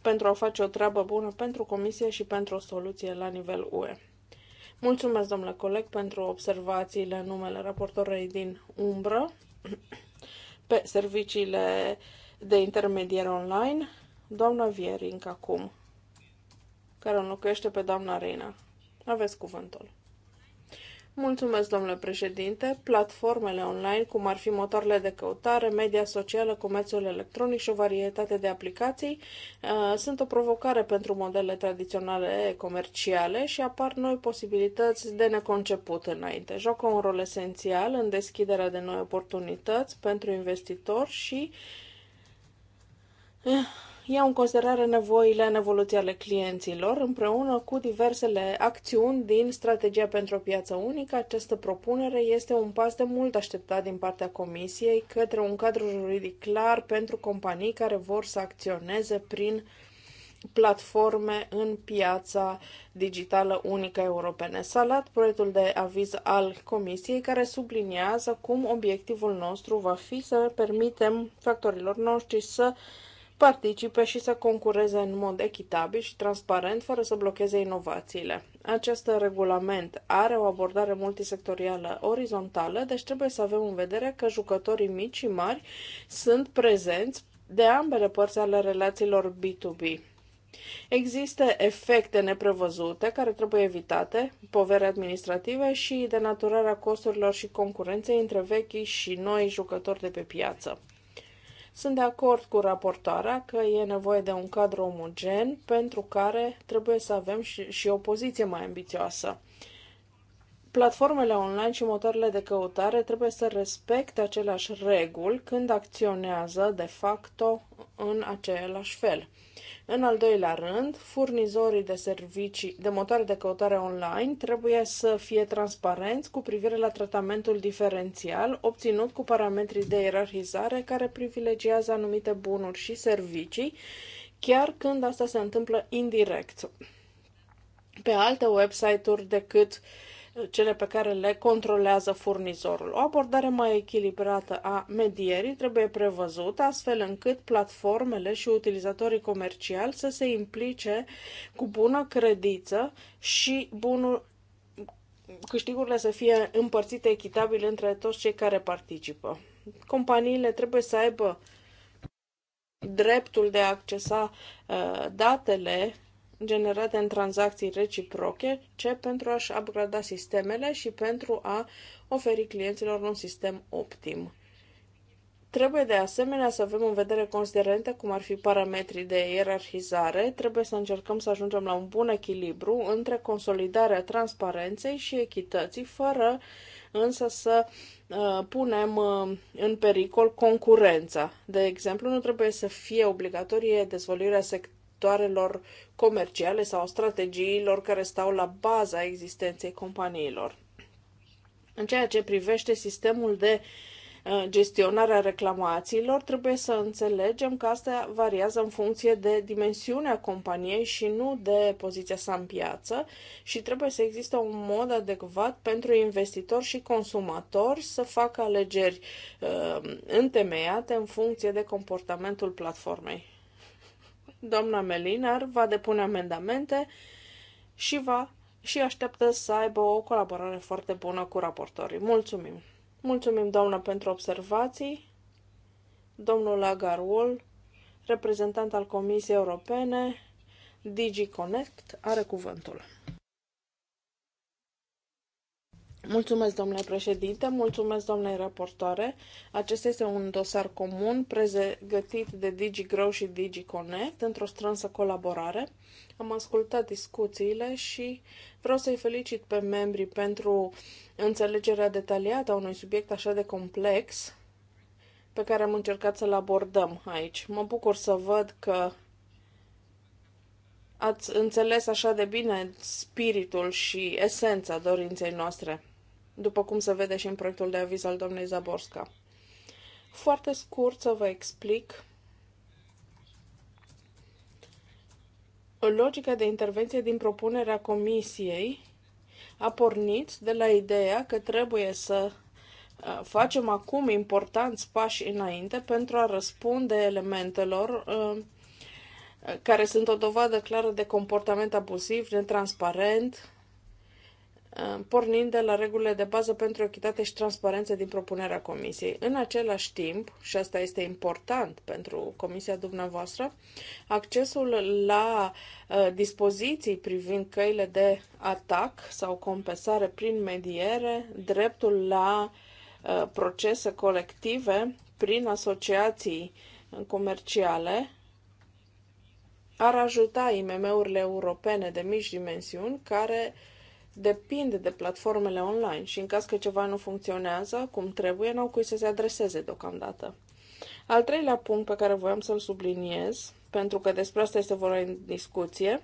pentru a face o treabă bună pentru Comisie și pentru o soluție la nivel UE. Mulțumesc, domnule coleg, pentru observațiile în numele raportorului din umbră (clears throat) pe serviciile de intermediere online, doamna Vierinca acum, care înlocuiește pe doamna Reina. Aveți cuvântul. Mulțumesc, domnule președinte. Platformele online, cum ar fi motoarele de căutare, media socială, comerțul electronic și o varietate de aplicații, uh, sunt o provocare pentru modele tradiționale comerciale și apar noi posibilități de neconceput înainte. Joacă un rol esențial în deschiderea de noi oportunități pentru investitori și eh, iau în considerare nevoile în evoluție ale clienților, împreună cu diversele acțiuni din strategia pentru o piață unică. Această propunere este un pas de mult așteptat din partea Comisiei către un cadru juridic clar pentru companii care vor să acționeze prin platforme în piața digitală unică europeană. Salat proiectul de aviz al Comisiei care subliniază cum obiectivul nostru va fi să permitem factorilor noștri să participe și să concureze în mod echitabil și transparent, fără să blocheze inovațiile. Acest regulament are o abordare multisectorială orizontală, deci trebuie să avem în vedere că jucătorii mici și mari sunt prezenți de ambele părți ale relațiilor B2B. Există efecte neprevăzute care trebuie evitate, povere administrative și denaturarea costurilor și concurenței între vechi și noi jucători de pe piață. Sunt de acord cu raportoarea că e nevoie de un cadru omogen pentru care trebuie să avem și, și o poziție mai ambițioasă. Platformele online și motoarele de căutare trebuie să respecte aceleași reguli când acționează de facto în același fel. În al doilea rând, furnizorii de servicii de motoare de căutare online trebuie să fie transparenți cu privire la tratamentul diferențial obținut cu parametrii de ierarhizare care privilegiază anumite bunuri și servicii, chiar când asta se întâmplă indirect pe alte website-uri decât uh, cele pe care le controlează furnizorul. O abordare mai echilibrată a medierii trebuie prevăzută astfel încât platformele și utilizatorii comerciali să se implice cu bună credință și bunul câștigurile să fie împărțite echitabil între toți cei care participă. Companiile trebuie să aibă dreptul de a accesa uh, datele generate în tranzacții reciproce, ce pentru a-și upgrada sistemele și pentru a oferi clienților un sistem optim. Trebuie de asemenea să avem în vedere considerente cum ar fi parametrii de ierarhizare, trebuie să încercăm să ajungem la un bun echilibru între consolidarea transparenței și echității, fără însă să uh, punem uh, în pericol concurența. De exemplu, nu trebuie să fie obligatorie dezvoltarea sec- sectoarelor comerciale sau strategiilor care stau la baza existenței companiilor. În ceea ce privește sistemul de uh, gestionarea reclamațiilor, trebuie să înțelegem că asta variază în funcție de dimensiunea companiei și nu de poziția sa în piață și trebuie să existe un mod adecvat pentru investitori și consumatori să facă alegeri uh, întemeiate în funcție de comportamentul platformei. Doamna Melinar va depune amendamente și va și așteaptă să aibă o colaborare foarte bună cu raportorii. Mulțumim! Mulțumim, doamna, pentru observații. Domnul Agarwal, reprezentant al Comisiei Europene, DigiConnect, are cuvântul. Mulțumesc, domnule președinte, mulțumesc, domnule raportoare. Acesta este un dosar comun pregătit de DigiGrow și DigiConnect într-o strânsă colaborare. Am ascultat discuțiile și vreau să-i felicit pe membrii pentru înțelegerea detaliată a unui subiect așa de complex pe care am încercat să-l abordăm aici. Mă bucur să văd că ați înțeles așa de bine spiritul și esența dorinței noastre după cum se vede și în proiectul de aviz al doamnei Zaborska. Foarte scurt să vă explic logica de intervenție din propunerea comisiei a pornit de la ideea că trebuie să uh, facem acum importanți pași înainte pentru a răspunde elementelor uh, care sunt o dovadă clară de comportament abuziv, netransparent, Uh, pornind de la regulile de bază pentru echitate și transparență din propunerea comisiei. În același timp, și asta este important pentru comisia dumneavoastră, accesul la uh, dispoziții privind căile de atac sau compensare prin mediere, dreptul la uh, procese colective prin asociații comerciale, ar ajuta IMM-urile europene de mici dimensiuni care uh, depinde de platformele online și în caz că ceva nu funcționează cum trebuie, n-au cui să se adreseze deocamdată. Al treilea punct pe care voiam să-l subliniez pentru că despre asta este vorba în discuție,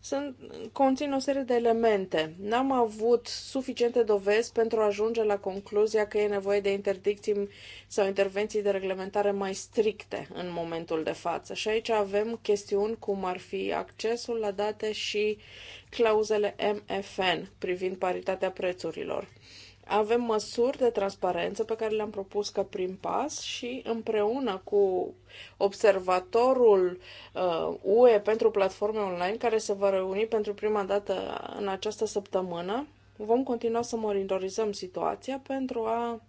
sunt, conțin o serie de elemente. N-am avut suficiente dovezi pentru a ajunge la concluzia că e nevoie de interdicții sau intervenții de reglementare mai stricte în momentul de față. Și aici avem chestiuni cum ar fi accesul la date și clauzele MFN privind paritatea prețurilor. Avem măsuri de transparență pe care le-am propus ca prim pas și împreună cu observatorul uh, UE pentru platforme online, care se va reuni pentru prima dată în această săptămână, vom continua să monitorizăm situația pentru a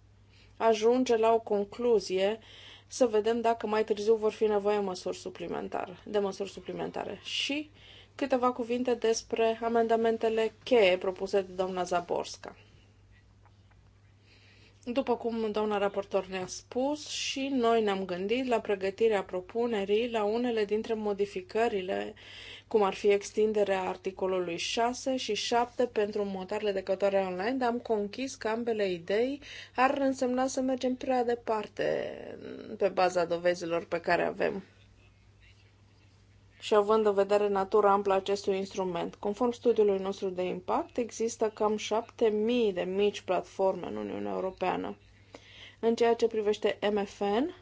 ajunge la o concluzie să vedem dacă mai târziu vor fi nevoie măsuri suplimentare, de măsuri suplimentare. Și câteva cuvinte despre amendamentele cheie propuse de doamna Zaborska. După cum doamna raportor ne-a spus, și noi ne-am gândit la pregătirea propunerii la unele dintre modificările, cum ar fi extinderea articolului 6 și 7 pentru mutarele de cătoare online, dar am conchis că ambele idei ar însemna să mergem prea departe pe baza dovezilor pe care avem și având în vedere natura amplă a acestui instrument. Conform studiului nostru de impact, există cam 7.000 de mici platforme în Uniunea Europeană. În ceea ce privește MFN,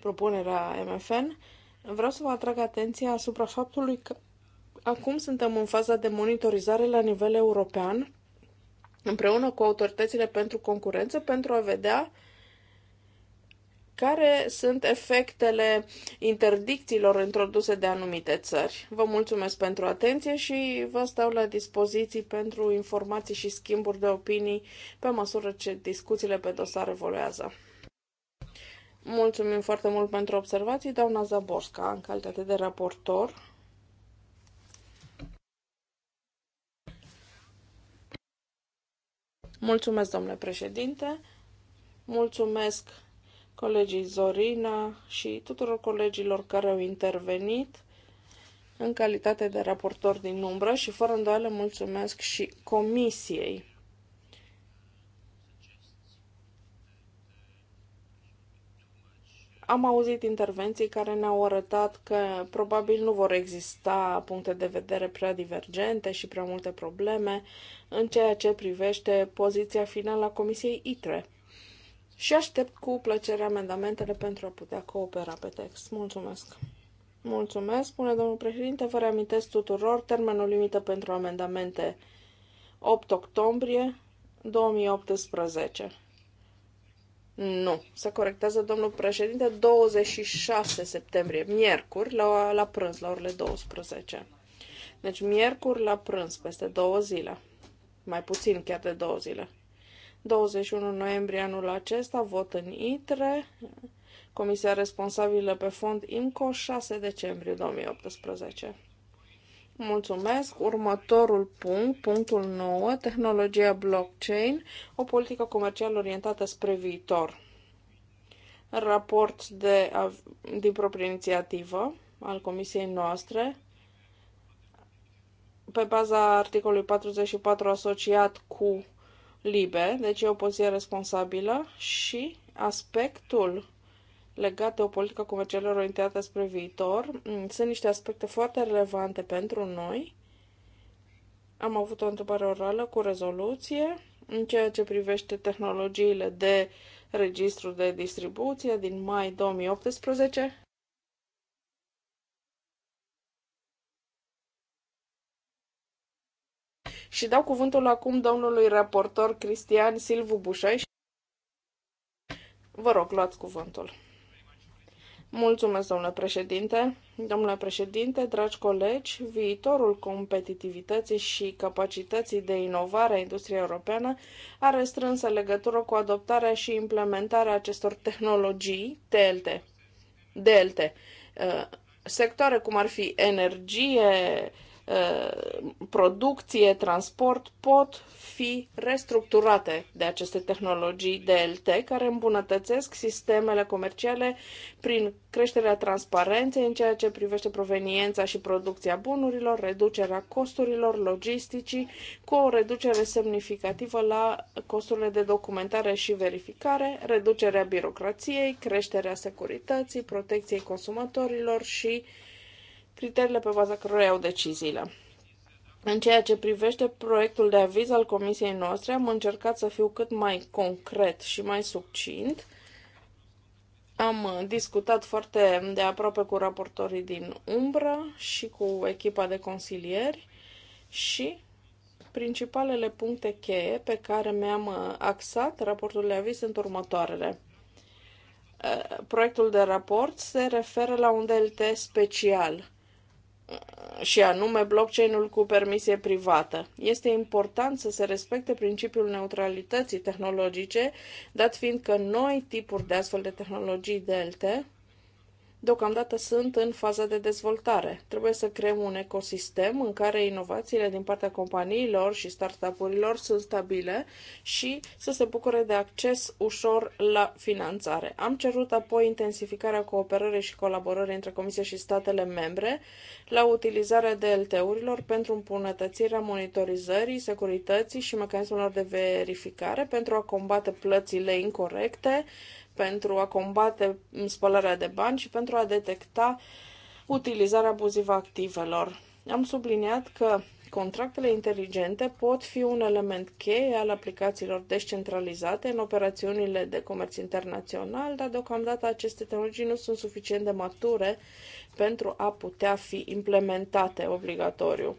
propunerea MFN, vreau să vă atrag atenția asupra faptului că acum suntem în faza de monitorizare la nivel european, împreună cu autoritățile pentru concurență, pentru a vedea uh, care sunt efectele interdicțiilor introduse de anumite țări. Vă mulțumesc pentru atenție și vă stau la dispoziții pentru informații și schimburi de opinii pe măsură ce discuțiile pe dosar evoluează. Mulțumim foarte mult pentru observații, doamna Zaborska, în calitate de raportor. Mulțumesc, domnule președinte. Mulțumesc colegii Zorina și tuturor colegilor care au intervenit în calitate de raportor din umbră și fără îndoială mulțumesc și comisiei. Am auzit intervenții care ne-au arătat că probabil nu vor exista puncte de vedere prea divergente și prea multe probleme în ceea ce privește poziția finală a Comisiei ITRE și aștept cu plăcere amendamentele pentru a putea coopera pe text. Mulțumesc! Mulțumesc, spune domnul președinte. Vă reamintesc tuturor termenul limită pentru amendamente 8 octombrie 2018. Nu, se corectează domnul președinte 26 septembrie, miercuri, la, la prânz, la orele 12. Deci miercuri la prânz, peste două zile. Mai puțin chiar de două zile. 21 noiembrie anul acesta, vot în ITRE, Comisia responsabilă pe fond IMCO, 6 decembrie 2018. Mulțumesc. Următorul punct, punctul 9, tehnologia blockchain, o politică comercială orientată spre viitor. Raport de, din proprie inițiativă al comisiei noastre, pe baza articolului 44 asociat cu libe, deci e o poziție responsabilă și aspectul legat de o politică comercială orientată spre viitor. Mm, sunt niște aspecte foarte relevante pentru noi. Am avut o întrebare orală cu rezoluție în ceea ce privește tehnologiile de registru de distribuție din mai 2018. Și dau cuvântul acum domnului raportor Cristian Silvu și Vă rog, luați cuvântul. Mulțumesc, domnule președinte. Domnule președinte, dragi colegi, viitorul competitivității și capacității de inovare a industriei europeană are strânsă legătură cu adoptarea și implementarea acestor tehnologii TLT, DLT, uh, sectoare cum ar fi energie, Uh, producție, transport pot fi restructurate de aceste tehnologii DLT care îmbunătățesc sistemele comerciale prin creșterea transparenței în ceea ce privește proveniența și producția bunurilor, reducerea costurilor logisticii cu o reducere semnificativă la costurile de documentare și verificare, reducerea birocrației, creșterea securității, protecției consumatorilor și uh, criteriile pe baza cărora iau deciziile. În ceea ce privește proiectul de aviz al comisiei noastre, am încercat să fiu cât mai concret și mai succint. Am discutat foarte de aproape cu raportorii din umbră și cu echipa de consilieri și principalele puncte cheie pe care mi-am axat raportul de aviz sunt următoarele. Proiectul de raport se referă la un DLT special și anume blockchain-ul cu permisie privată. Este important să se respecte principiul neutralității tehnologice, dat fiind că noi tipuri de astfel de tehnologii delte deocamdată sunt în fază de dezvoltare. Trebuie să creăm un ecosistem în care inovațiile din partea companiilor și startup-urilor sunt stabile și să se bucure de acces ușor la finanțare. Am cerut apoi intensificarea cooperării și colaborării între Comisie și statele membre la utilizarea DLT-urilor pentru îmbunătățirea monitorizării, securității și mecanismelor de verificare pentru a combate plățile incorrecte, pentru a combate spălarea de bani și pentru a detecta utilizarea abuzivă a activelor. Am subliniat că contractele inteligente pot fi un element cheie al aplicațiilor descentralizate în operațiunile de comerț internațional, dar deocamdată aceste tehnologii nu sunt suficient de mature pentru a putea fi implementate obligatoriu.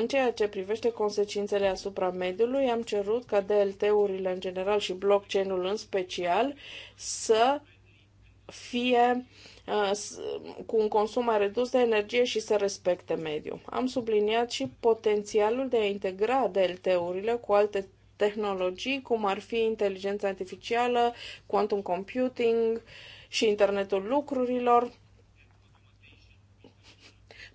În ceea ce privește consecințele asupra mediului, am cerut ca DLT-urile în general și blockchain-ul în special să fie uh, cu un consum mai redus de energie și să respecte mediul. Am subliniat și potențialul de a integra DLT-urile cu alte tehnologii, cum ar fi inteligența artificială, quantum computing și internetul lucrurilor,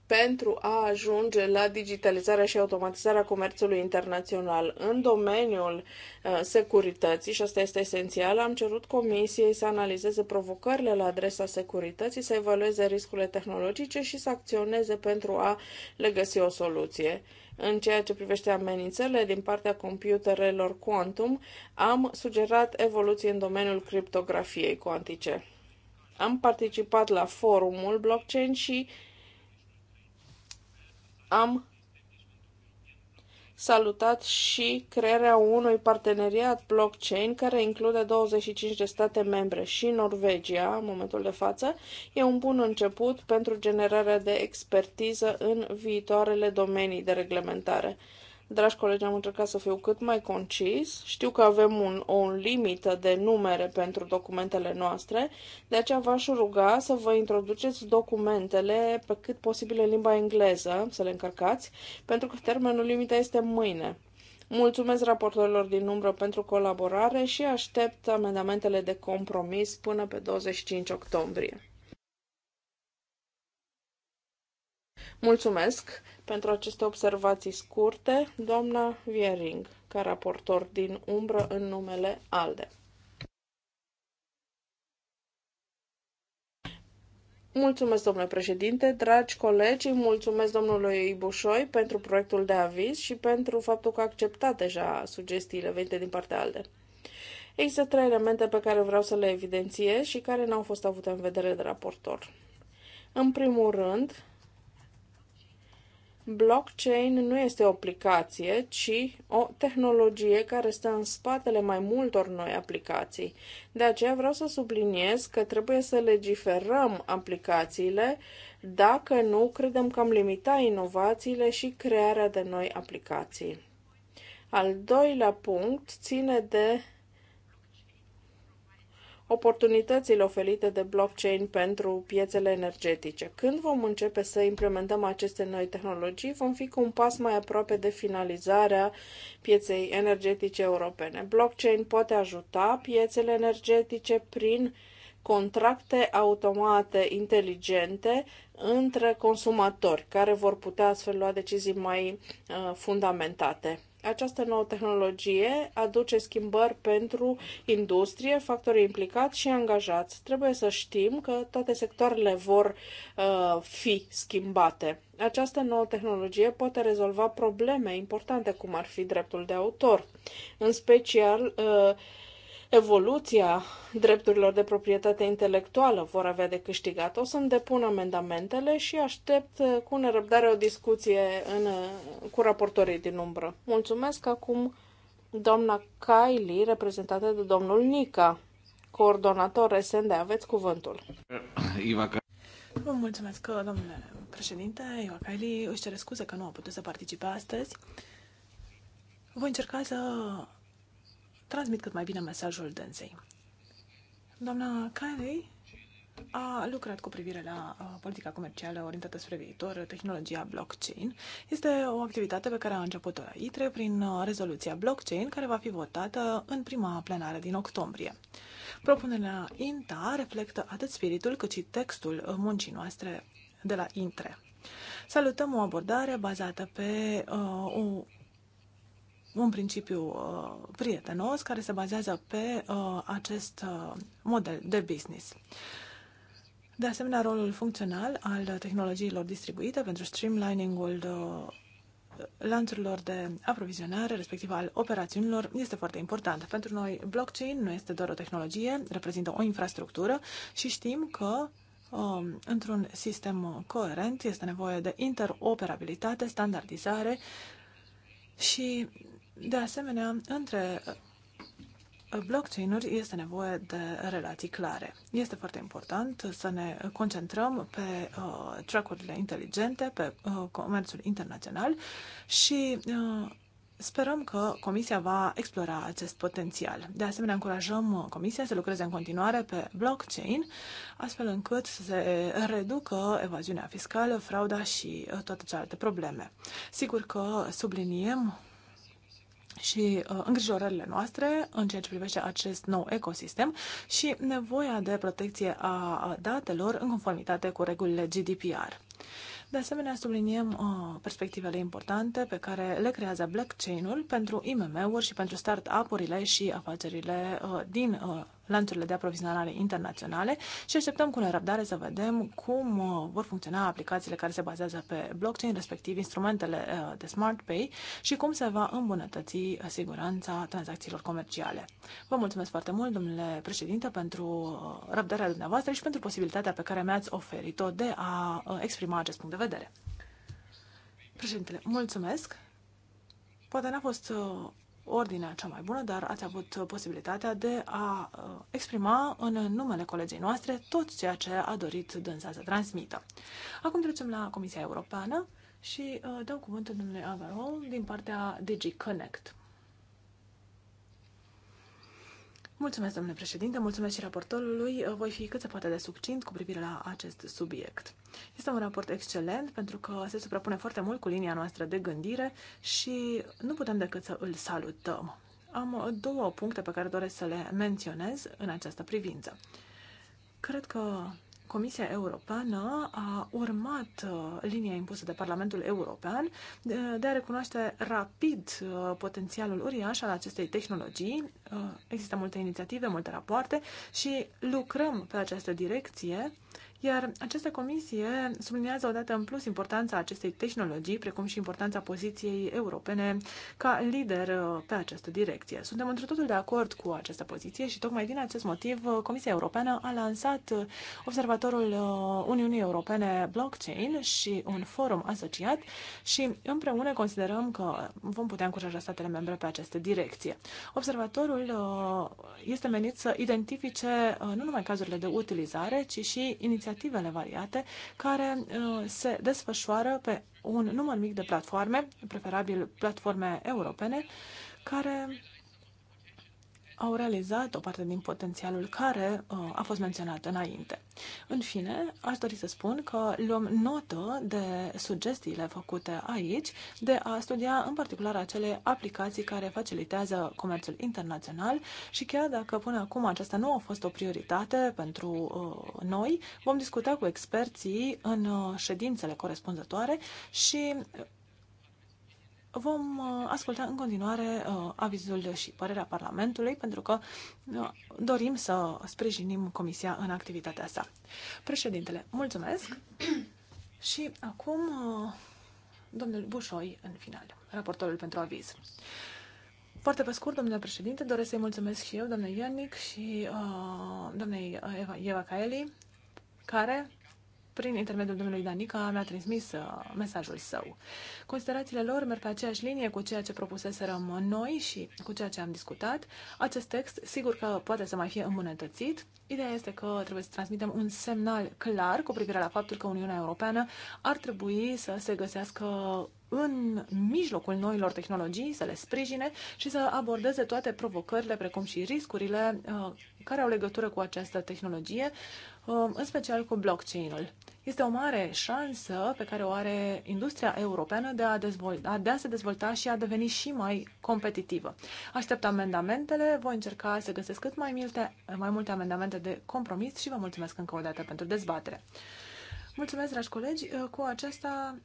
pentru a ajunge la digitalizarea și automatizarea comerțului internațional. În domeniul uh, securității, și asta este esențial, am cerut Comisiei să analizeze provocările la adresa securității, să evalueze riscurile tehnologice și să acționeze pentru a le găsi o soluție. În ceea ce privește amenințările din partea computerelor quantum, am sugerat evoluții în domeniul criptografiei cuantice. Am participat la forumul blockchain și am salutat și crearea unui parteneriat blockchain care include 25 de state membre și Norvegia, în momentul de față, e un bun început pentru generarea de expertiză în viitoarele domenii de reglementare. Dragi colegi, am încercat să fiu cât mai concis. Știu că avem un, o limită de numere pentru documentele noastre, de aceea v-aș ruga să vă introduceți documentele pe cât posibil în limba engleză, să le încărcați, pentru că termenul limită este mâine. Mulțumesc raportorilor din umbră pentru colaborare și aștept amendamentele de compromis până pe 25 octombrie. Mulțumesc pentru aceste observații scurte, doamna Viering, ca raportor din umbră în numele ALDE. Mulțumesc, domnule președinte, dragi colegi, mulțumesc domnului Bușoi pentru proiectul de aviz și pentru faptul că a acceptat deja sugestiile venite din partea ALDE. Există trei elemente pe care vreau să le evidențiez și care n-au fost avute în vedere de raportor. În primul rând, Blockchain nu este o aplicație, ci o tehnologie care stă în spatele mai multor noi aplicații. De aceea vreau să subliniez că trebuie să legiferăm aplicațiile, dacă nu credem că am limita inovațiile și crearea de noi aplicații. Al doilea punct ține de oportunitățile oferite de blockchain pentru piețele energetice. Când vom începe să implementăm aceste noi tehnologii, vom fi cu un pas mai aproape de finalizarea pieței energetice europene. Blockchain poate ajuta piețele energetice prin contracte automate inteligente între consumatori, care vor putea astfel lua decizii mai uh, fundamentate. Această nouă tehnologie aduce schimbări pentru industrie, factorii implicați și angajați. Trebuie să știm că toate sectoarele vor uh, fi schimbate. Această nouă tehnologie poate rezolva probleme importante, cum ar fi dreptul de autor, în special uh, evoluția drepturilor de proprietate intelectuală vor avea de câștigat. O să-mi depun amendamentele și aștept uh, cu nerăbdare o discuție în, uh, cu raportorii din umbră. Mulțumesc acum doamna Kylie, reprezentată de domnul Nica, coordonator SND. Aveți cuvântul. Iva Vă mulțumesc, domnule președinte. Iva Kylie își cere scuze că nu a putut să participe astăzi. Voi încerca să transmit cât mai bine mesajul dânsei. Doamna Carey a lucrat cu privire la uh, politica comercială orientată spre viitor, tehnologia blockchain. Este o activitate pe care a început-o la ITRE prin uh, rezoluția blockchain, care va fi votată în prima plenară din octombrie. Propunerea INTA reflectă atât spiritul cât și textul muncii noastre de la INTRE. Salutăm o abordare bazată pe uh, o un principiu uh, prietenos care se bazează pe uh, acest uh, model de business. De asemenea, rolul funcțional al tehnologiilor distribuite pentru streamlining-ul uh, lanțurilor de aprovizionare, respectiv al operațiunilor, este foarte important. Pentru noi, blockchain nu este doar o tehnologie, reprezintă o infrastructură și știm că um, într-un sistem coerent este nevoie de interoperabilitate, standardizare și de asemenea, între uh, blockchain-uri este nevoie de relații clare. Este foarte important să ne concentrăm pe uh, tracurile inteligente, pe uh, comerțul internațional și uh, Sperăm că Comisia va explora acest potențial. De asemenea, încurajăm uh, Comisia să lucreze în continuare pe blockchain, astfel încât să se reducă evaziunea fiscală, frauda și uh, toate celelalte probleme. Sigur că subliniem și uh, îngrijorările noastre în ceea ce privește acest nou ecosistem și nevoia de protecție a datelor în conformitate cu regulile GDPR. De asemenea, subliniem uh, perspectivele importante pe care le creează blockchain-ul pentru IMM-uri și pentru start-up-urile și afacerile uh, din uh, lanțurile de aprovizionare internaționale și așteptăm cu nerăbdare să vedem cum uh, vor funcționa aplicațiile care se bazează pe blockchain, respectiv instrumentele uh, de Smart Pay și cum se va îmbunătăți uh, siguranța tranzacțiilor comerciale. Vă mulțumesc foarte mult, domnule președinte, pentru răbdarea dumneavoastră și pentru posibilitatea pe care mi-ați oferit-o de a exprima acest punct de vedere. Președintele, mulțumesc. Poate n-a fost ordinea cea mai bună, dar ați avut uh, posibilitatea de a uh, exprima în numele colegii noastre tot ceea ce a dorit dânsa să transmită. Acum trecem la Comisia Europeană și uh, dau cuvântul domnului Agarhol din partea DG Connect. Mulțumesc, domnule președinte, mulțumesc și raportorului. Voi fi cât se poate de succint cu privire la acest subiect. Este un raport excelent pentru că se suprapune foarte mult cu linia noastră de gândire și nu putem decât să îl salutăm. Am două puncte pe care doresc să le menționez în această privință. Cred că Comisia Europeană a urmat uh, linia impusă de Parlamentul European de a recunoaște rapid uh, potențialul uriaș al acestei tehnologii. Uh, există multe inițiative, multe rapoarte și lucrăm pe această direcție iar această comisie sublinează odată în plus importanța acestei tehnologii, precum și importanța poziției europene ca lider uh, pe această direcție. Suntem într totul de acord cu această poziție și tocmai din acest motiv uh, Comisia Europeană a lansat uh, Observatorul Uniunii Europene Blockchain și un forum asociat și împreună considerăm că vom putea încuraja statele membre pe această direcție. Observatorul este menit să identifice nu numai cazurile de utilizare, ci și inițiativele variate care uh, se desfășoară pe un număr mic de platforme, preferabil platforme europene, care au realizat o parte din potențialul care uh, a fost menționat înainte. În fine, aș dori să spun că luăm notă de sugestiile făcute aici de a studia în particular acele aplicații care facilitează comerțul internațional și chiar dacă până acum aceasta nu a fost o prioritate pentru uh, noi, vom discuta cu experții în uh, ședințele corespunzătoare și vom uh, asculta în continuare uh, avizul și părerea Parlamentului, pentru că uh, dorim să sprijinim Comisia în activitatea sa. Președintele, mulțumesc! (clears throat) și acum domnul Bușoi în final, raportorul pentru aviz. Foarte pe scurt, domnule președinte, doresc să-i mulțumesc și eu, domnule Iannic și uh, domnei Eva, Eva Caeli, care prin intermediul domnului Danica, mi-a transmis uh, mesajul său. Considerațiile lor merg pe aceeași linie cu ceea ce propuseserăm noi și cu ceea ce am discutat. Acest text, sigur că poate să mai fie îmbunătățit. Ideea este că trebuie să transmitem un semnal clar cu privire la faptul că Uniunea Europeană ar trebui să se găsească în mijlocul noilor tehnologii, să le sprijine și să abordeze toate provocările, precum și riscurile uh, care au legătură cu această tehnologie, uh, în special cu blockchain-ul. Este o mare șansă pe care o are industria europeană de a, dezvolta, de a se dezvolta și a deveni și mai competitivă. Aștept amendamentele, voi încerca să găsesc cât mai multe, mai multe amendamente de compromis și vă mulțumesc încă o dată pentru dezbatere. Mulțumesc, dragi colegi, uh, cu aceasta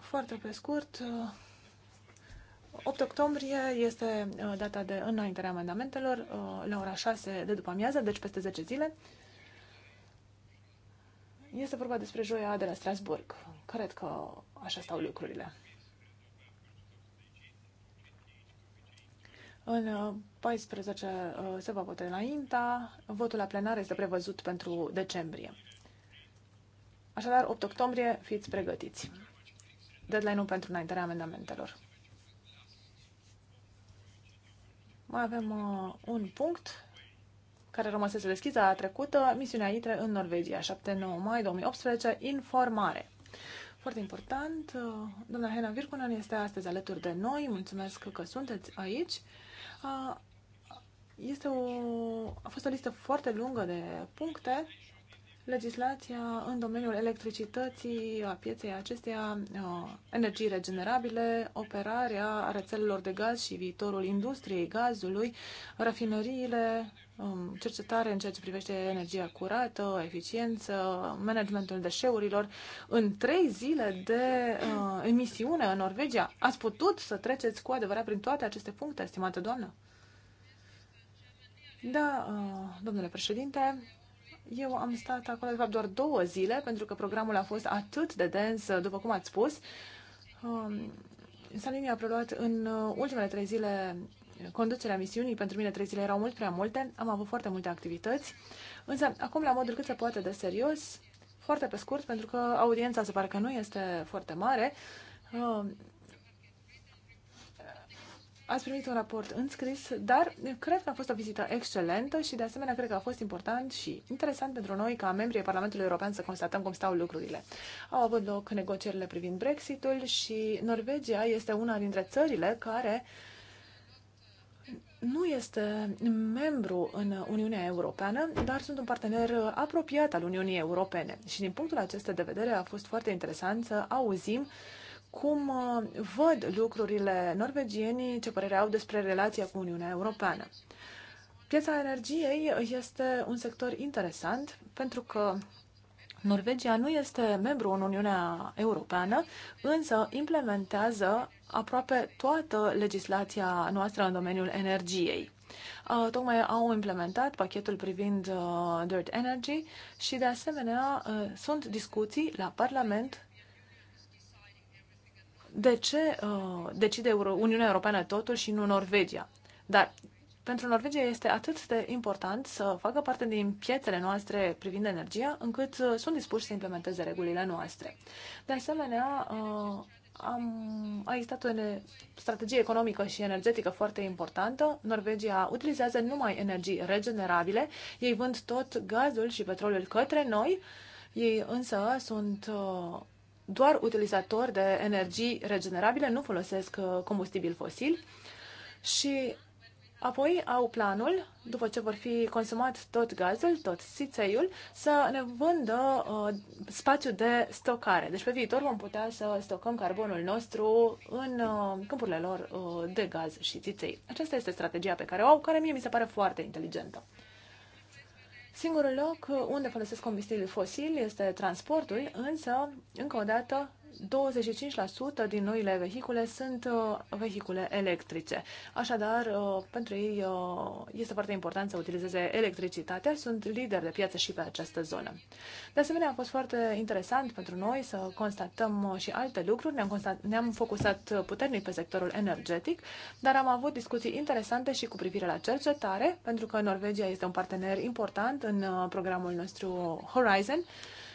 foarte pe scurt, 8 octombrie este uh, data de înaintarea amendamentelor uh, la ora 6 de după amiază, deci peste 10 zile. Este vorba despre joia de la Strasburg. Cred că așa stau lucrurile. În 14 uh, se va vota la Votul la plenar este prevăzut pentru decembrie. Așadar, 8 octombrie, fiți pregătiți deadline-ul pentru înaintarea amendamentelor. Mai avem uh, un punct care rămăsese deschis la trecută, uh, misiunea ITRE în Norvegia, 7-9 mai 2018, informare. Foarte important, uh, doamna Hena Virkunen este astăzi alături de noi, mulțumesc că sunteți aici. Uh, este o, a fost o listă foarte lungă de puncte legislația în domeniul electricității, a pieței acesteia, energii regenerabile, operarea rețelelor de gaz și viitorul industriei gazului, rafineriile, um, cercetare în ceea ce privește energia curată, eficiență, managementul deșeurilor. În trei zile de uh, emisiune în Norvegia, ați putut să treceți cu adevărat prin toate aceste puncte, estimată doamnă? Da, uh, domnule președinte, eu am stat acolo, de fapt, doar două zile, pentru că programul a fost atât de dens, după cum ați spus. Um, Salini a preluat în uh, ultimele trei zile conducerea misiunii. Pentru mine trei zile erau mult prea multe, am avut foarte multe activități. Însă, acum, la modul cât se poate de serios, foarte pe scurt, pentru că audiența se pare că nu este foarte mare, um, Ați primit un raport înscris, dar cred că a fost o vizită excelentă și, de asemenea, cred că a fost important și interesant pentru noi, ca membrii Parlamentului European, să constatăm cum stau lucrurile. Au avut loc negocierile privind Brexitul și Norvegia este una dintre țările care nu este membru în Uniunea Europeană, dar sunt un partener apropiat al Uniunii Europene. Și din punctul acesta de vedere a fost foarte interesant să auzim cum uh, văd lucrurile norvegienii, ce părere au despre relația cu Uniunea Europeană. Piața energiei este un sector interesant pentru că Norvegia nu este membru în Uniunea Europeană, însă implementează aproape toată legislația noastră în domeniul energiei. Uh, tocmai au implementat pachetul privind uh, Dirt Energy și, de asemenea, sunt discuții la Parlament de ce uh, decide Euro- Uniunea Europeană totul și nu Norvegia. Dar pentru Norvegia este atât de important să facă parte din piețele noastre privind energia, încât uh, sunt dispuși să implementeze regulile noastre. De asemenea, uh, am, a existat o strategie economică și energetică foarte importantă. Norvegia utilizează numai energii regenerabile, ei vând tot gazul și petrolul către noi, ei însă sunt uh, doar utilizatori de energii regenerabile, nu folosesc uh, combustibil fosil și apoi au planul, după ce vor fi consumat tot gazul, tot sițeiul, să ne vândă uh, spațiu de stocare. Deci pe viitor vom putea să stocăm carbonul nostru în uh, câmpurile lor uh, de gaz și țiței. Aceasta este strategia pe care o au, care mie mi se pare foarte inteligentă. Singurul loc unde folosesc combustibili fosili este transportul, însă, încă o dată, 25% din noile vehicule sunt uh, vehicule electrice. Așadar, uh, pentru ei uh, este foarte important să utilizeze electricitatea. Sunt lideri de piață și pe această zonă. De asemenea, a fost foarte interesant pentru noi să constatăm și alte lucruri. Ne-am, constat, ne-am focusat puternic pe sectorul energetic, dar am avut discuții interesante și cu privire la cercetare, pentru că Norvegia este un partener important în programul nostru Horizon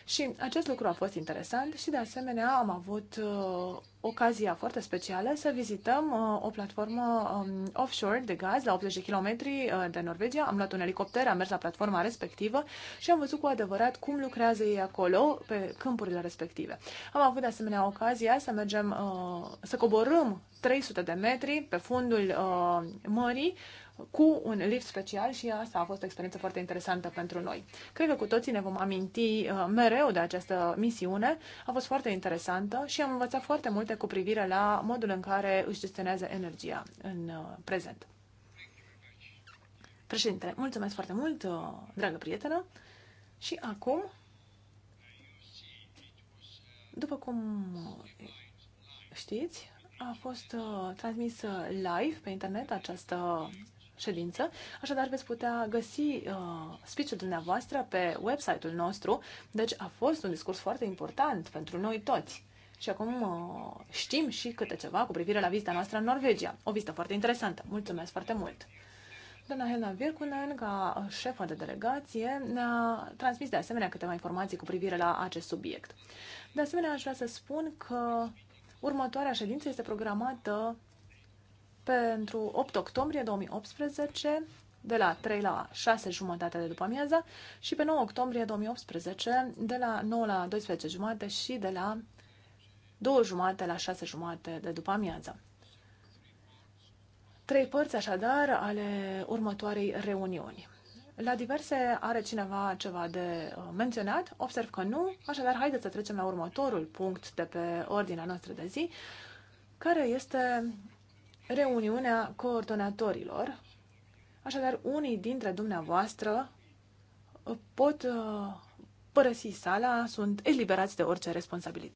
și acest lucru a fost interesant și de asemenea am avut uh, ocazia foarte specială să vizităm uh, o platformă um, offshore de gaz la 80 de kilometri uh, de Norvegia. Am luat un elicopter, am mers la platforma respectivă și am văzut cu adevărat cum lucrează ei acolo pe câmpurile respective. Am avut de asemenea ocazia să mergem, uh, să coborâm 300 de metri pe fundul uh, mării uh, cu un lift special și asta a fost o experiență foarte interesantă pentru noi. Cred că cu toții ne vom aminti uh, mereu de această misiune. A fost foarte interesantă și am învățat foarte multe cu privire la modul în care își gestionează energia în uh, prezent. Președinte, mulțumesc foarte mult, uh, dragă prietenă. Și acum, după cum știți, a fost transmis live pe internet această ședință, așadar veți putea găsi uh, speech-ul dumneavoastră pe website-ul nostru. Deci a fost un discurs foarte important pentru noi toți. Și acum uh, știm și câte ceva cu privire la vizita noastră în Norvegia. O vizită foarte interesantă. Mulțumesc foarte mult! Doamna Helena Virkunen, ca șefă de delegație, ne-a transmis de asemenea câteva informații cu privire la acest subiect. De asemenea, aș vrea să spun că următoarea ședință este programată pentru 8 octombrie 2018 de la 3 la 6 jumătate de după amiază și pe 9 octombrie 2018 de la 9 la 12 jumate și de la 2 jumate la 6 jumate de după amiază. Trei părți așadar ale următoarei reuniuni. La diverse are cineva ceva de uh, menționat? Observ că nu, așadar haideți să trecem la următorul punct de pe ordinea noastră de zi, care este reuniunea coordonatorilor. Așadar, unii dintre dumneavoastră uh, pot uh, părăsi sala, sunt eliberați de orice responsabilitate.